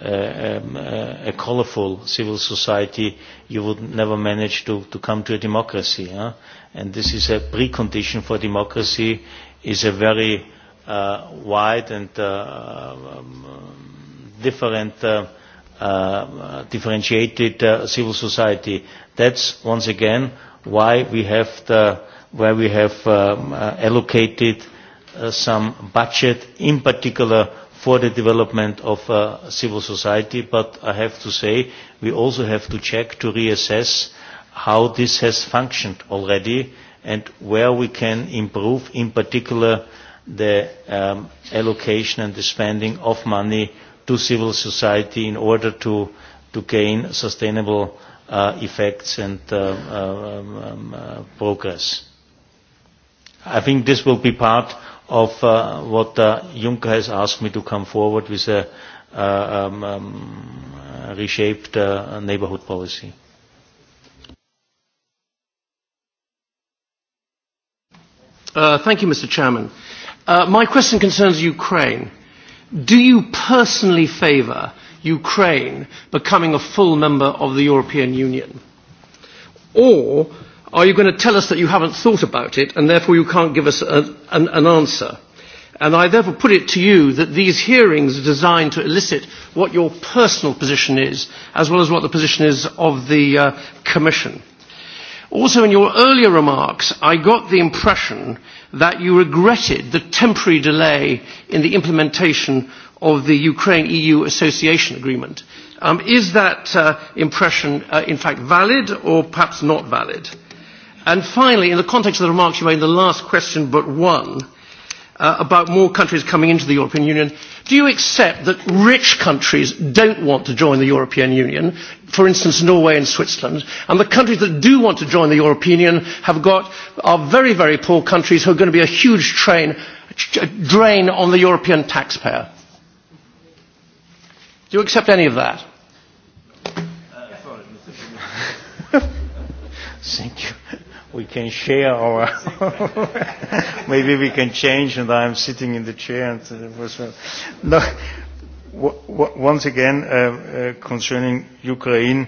uh, um, uh, a colorful civil society, you would never manage to, to come to a democracy. Huh? And this is a precondition for democracy, is a very uh, wide and uh, um, different uh, uh, differentiated uh, civil society. That's once again why we have the, where we have um, uh, allocated uh, some budget, in particular for the development of uh, civil society. But I have to say, we also have to check to reassess how this has functioned already and where we can improve, in particular, the um, allocation and the spending of money to civil society in order to, to gain sustainable uh, effects and uh, um, um, uh, progress. I think this will be part of uh, what uh, Juncker has asked me to come forward with a uh, um, um, reshaped uh, neighborhood policy. Uh, thank you, Mr. Chairman. Uh, my question concerns Ukraine. Do you personally favour Ukraine becoming a full member of the European Union? Or are you going to tell us that you haven't thought about it and therefore you can't give us a, an, an answer? And I therefore put it to you that these hearings are designed to elicit what your personal position is, as well as what the position is of the uh, Commission. Also, in your earlier remarks, I got the impression that you regretted the temporary delay in the implementation of the Ukraine-EU association agreement. Um, is that uh, impression, uh, in fact, valid or perhaps not valid? And finally, in the context of the remarks you made in the last question but one, uh, about more countries coming into the European Union. Do you accept that rich countries don't want to join the European Union, for instance Norway and Switzerland, and the countries that do want to join the European Union have got, are very, very poor countries who are going to be a huge train, drain on the European taxpayer? Do you accept any of that? Uh, sorry, Thank you we can share our maybe we can change and I'm sitting in the chair and uh, was well. Uh, no once again uh, uh, concerning Ukraine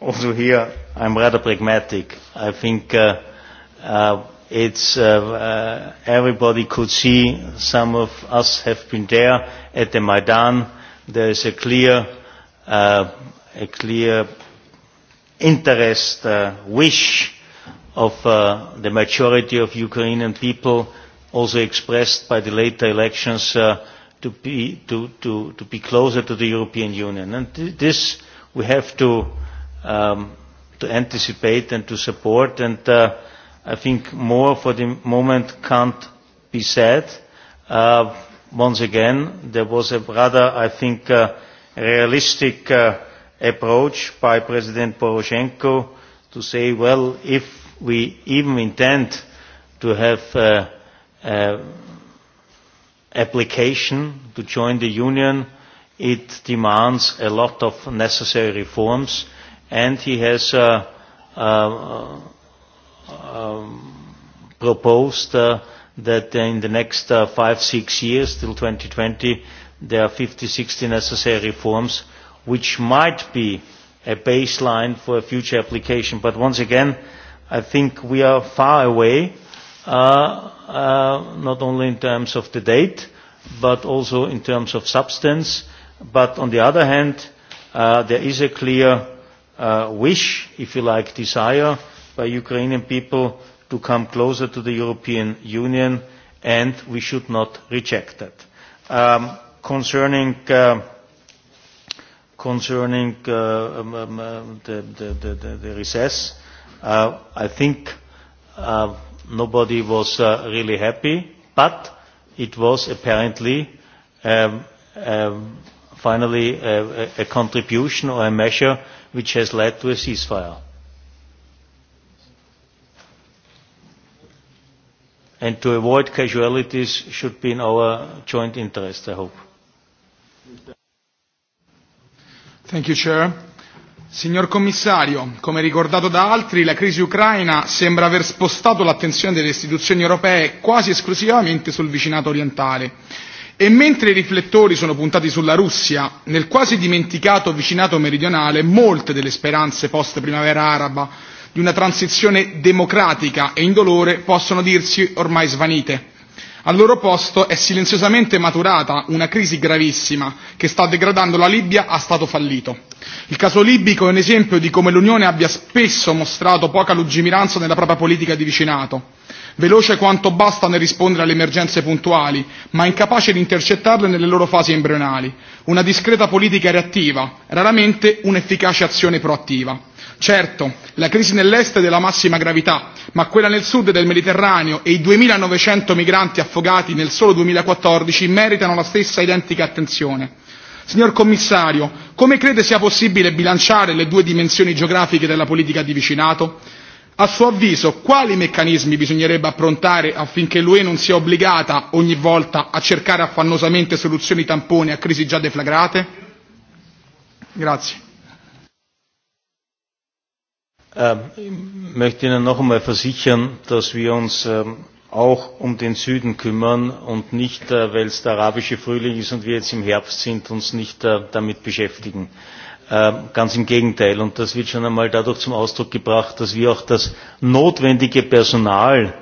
also here I'm rather pragmatic I think uh, uh, it's uh, uh, everybody could see some of us have been there at the Maidan there is a clear uh, a clear interest uh, wish of uh, the majority of Ukrainian people also expressed by the later elections uh, to, be, to, to, to be closer to the European Union. And th this we have to, um, to anticipate and to support and uh, I think more for the moment can't be said. Uh, once again, there was a rather, I think, uh, realistic uh, approach by President Poroshenko to say, well, if we even intend to have uh, uh, application to join the union, it demands a lot of necessary reforms, and he has uh, uh, um, proposed uh, that in the next uh, five, six years, till 2020, there are 50, 60 necessary reforms, which might be a baseline for a future application. But once again, I think we are far away, uh, uh, not only in terms of the date, but also in terms of substance. But on the other hand, uh, there is a clear uh, wish, if you like, desire by Ukrainian people to come closer to the European Union, and we should not reject that. Um, concerning uh, concerning uh, um, um, um the, the, the, the recess, uh, I think uh, nobody was uh, really happy, but it was apparently um, um, finally a, a contribution or a measure which has led to a ceasefire. And to avoid casualties should be in our joint interest, I hope. Thank you, Chair. Signor Commissario, come ricordato da altri, la crisi ucraina sembra aver spostato l'attenzione delle istituzioni europee quasi esclusivamente sul vicinato orientale. E mentre i riflettori sono puntati sulla Russia, nel quasi dimenticato vicinato meridionale molte delle speranze post primavera araba di una transizione democratica e indolore possono dirsi ormai svanite. Al loro posto è silenziosamente maturata una crisi gravissima che sta degradando la Libia a stato fallito. Il caso libico è un esempio di come l'Unione abbia spesso mostrato poca lungimiranza nella propria politica di vicinato, veloce quanto basta nel rispondere alle emergenze puntuali, ma incapace di intercettarle nelle loro fasi embrionali, una discreta politica reattiva, raramente un'efficace azione proattiva. Certo, la crisi nell'est è della massima gravità, ma quella nel sud del Mediterraneo e i 2.900 migranti affogati nel solo 2014 meritano la stessa identica attenzione. Signor Commissario, come crede sia possibile bilanciare le due dimensioni geografiche della politica di vicinato? A suo avviso, quali meccanismi bisognerebbe approntare affinché l'UE non sia obbligata ogni volta a cercare affannosamente soluzioni tampone a crisi già deflagrate? Grazie. Ähm, ich möchte Ihnen noch einmal versichern, dass wir uns ähm, auch um den Süden kümmern und nicht, äh, weil es der arabische Frühling ist und wir jetzt im Herbst sind, uns nicht äh, damit beschäftigen. Ähm, ganz im Gegenteil. Und das wird schon einmal dadurch zum Ausdruck gebracht, dass wir auch das notwendige Personal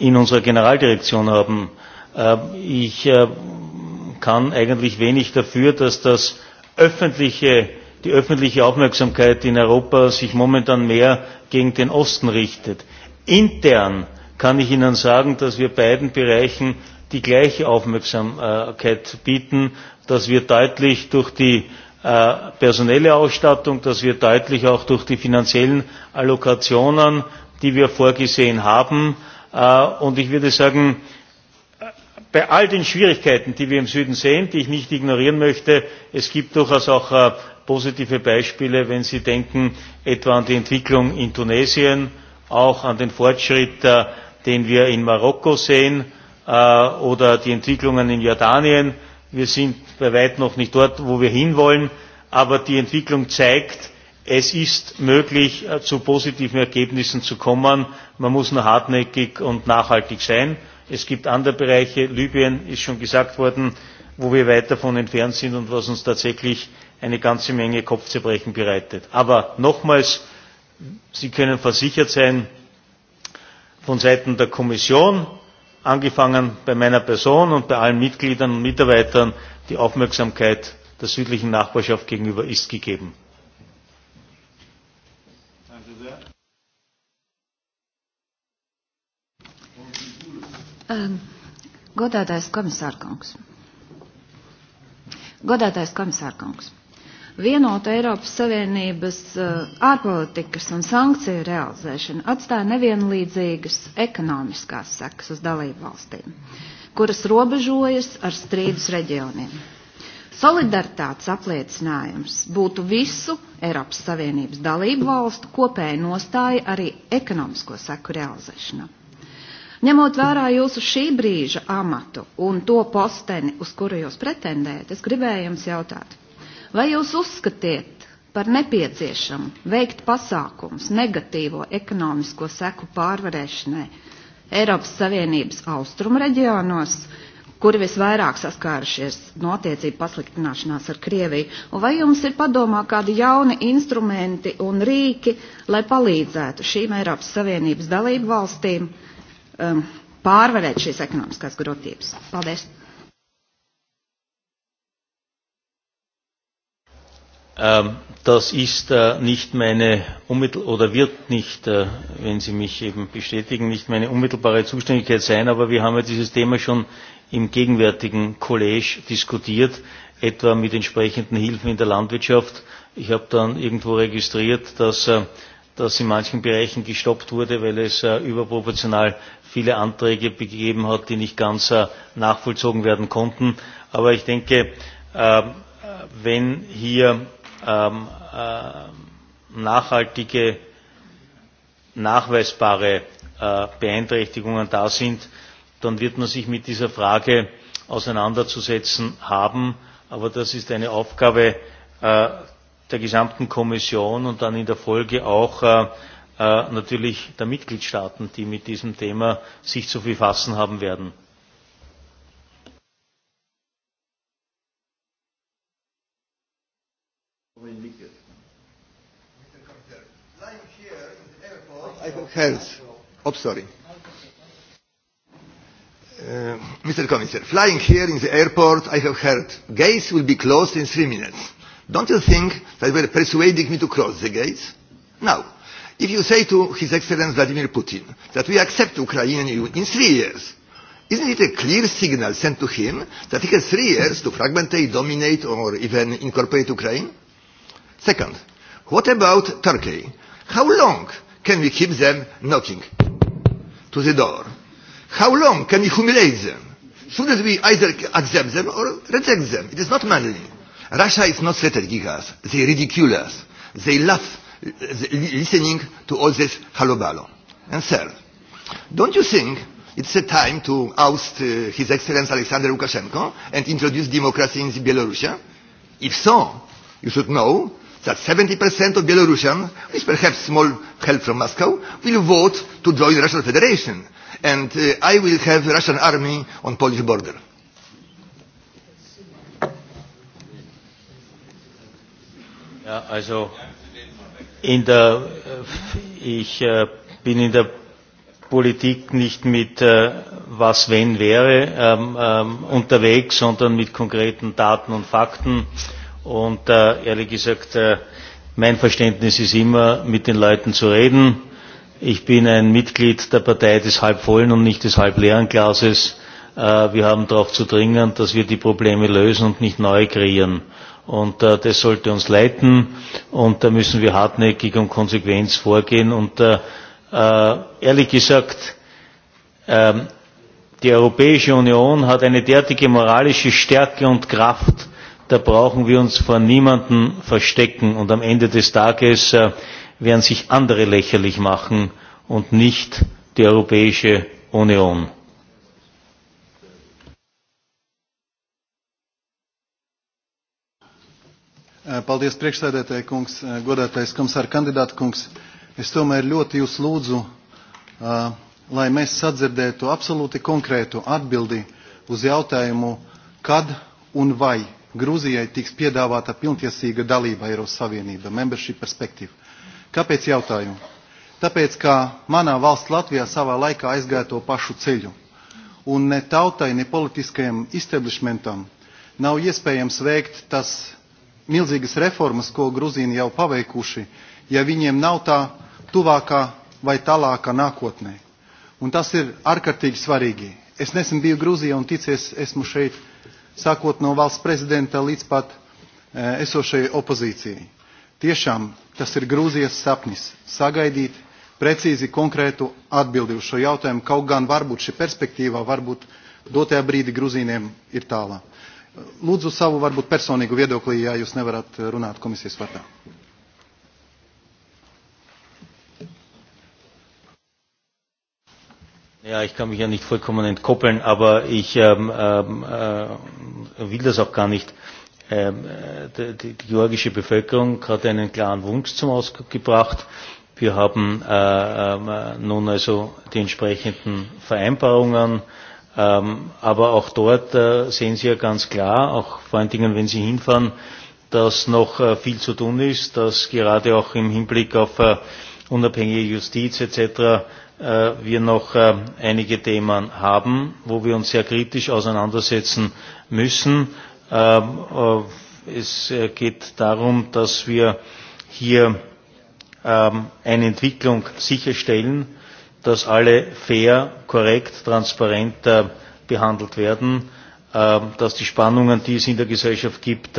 in unserer Generaldirektion haben. Ich äh, kann eigentlich wenig dafür, dass das öffentliche die öffentliche Aufmerksamkeit in Europa sich momentan mehr gegen den Osten richtet. Intern kann ich Ihnen sagen, dass wir beiden Bereichen die gleiche Aufmerksamkeit bieten, dass wir deutlich durch die äh, personelle Ausstattung, dass wir deutlich auch durch die finanziellen Allokationen, die wir vorgesehen haben, äh, und ich würde sagen, bei all den Schwierigkeiten, die wir im Süden sehen, die ich nicht ignorieren möchte, es gibt durchaus auch äh, positive Beispiele, wenn Sie denken etwa an die Entwicklung in Tunesien, auch an den Fortschritt, äh, den wir in Marokko sehen äh, oder die Entwicklungen in Jordanien. Wir sind bei weitem noch nicht dort, wo wir hinwollen, aber die Entwicklung zeigt, es ist möglich, äh, zu positiven Ergebnissen zu kommen. Man muss nur hartnäckig und nachhaltig sein. Es gibt andere Bereiche, Libyen ist schon gesagt worden, wo wir weit davon entfernt sind und was uns tatsächlich eine ganze Menge Kopfzerbrechen bereitet. Aber nochmals, Sie können versichert sein, von Seiten der Kommission, angefangen bei meiner Person und bei allen Mitgliedern und Mitarbeitern, die Aufmerksamkeit der südlichen Nachbarschaft gegenüber ist gegeben. Ähm, Godātais komisārkungs. Godātais komisārkungs vienota Eiropas Savienības eh, ārpolitikas un sankciju realizēšana atstāja nevienlīdzīgas ekonomiskās sekas uz dalību valstīm, kuras robežojas ar strīdus reģioniem. Solidaritātes apliecinājums būtu visu Eiropas Savienības dalību valstu kopēja nostāja arī ekonomisko seku realizēšanā. Ņemot vērā jūsu šī brīža amatu un to posteni, uz kuru jūs pretendējat, es gribēju jums jautāt, Vai jūs uzskatiet par nepieciešamu veikt pasākums negatīvo ekonomisko seku pārvarēšanai Eiropas Savienības austrumu reģionos, kur visvairāk saskārušies notiecību pasliktināšanās ar Krieviju, un vai jums ir padomā kādi jauni instrumenti un rīki, lai palīdzētu šīm Eiropas Savienības dalību valstīm um, pārvarēt šīs ekonomiskās grotības? Paldies! Ähm, das ist äh, nicht meine unmittel oder wird nicht, äh, wenn Sie mich eben bestätigen, nicht meine unmittelbare Zuständigkeit sein, aber wir haben ja dieses Thema schon im gegenwärtigen College diskutiert, etwa mit entsprechenden Hilfen in der Landwirtschaft. Ich habe dann irgendwo registriert, dass äh, das in manchen Bereichen gestoppt wurde, weil es überproportional viele Anträge gegeben hat, die nicht ganz nachvollzogen werden konnten. Aber ich denke, ähm, wenn hier ähm, äh, nachhaltige, nachweisbare äh, Beeinträchtigungen da sind, dann wird man sich mit dieser Frage auseinanderzusetzen haben. Aber das ist eine Aufgabe äh, der gesamten Kommission und dann in der Folge auch äh, äh natürlich der Mitgliedstaaten, die mit diesem Thema sich zu befassen haben werden. I have Oh, sorry. Uh, Mr. Commissioner, flying here in the airport, I have heard gates will be closed in three minutes. Don't you think that were persuading me to cross the gates? No. If you say to His Excellency Vladimir Putin that we accept Ukraine in three years, isn't it a clear signal sent to him that he has three years to fragmentate, dominate, or even incorporate Ukraine? Second, what about Turkey? How long can we keep them knocking to the door? How long can we humiliate them? as we either accept them or reject them? It is not manly. Russia is not strategic us. They ridicule us. They laugh listening to all this halobalo. And sir, don't you think it's a time to oust uh, His Excellency Alexander Lukashenko and introduce democracy in Belarusia? If so, you should know that 70% of Belarusians, with perhaps small help from Moscow, will vote to join the Russian Federation. And uh, I will have the Russian army on Polish border. Ja, also in der, äh, ich äh, bin in der Politik nicht mit äh, was wenn wäre ähm, ähm, unterwegs, sondern mit konkreten Daten und Fakten. Äh, Und äh, ehrlich gesagt, äh, mein Verständnis ist immer, mit den Leuten zu reden. Ich bin ein Mitglied der Partei des halbvollen und nicht des halbleeren Glases. Äh, wir haben darauf zu dringen, dass wir die Probleme lösen und nicht neu kreieren. Und äh, das sollte uns leiten und da müssen wir hartnäckig und konsequent vorgehen. Und äh, äh, ehrlich gesagt, äh, die Europäische Union hat eine derartige moralische Stärke und Kraft, Da brauchen wir uns vor niemanden verstecken und am Ende des Tages äh, werden sich andere lächerlich machen und nicht die Europäische Union. Äh, paldies priekšsēdētāji kungs, äh, godātais komisāra kandidāta kungs. Es tomēr ļoti jūs lūdzu, lai mēs sadzirdētu absolūti konkrētu atbildi uz jautājumu, kad un vai Grūzijai tiks piedāvāta pilntiesīga dalība Eiropas Savienība, membership perspektīva. Kāpēc jautājumu? Tāpēc, ka manā valsts Latvijā savā laikā aizgāja to pašu ceļu. Un ne tautai, ne politiskajam establishmentam nav iespējams veikt tas milzīgas reformas, ko Gruzīni jau paveikuši, ja viņiem nav tā tuvākā vai tālākā nākotnē. Un tas ir ārkārtīgi svarīgi. Es nesen biju Grūzijā un ticies, esmu šeit sākot no valsts prezidenta līdz pat e, esošajai opozīcijai. Tiešām tas ir Grūzijas sapnis sagaidīt precīzi konkrētu atbildi uz šo jautājumu, kaut gan varbūt šī perspektīva, varbūt dotajā brīdī Grūzīniem ir tālā. Lūdzu savu varbūt personīgu viedoklī, ja jūs nevarat runāt komisijas vārdā. Ja, ich kann mich ja nicht vollkommen entkoppeln, aber ich ähm, ähm äh, will das auch gar nicht. Ähm, äh, die, die georgische Bevölkerung hat einen klaren Wunsch zum Ausdruck gebracht. Wir haben äh, ähm, äh, nun also die entsprechenden Vereinbarungen, ähm, aber auch dort äh, sehen Sie ja ganz klar, auch vor allen Dingen, wenn Sie hinfahren, dass noch äh, viel zu tun ist, dass gerade auch im Hinblick auf äh, unabhängige Justiz etc Äh, wir noch äh, einige Themen haben, wo wir uns sehr kritisch auseinandersetzen müssen. Ähm, äh, es geht darum, dass wir hier ähm, eine Entwicklung sicherstellen, dass alle fair, korrekt, transparent behandelt werden, ähm, dass die Spannungen, die es in der Gesellschaft gibt,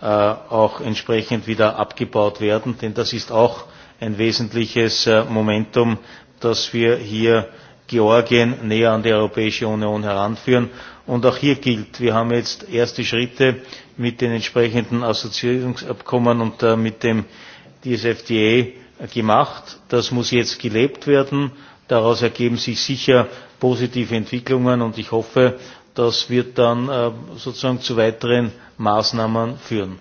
auch entsprechend wieder abgebaut werden, denn das ist auch ein wesentliches Momentum dass wir hier Georgien näher an die Europäische Union heranführen. Und auch hier gilt, wir haben jetzt erste Schritte mit den entsprechenden Assoziierungsabkommen und äh, mit dem DSFDA gemacht. Das muss jetzt gelebt werden. Daraus ergeben sich sicher positive Entwicklungen und ich hoffe, das wird dann äh, sozusagen zu weiteren Maßnahmen führen.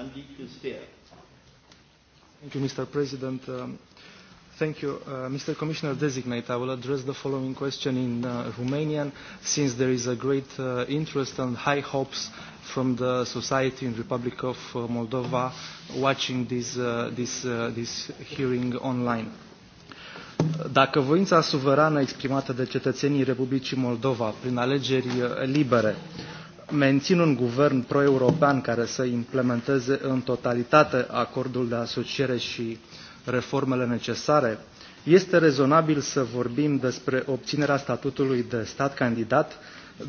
unequal sphere. Thank you, Mr. President. Um, Thank you. Uh, Mr. Commissioner Designate, I will address the following question in uh, Romanian, since there is a great uh, interest and high hopes from the society in the Republic of uh, Moldova watching this, uh, this, uh, this hearing online. Dacă voința suverană exprimată de cetățenii Republicii Moldova prin alegeri uh, libere mențin un guvern pro-european care să implementeze în totalitate acordul de asociere și reformele necesare, este rezonabil să vorbim despre obținerea statutului de stat candidat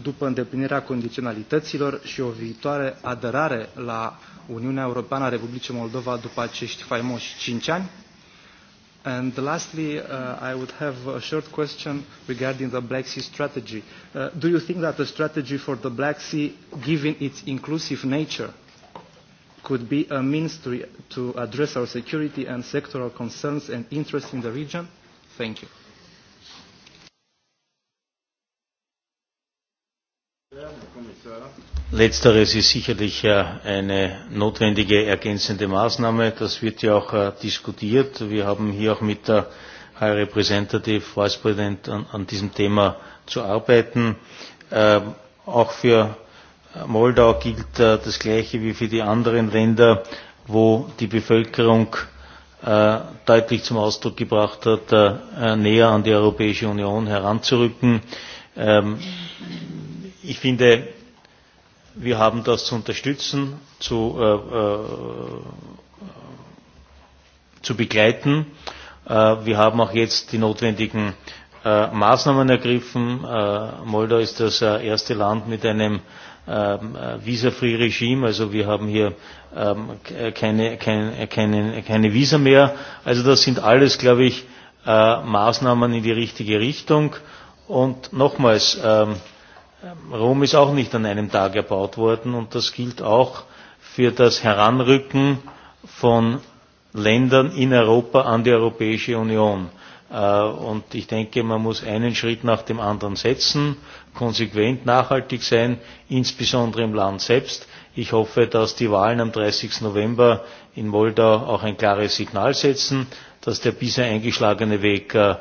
după îndeplinirea condiționalităților și o viitoare aderare la Uniunea Europeană a Republicii Moldova după acești faimoși 5 ani? And lastly, uh, I would have a short question regarding the Black Sea strategy. Uh, do you think that the strategy for the Black Sea, given its inclusive nature, could be a means to, to address our security and sectoral concerns and interests in the region? Thank you. Yeah, Letzteres ist sicherlich äh, eine notwendige ergänzende Maßnahme. Das wird ja auch äh, diskutiert. Wir haben hier auch mit der High Representative, Vice President, an, an diesem Thema zu arbeiten. Äh, auch für Moldau gilt das Gleiche wie für die anderen Länder, wo die Bevölkerung deutlich zum Ausdruck gebracht hat, näher an die Europäische Union heranzurücken. Ähm, ich finde, Wir haben das zu unterstützen, zu, äh, äh, zu begleiten. Äh, wir haben auch jetzt die notwendigen äh, Maßnahmen ergriffen. Äh, Moldau ist das äh, erste Land mit einem ähm, äh, Visa-Free Regime, also wir haben hier äh, keine, keine, keine, keine Visa mehr. Also das sind alles, glaube ich, äh, Maßnahmen in die richtige Richtung. Und nochmals, äh, Rom ist auch nicht an einem Tag erbaut worden und das gilt auch für das Heranrücken von Ländern in Europa an die Europäische Union. Äh, und ich denke, man muss einen Schritt nach dem anderen setzen, konsequent nachhaltig sein, insbesondere im Land selbst. Ich hoffe, dass die Wahlen am 30. November in Moldau auch ein klares Signal setzen, dass der bisher eingeschlagene Weg äh,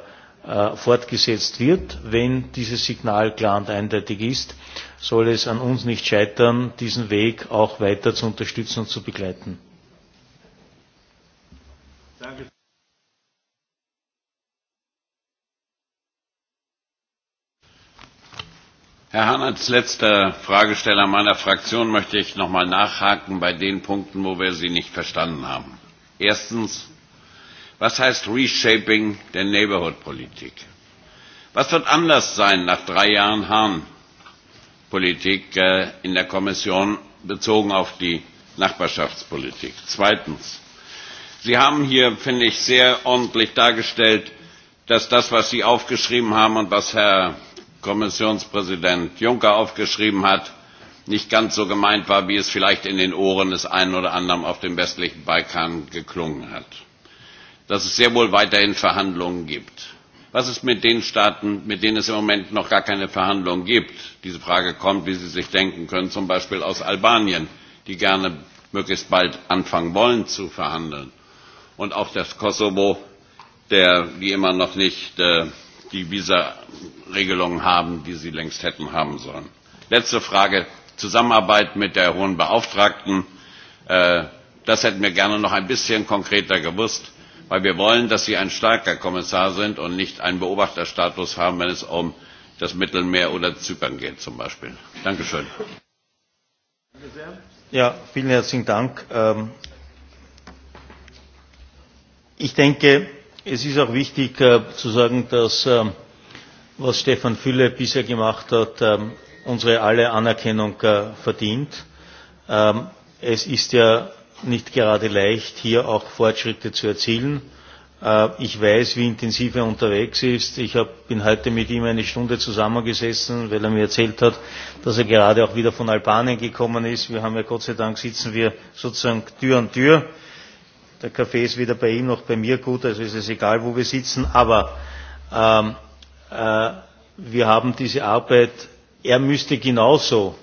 Äh, fortgesetzt wird. Wenn dieses Signal klar und eindeutig ist, soll es an uns nicht scheitern, diesen Weg auch weiter zu unterstützen und zu begleiten. Danke. Herr Hahn, als letzter Fragesteller meiner Fraktion möchte ich noch mal nachhaken bei den Punkten, wo wir Sie nicht verstanden haben. Erstens, Was heißt Reshaping der Neighborhood-Politik? Was wird anders sein nach drei Jahren Hahn-Politik äh, in der Kommission bezogen auf die Nachbarschaftspolitik? Zweitens. Sie haben hier, finde ich, sehr ordentlich dargestellt, dass das, was Sie aufgeschrieben haben und was Herr Kommissionspräsident Juncker aufgeschrieben hat, nicht ganz so gemeint war, wie es vielleicht in den Ohren des einen oder anderen auf dem westlichen Balkan geklungen hat dass es sehr wohl weiterhin Verhandlungen gibt. Was ist mit den Staaten, mit denen es im Moment noch gar keine Verhandlungen gibt? Diese Frage kommt, wie Sie sich denken können, zum Beispiel aus Albanien, die gerne möglichst bald anfangen wollen zu verhandeln. Und auch das Kosovo, der, die immer noch nicht äh, die Visa-Regelungen haben, die sie längst hätten haben sollen. Letzte Frage, Zusammenarbeit mit der Hohen Beauftragten. Äh, das hätten wir gerne noch ein bisschen konkreter gewusst weil wir wollen, dass Sie ein starker Kommissar sind und nicht einen Beobachterstatus haben, wenn es um das Mittelmeer oder Zypern geht zum Beispiel. Dankeschön. Ja, vielen herzlichen Dank. Ähm, ich denke, es ist auch wichtig äh, zu sagen, dass ähm, was Stefan Fülle bisher gemacht hat, ähm, unsere alle Anerkennung äh, verdient. Es ist ja nicht gerade leicht, hier auch Fortschritte zu erzielen. Äh, ich weiß, wie intensiv er unterwegs ist. Ich hab, bin heute mit ihm eine Stunde zusammengesessen, weil er mir erzählt hat, dass er gerade auch wieder von Albanien gekommen ist. Wir haben ja Gott sei Dank sitzen wir sozusagen Tür an Tür. Der Kaffee ist weder bei ihm noch bei mir gut, also ist es egal, wo wir sitzen. Aber ähm, äh, wir haben diese Arbeit, er müsste genauso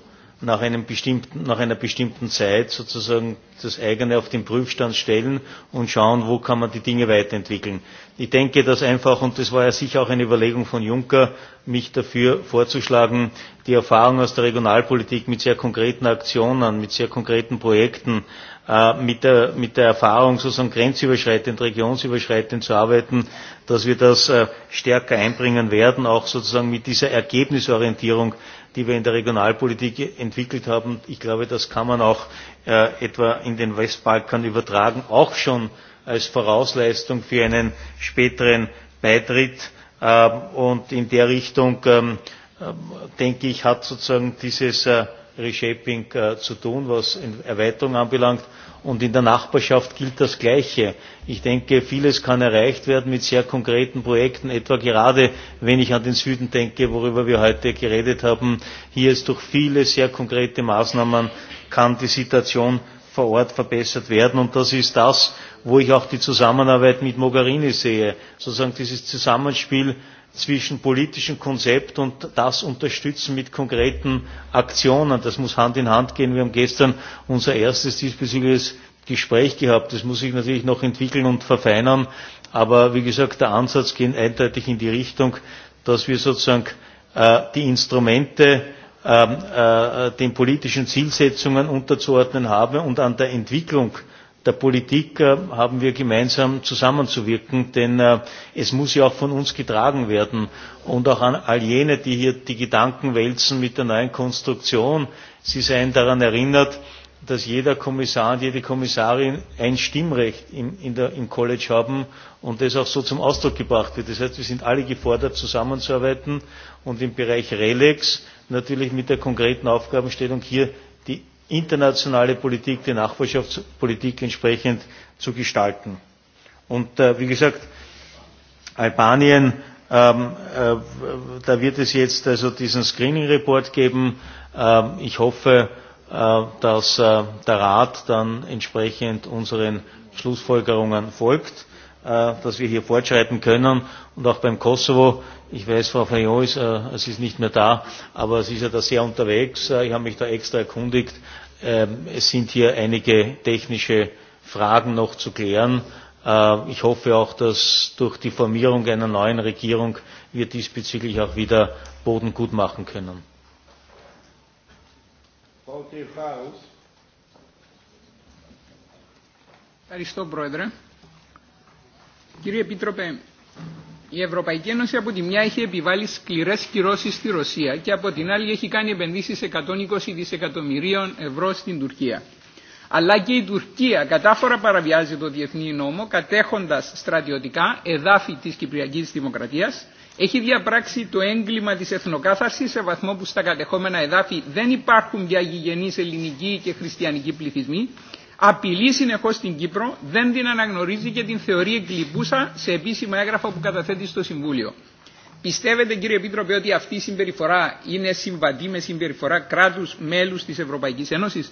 nach, einem bestimmten, nach einer bestimmten Zeit sozusagen das eigene auf den Prüfstand stellen und schauen, wo kann man die Dinge weiterentwickeln. Ich denke, dass einfach, und das war ja sicher auch eine Überlegung von Juncker, mich dafür vorzuschlagen, die Erfahrung aus der Regionalpolitik mit sehr konkreten Aktionen, mit sehr konkreten Projekten, äh, mit, der, mit der Erfahrung sozusagen grenzüberschreitend, regionsüberschreitend zu arbeiten, dass wir das äh, stärker einbringen werden, auch sozusagen mit dieser Ergebnisorientierung die wir in der Regionalpolitik entwickelt haben. Ich glaube, das kann man auch äh, etwa in den Westbalkan übertragen, auch schon als Vorausleistung für einen späteren Beitritt. Ähm, und in der Richtung, ähm, äh, denke ich, hat sozusagen dieses äh, Reshaping äh, zu tun, was Erweiterung anbelangt Und in der Nachbarschaft gilt das Gleiche. Ich denke, vieles kann erreicht werden mit sehr konkreten Projekten, etwa gerade, wenn ich an den Süden denke, worüber wir heute geredet haben. Hier ist durch viele sehr konkrete Maßnahmen kann die Situation vor Ort verbessert werden. Und das ist das, wo ich auch die Zusammenarbeit mit Mogherini sehe. Sozusagen dieses Zusammenspiel zwischen politischem Konzept und das unterstützen mit konkreten Aktionen. Das muss Hand in Hand gehen. Wir haben gestern unser erstes diesbezügliches Gespräch gehabt. Das muss sich natürlich noch entwickeln und verfeinern. Aber wie gesagt, der Ansatz geht eindeutig in die Richtung, dass wir sozusagen äh, die Instrumente äh, äh, den politischen Zielsetzungen unterzuordnen haben und an der Entwicklung äh, der Politik äh, haben wir gemeinsam zusammenzuwirken, denn äh, es muss ja auch von uns getragen werden. Und auch an all jene, die hier die Gedanken wälzen mit der neuen Konstruktion, sie seien daran erinnert, dass jeder Kommissar und jede Kommissarin ein Stimmrecht in, in der, im College haben und das auch so zum Ausdruck gebracht wird. Das heißt, wir sind alle gefordert, zusammenzuarbeiten und im Bereich Relex natürlich mit der konkreten Aufgabenstellung hier internationale Politik, die Nachbarschaftspolitik entsprechend zu gestalten. Und äh, wie gesagt, Albanien, ähm, äh, da wird es jetzt also diesen Screening Report geben. Ähm, ich hoffe, äh, dass äh, der Rat dann entsprechend unseren Schlussfolgerungen folgt. Äh, dass wir hier fortschreiten können. Und auch beim Kosovo, ich weiß, Frau Fayon ist, äh, es ist nicht mehr da, aber sie ist ja da sehr unterwegs. Äh, ich habe mich da extra erkundigt. Ähm, es sind hier einige technische Fragen noch zu klären. Ich hoffe auch, dass durch die Formierung einer neuen Regierung wir diesbezüglich auch wieder Boden gut machen können. Ευχαριστώ, Πρόεδρε. Κύριε Επίτροπε, η Ευρωπαϊκή Ένωση από τη μια έχει επιβάλει σκληρέ κυρώσει στη Ρωσία και από την άλλη έχει κάνει επενδύσει 120 δισεκατομμυρίων ευρώ στην Τουρκία. Αλλά και η Τουρκία κατάφορα παραβιάζει το διεθνή νόμο κατέχοντα στρατιωτικά εδάφη τη Κυπριακή Δημοκρατία, έχει διαπράξει το έγκλημα τη εθνοκάθαρση σε βαθμό που στα κατεχόμενα εδάφη δεν υπάρχουν πια γηγενεί ελληνικοί και χριστιανικοί πληθυσμοί απειλεί συνεχώ στην Κύπρο, δεν την αναγνωρίζει και την θεωρεί εγκλυπούσα σε επίσημα έγγραφα που καταθέτει στο Συμβούλιο. Πιστεύετε κύριε Επίτροπε ότι αυτή η συμπεριφορά είναι συμβατή με συμπεριφορά κράτου μέλου τη Ευρωπαϊκή Ένωση.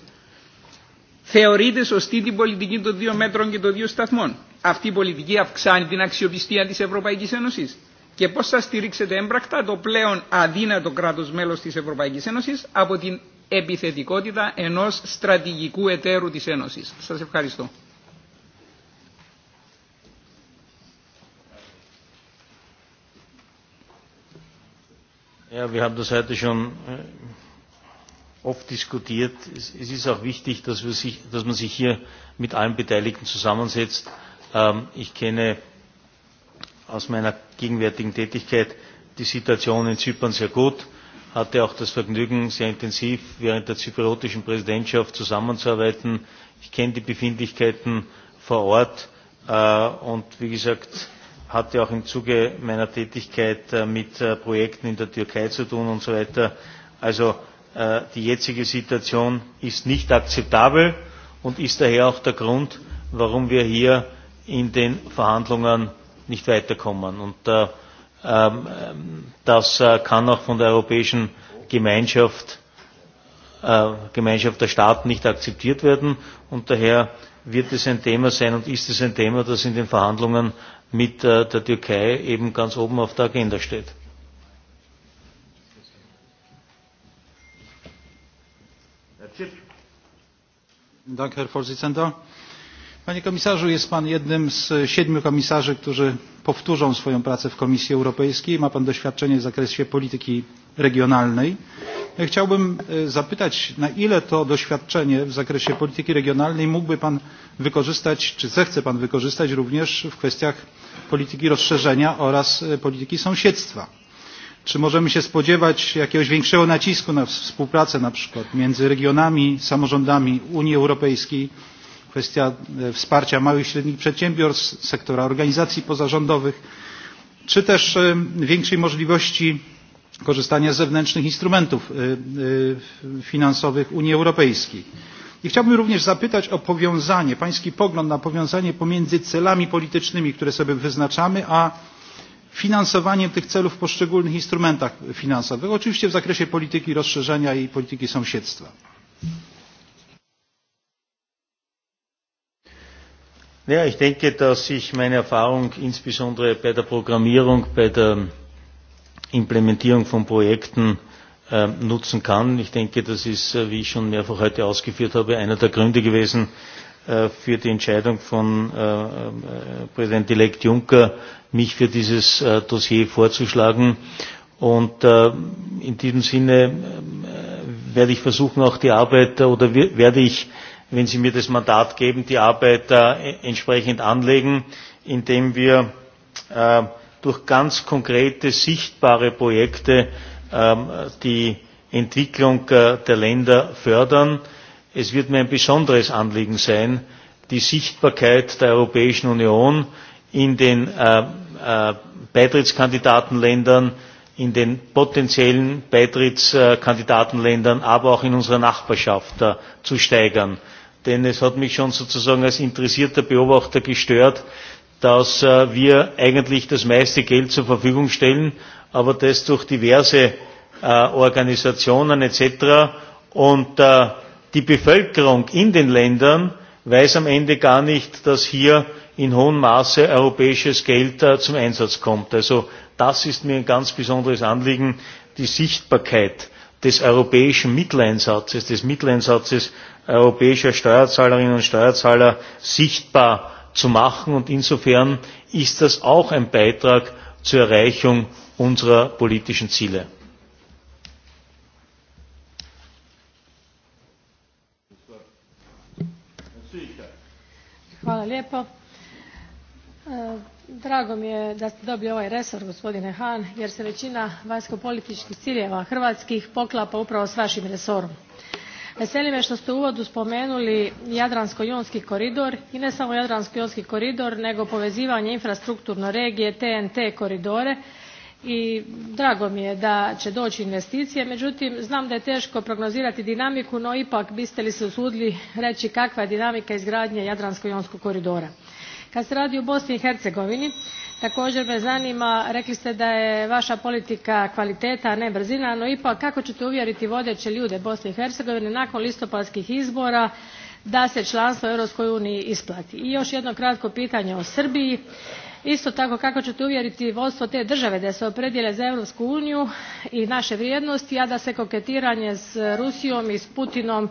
Θεωρείτε σωστή την πολιτική των δύο μέτρων και των δύο σταθμών. Αυτή η πολιτική αυξάνει την αξιοπιστία τη Ευρωπαϊκή Ένωση. Και πώ θα στηρίξετε έμπρακτα το πλέον αδύνατο κράτο μέλο τη Ευρωπαϊκή Ένωση από την επιθετικότητα ενός στρατηγικού εταίρου της Ένωσης. Σας ευχαριστώ. Ja, wir haben das heute schon äh, oft diskutiert. Es, es ist auch wichtig, dass, wir sich, dass man sich hier mit allen Beteiligten zusammensetzt. Ähm, ich kenne aus meiner gegenwärtigen Tätigkeit die Situation in Zypern sehr gut hatte auch das Vergnügen, sehr intensiv während der zypriotischen Präsidentschaft zusammenzuarbeiten. Ich kenne die Befindlichkeiten vor Ort äh, und wie gesagt, hatte auch im Zuge meiner Tätigkeit äh, mit äh, Projekten in der Türkei zu tun und so weiter. Also äh, die jetzige Situation ist nicht akzeptabel und ist daher auch der Grund, warum wir hier in den Verhandlungen nicht weiterkommen. Und äh, Ähm, ähm, das äh, kann auch von der europäischen Gemeinschaft, äh, Gemeinschaft der Staaten nicht akzeptiert werden. Und daher wird es ein Thema sein und ist es ein Thema, das in den Verhandlungen mit äh, der Türkei eben ganz oben auf der Agenda steht. Danke, Herr Vorsitzender. Panie komisarzu, jest Pan jednym z siedmiu komisarzy, którzy powtórzą swoją pracę w Komisji Europejskiej. Ma Pan doświadczenie w zakresie polityki regionalnej. Ja chciałbym e, zapytać, na ile to doświadczenie w zakresie polityki regionalnej mógłby Pan wykorzystać, czy zechce Pan wykorzystać również w kwestiach polityki rozszerzenia oraz e, polityki sąsiedztwa? Czy możemy się spodziewać jakiegoś większego nacisku na współpracę na przykład między regionami, samorządami Unii Europejskiej, kwestia e, wsparcia małych i średnich przedsiębiorstw, sektora organizacji pozarządowych, czy też e, większej możliwości korzystania z zewnętrznych instrumentów e, finansowych Unii Europejskiej. I chciałbym również zapytać o powiązanie, pański pogląd na powiązanie pomiędzy celami politycznymi, które sobie wyznaczamy, a finansowaniem tych celów w poszczególnych instrumentach finansowych, oczywiście w zakresie polityki rozszerzenia i polityki sąsiedztwa. Ja, ich denke, dass ich meine Erfahrung insbesondere bei der Programmierung, bei der Implementierung von Projekten äh, nutzen kann. Ich denke, das ist, äh, wie ich schon mehrfach heute ausgeführt habe, einer der Gründe gewesen äh, für die Entscheidung von äh, äh Präsident-elect Juncker, mich für dieses äh, Dossier vorzuschlagen. Und äh, in diesem Sinne ähm, äh, werde ich versuchen, auch die Arbeit äh, oder werde ich äh, wenn Sie mir das Mandat geben, die Arbeit äh, entsprechend anlegen, indem wir äh, durch ganz konkrete, sichtbare Projekte äh, die Entwicklung äh, der Länder fördern. Es wird mir ein besonderes Anliegen sein, die Sichtbarkeit der Europäischen Union in den äh, äh, Beitrittskandidatenländern, in den potenziellen Beitrittskandidatenländern, aber auch in unserer Nachbarschaft äh, zu steigern denn es hat mich schon sozusagen als interessierter Beobachter gestört, dass äh, wir eigentlich das meiste Geld zur Verfügung stellen, aber das durch diverse äh, Organisationen etc. Und äh, die Bevölkerung in den Ländern weiß am Ende gar nicht, dass hier in hohem Maße europäisches Geld zum Einsatz kommt. Also das ist mir ein ganz besonderes Anliegen, die Sichtbarkeit des europäischen Mitteleinsatzes, des Mitteleinsatzes europäischer Steuerzahlerinnen und Steuerzahler sichtbar zu machen. Und insofern ist das auch ein Beitrag zur Erreichung unserer politischen Ziele. Hvala lijepo. E, drago mi je da ste dobili ovaj resor, gospodine Han, jer se većina vanjskopolitičkih ciljeva hrvatskih poklapa upravo s vašim resorom Veseli me što ste u uvodu spomenuli Jadransko-jonski koridor i ne samo Jadransko-jonski koridor, nego povezivanje infrastrukturno regije TNT koridore i drago mi je da će doći investicije, međutim znam da je teško prognozirati dinamiku, no ipak biste li se usudili reći kakva je dinamika izgradnje Jadransko-jonskog koridora. Kad se radi o Bosni i Hercegovini, Također me zanima, rekli ste da je vaša politika kvaliteta, a ne brzina, no ipak kako ćete uvjeriti vodeće ljude Bosne i Hercegovine nakon listopadskih izbora da se članstvo u Europskoj uniji isplati? I još jedno kratko pitanje o Srbiji. Isto tako kako ćete uvjeriti vodstvo te države da se opredijele za Europsku uniju i naše vrijednosti, a da se koketiranje s Rusijom i s Putinom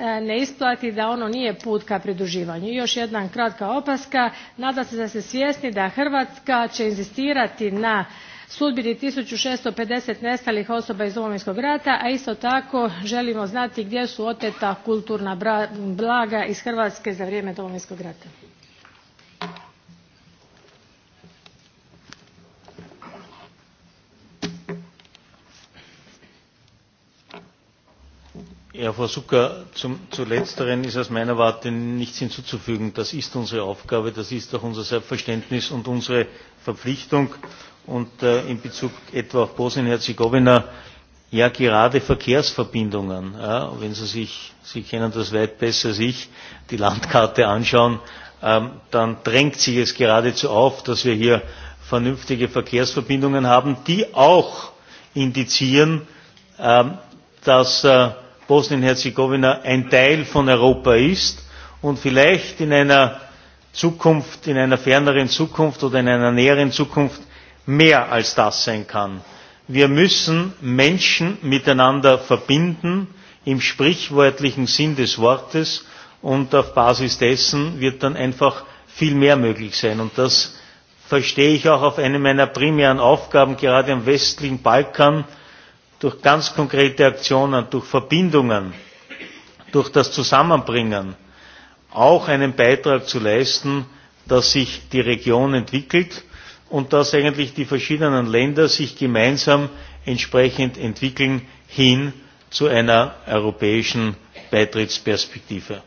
E, ne isplati, da ono nije put ka pridruživanju. još jedna kratka opaska. Nadam se da ste svjesni da Hrvatska će inzistirati na sudbini 1650 nestalih osoba iz Domovinskog rata, a isto tako želimo znati gdje su oteta kulturna blaga iz Hrvatske za vrijeme Domovinskog rata. Ja, Frau Sucker, zum, zu letzteren ist aus meiner Warte nichts hinzuzufügen. Das ist unsere Aufgabe, das ist auch unser Selbstverständnis und unsere Verpflichtung. Und äh, in Bezug etwa auf Bosnien-Herzegowina, ja gerade Verkehrsverbindungen, ja, wenn Sie sich, Sie kennen das weit besser als ich, die Landkarte anschauen, ähm, dann drängt sich es geradezu auf, dass wir hier vernünftige Verkehrsverbindungen haben, die auch indizieren, ähm, dass äh, Bosnien-Herzegowina ein Teil von Europa ist und vielleicht in einer Zukunft, in einer ferneren Zukunft oder in einer näheren Zukunft mehr als das sein kann. Wir müssen Menschen miteinander verbinden im sprichwörtlichen Sinn des Wortes und auf Basis dessen wird dann einfach viel mehr möglich sein. Und das verstehe ich auch auf eine meiner primären Aufgaben, gerade am westlichen Balkan, durch ganz konkrete Aktionen, durch Verbindungen, durch das Zusammenbringen auch einen Beitrag zu leisten, dass sich die Region entwickelt und dass eigentlich die verschiedenen Länder sich gemeinsam entsprechend entwickeln hin zu einer europäischen Beitrittsperspektive.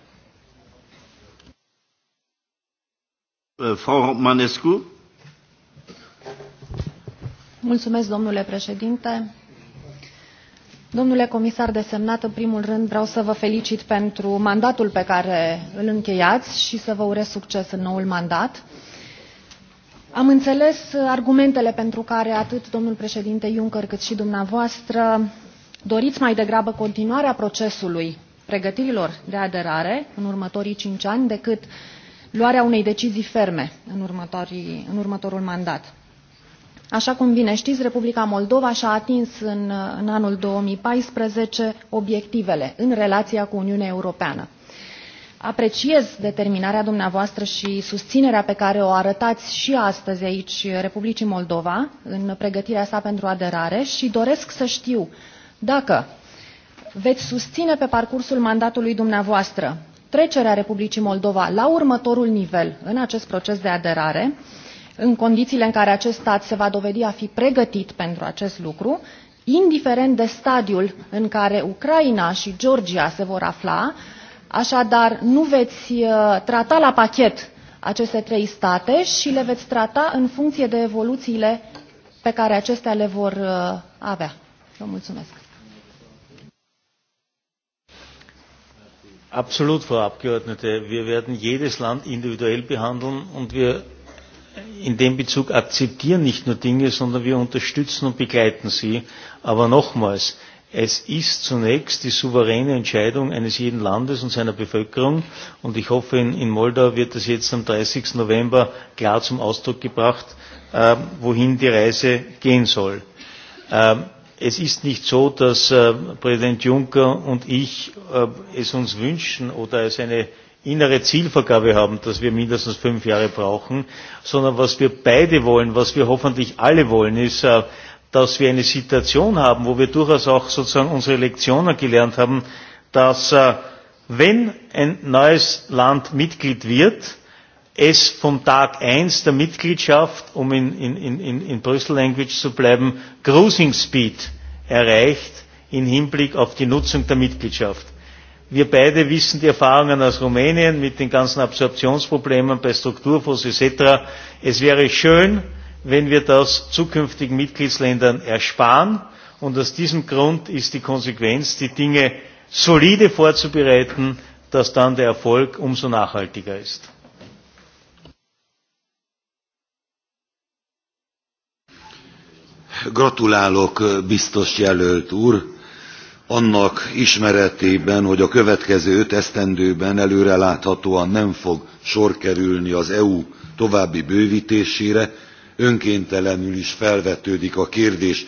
Äh, Frau Manescu. Mulțumesc, domnule președinte. Domnule comisar desemnat, în primul rând vreau să vă felicit pentru mandatul pe care îl încheiați și să vă urez succes în noul mandat. Am înțeles argumentele pentru care atât domnul președinte Juncker cât și dumneavoastră doriți mai degrabă continuarea procesului pregătirilor de aderare în următorii cinci ani decât luarea unei decizii ferme în, următorii, în următorul mandat. Așa cum bine știți, Republica Moldova și-a atins în, în anul 2014 obiectivele în relația cu Uniunea Europeană. Apreciez determinarea dumneavoastră și susținerea pe care o arătați și astăzi aici Republicii Moldova în pregătirea sa pentru aderare și doresc să știu dacă veți susține pe parcursul mandatului dumneavoastră trecerea Republicii Moldova la următorul nivel în acest proces de aderare, în condițiile în care acest stat se va dovedi a fi pregătit pentru acest lucru, indiferent de stadiul în care Ucraina și Georgia se vor afla, așadar nu veți uh, trata la pachet aceste trei state și le veți trata în funcție de evoluțiile pe care acestea le vor uh, avea. Vă mulțumesc. Absolut, Frau Abgeordnete. Wir werden jedes Land individuell behandeln und wir in dem Bezug akzeptieren nicht nur Dinge, sondern wir unterstützen und begleiten sie. Aber nochmals, es ist zunächst die souveräne Entscheidung eines jeden Landes und seiner Bevölkerung. Und ich hoffe, in, in Moldau wird das jetzt am 30. November klar zum Ausdruck gebracht, äh, wohin die Reise gehen soll. Äh, es ist nicht so, dass äh, Präsident Juncker und ich äh, es uns wünschen oder es eine innere Zielvergabe haben, dass wir mindestens fünf Jahre brauchen, sondern was wir beide wollen, was wir hoffentlich alle wollen, ist, äh, dass wir eine Situation haben, wo wir durchaus auch sozusagen unsere Lektionen gelernt haben, dass äh, wenn ein neues Land Mitglied wird, es vom Tag eins der Mitgliedschaft, um in, in, in, in Brüssel Language zu bleiben, Cruising Speed erreicht im Hinblick auf die Nutzung der Mitgliedschaft. Wir beide wissen die Erfahrungen aus Rumänien mit den ganzen Absorptionsproblemen bei Strukturfonds etc. Es wäre schön, wenn wir das zukünftigen Mitgliedsländern ersparen. Und aus diesem Grund ist die Konsequenz, die Dinge solide vorzubereiten, dass dann der Erfolg umso nachhaltiger ist. Gratulálok, biztos jelölt úr! annak ismeretében, hogy a következő öt esztendőben előreláthatóan nem fog sor kerülni az EU további bővítésére, önkéntelenül is felvetődik a kérdés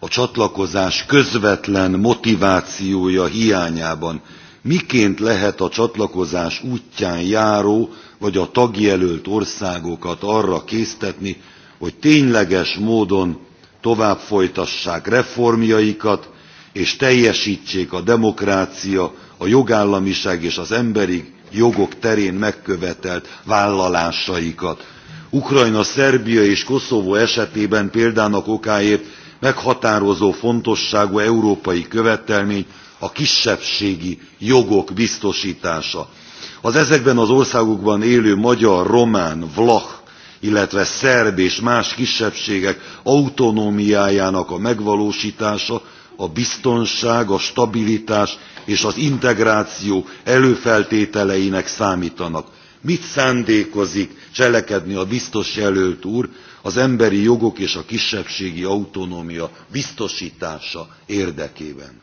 a csatlakozás közvetlen motivációja hiányában. Miként lehet a csatlakozás útján járó vagy a tagjelölt országokat arra késztetni, hogy tényleges módon tovább folytassák reformjaikat, és teljesítsék a demokrácia, a jogállamiság és az emberi jogok terén megkövetelt vállalásaikat. Ukrajna, Szerbia és Koszovó esetében példának okáért meghatározó fontosságú európai követelmény a kisebbségi jogok biztosítása. Az ezekben az országokban élő magyar, román, vlach, illetve szerb és más kisebbségek autonómiájának a megvalósítása a biztonság, a stabilitás és az integráció előfeltételeinek számítanak. Mit szándékozik cselekedni a biztos jelölt úr az emberi jogok és a kisebbségi autonómia biztosítása érdekében?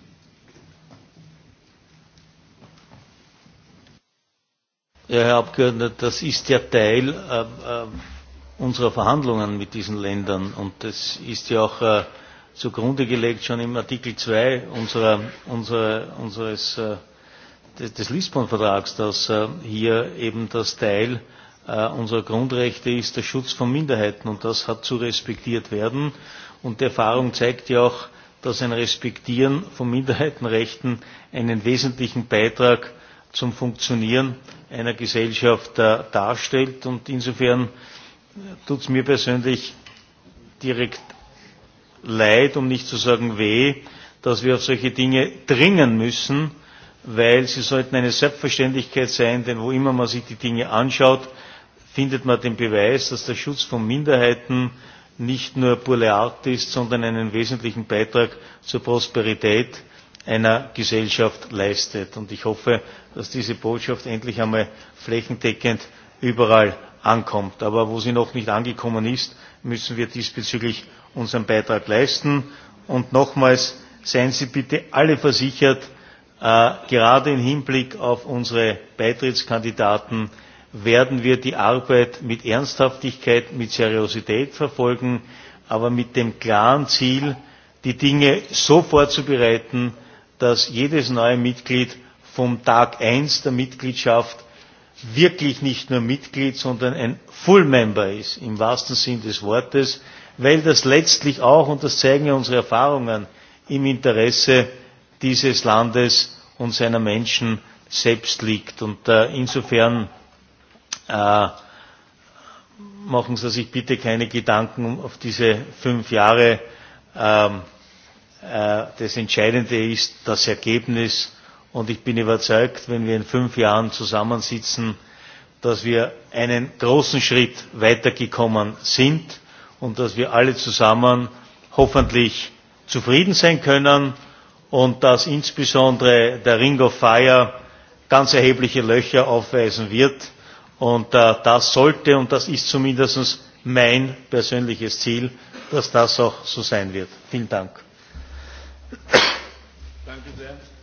Ja, Herr Abgeordneter, das ist ja Teil äh, äh, unserer Verhandlungen mit diesen Ländern und das ist ja auch äh, zugrunde gelegt, schon im Artikel 2 unserer, unserer, unseres, äh, des, des Lissabon-Vertrags, dass äh, hier eben das Teil äh, unserer Grundrechte ist der Schutz von Minderheiten und das hat zu respektiert werden. Und die Erfahrung zeigt ja auch, dass ein Respektieren von Minderheitenrechten einen wesentlichen Beitrag zum Funktionieren einer Gesellschaft äh, darstellt. Und insofern tut es mir persönlich direkt leid, um nicht zu sagen weh, dass wir auf solche Dinge dringen müssen, weil sie sollten eine Selbstverständlichkeit sein, denn wo immer man sich die Dinge anschaut, findet man den Beweis, dass der Schutz von Minderheiten nicht nur pure Art ist, sondern einen wesentlichen Beitrag zur Prosperität einer Gesellschaft leistet. Und ich hoffe, dass diese Botschaft endlich einmal flächendeckend überall ankommt. Aber wo sie noch nicht angekommen ist, müssen wir diesbezüglich unseren Beitrag leisten. Und nochmals, seien Sie bitte alle versichert, äh, gerade im Hinblick auf unsere Beitrittskandidaten werden wir die Arbeit mit Ernsthaftigkeit, mit Seriosität verfolgen, aber mit dem klaren Ziel, die Dinge so vorzubereiten, dass jedes neue Mitglied vom Tag 1 der Mitgliedschaft wirklich nicht nur Mitglied, sondern ein Full Member ist, im wahrsten Sinn des Wortes, weil das letztlich auch, und das zeigen ja unsere Erfahrungen, im Interesse dieses Landes und seiner Menschen selbst liegt. Und äh, insofern äh, machen Sie sich bitte keine Gedanken um, auf diese fünf Jahre. Ähm, äh, das Entscheidende ist das Ergebnis. Und ich bin überzeugt, wenn wir in fünf Jahren zusammensitzen, dass wir einen großen Schritt weitergekommen sind und dass wir alle zusammen hoffentlich zufrieden sein können und dass insbesondere der Ring of Fire ganz erhebliche Löcher aufweisen wird. Und äh, das sollte, und das ist zumindest mein persönliches Ziel, dass das auch so sein wird. Vielen Dank. Danke sehr.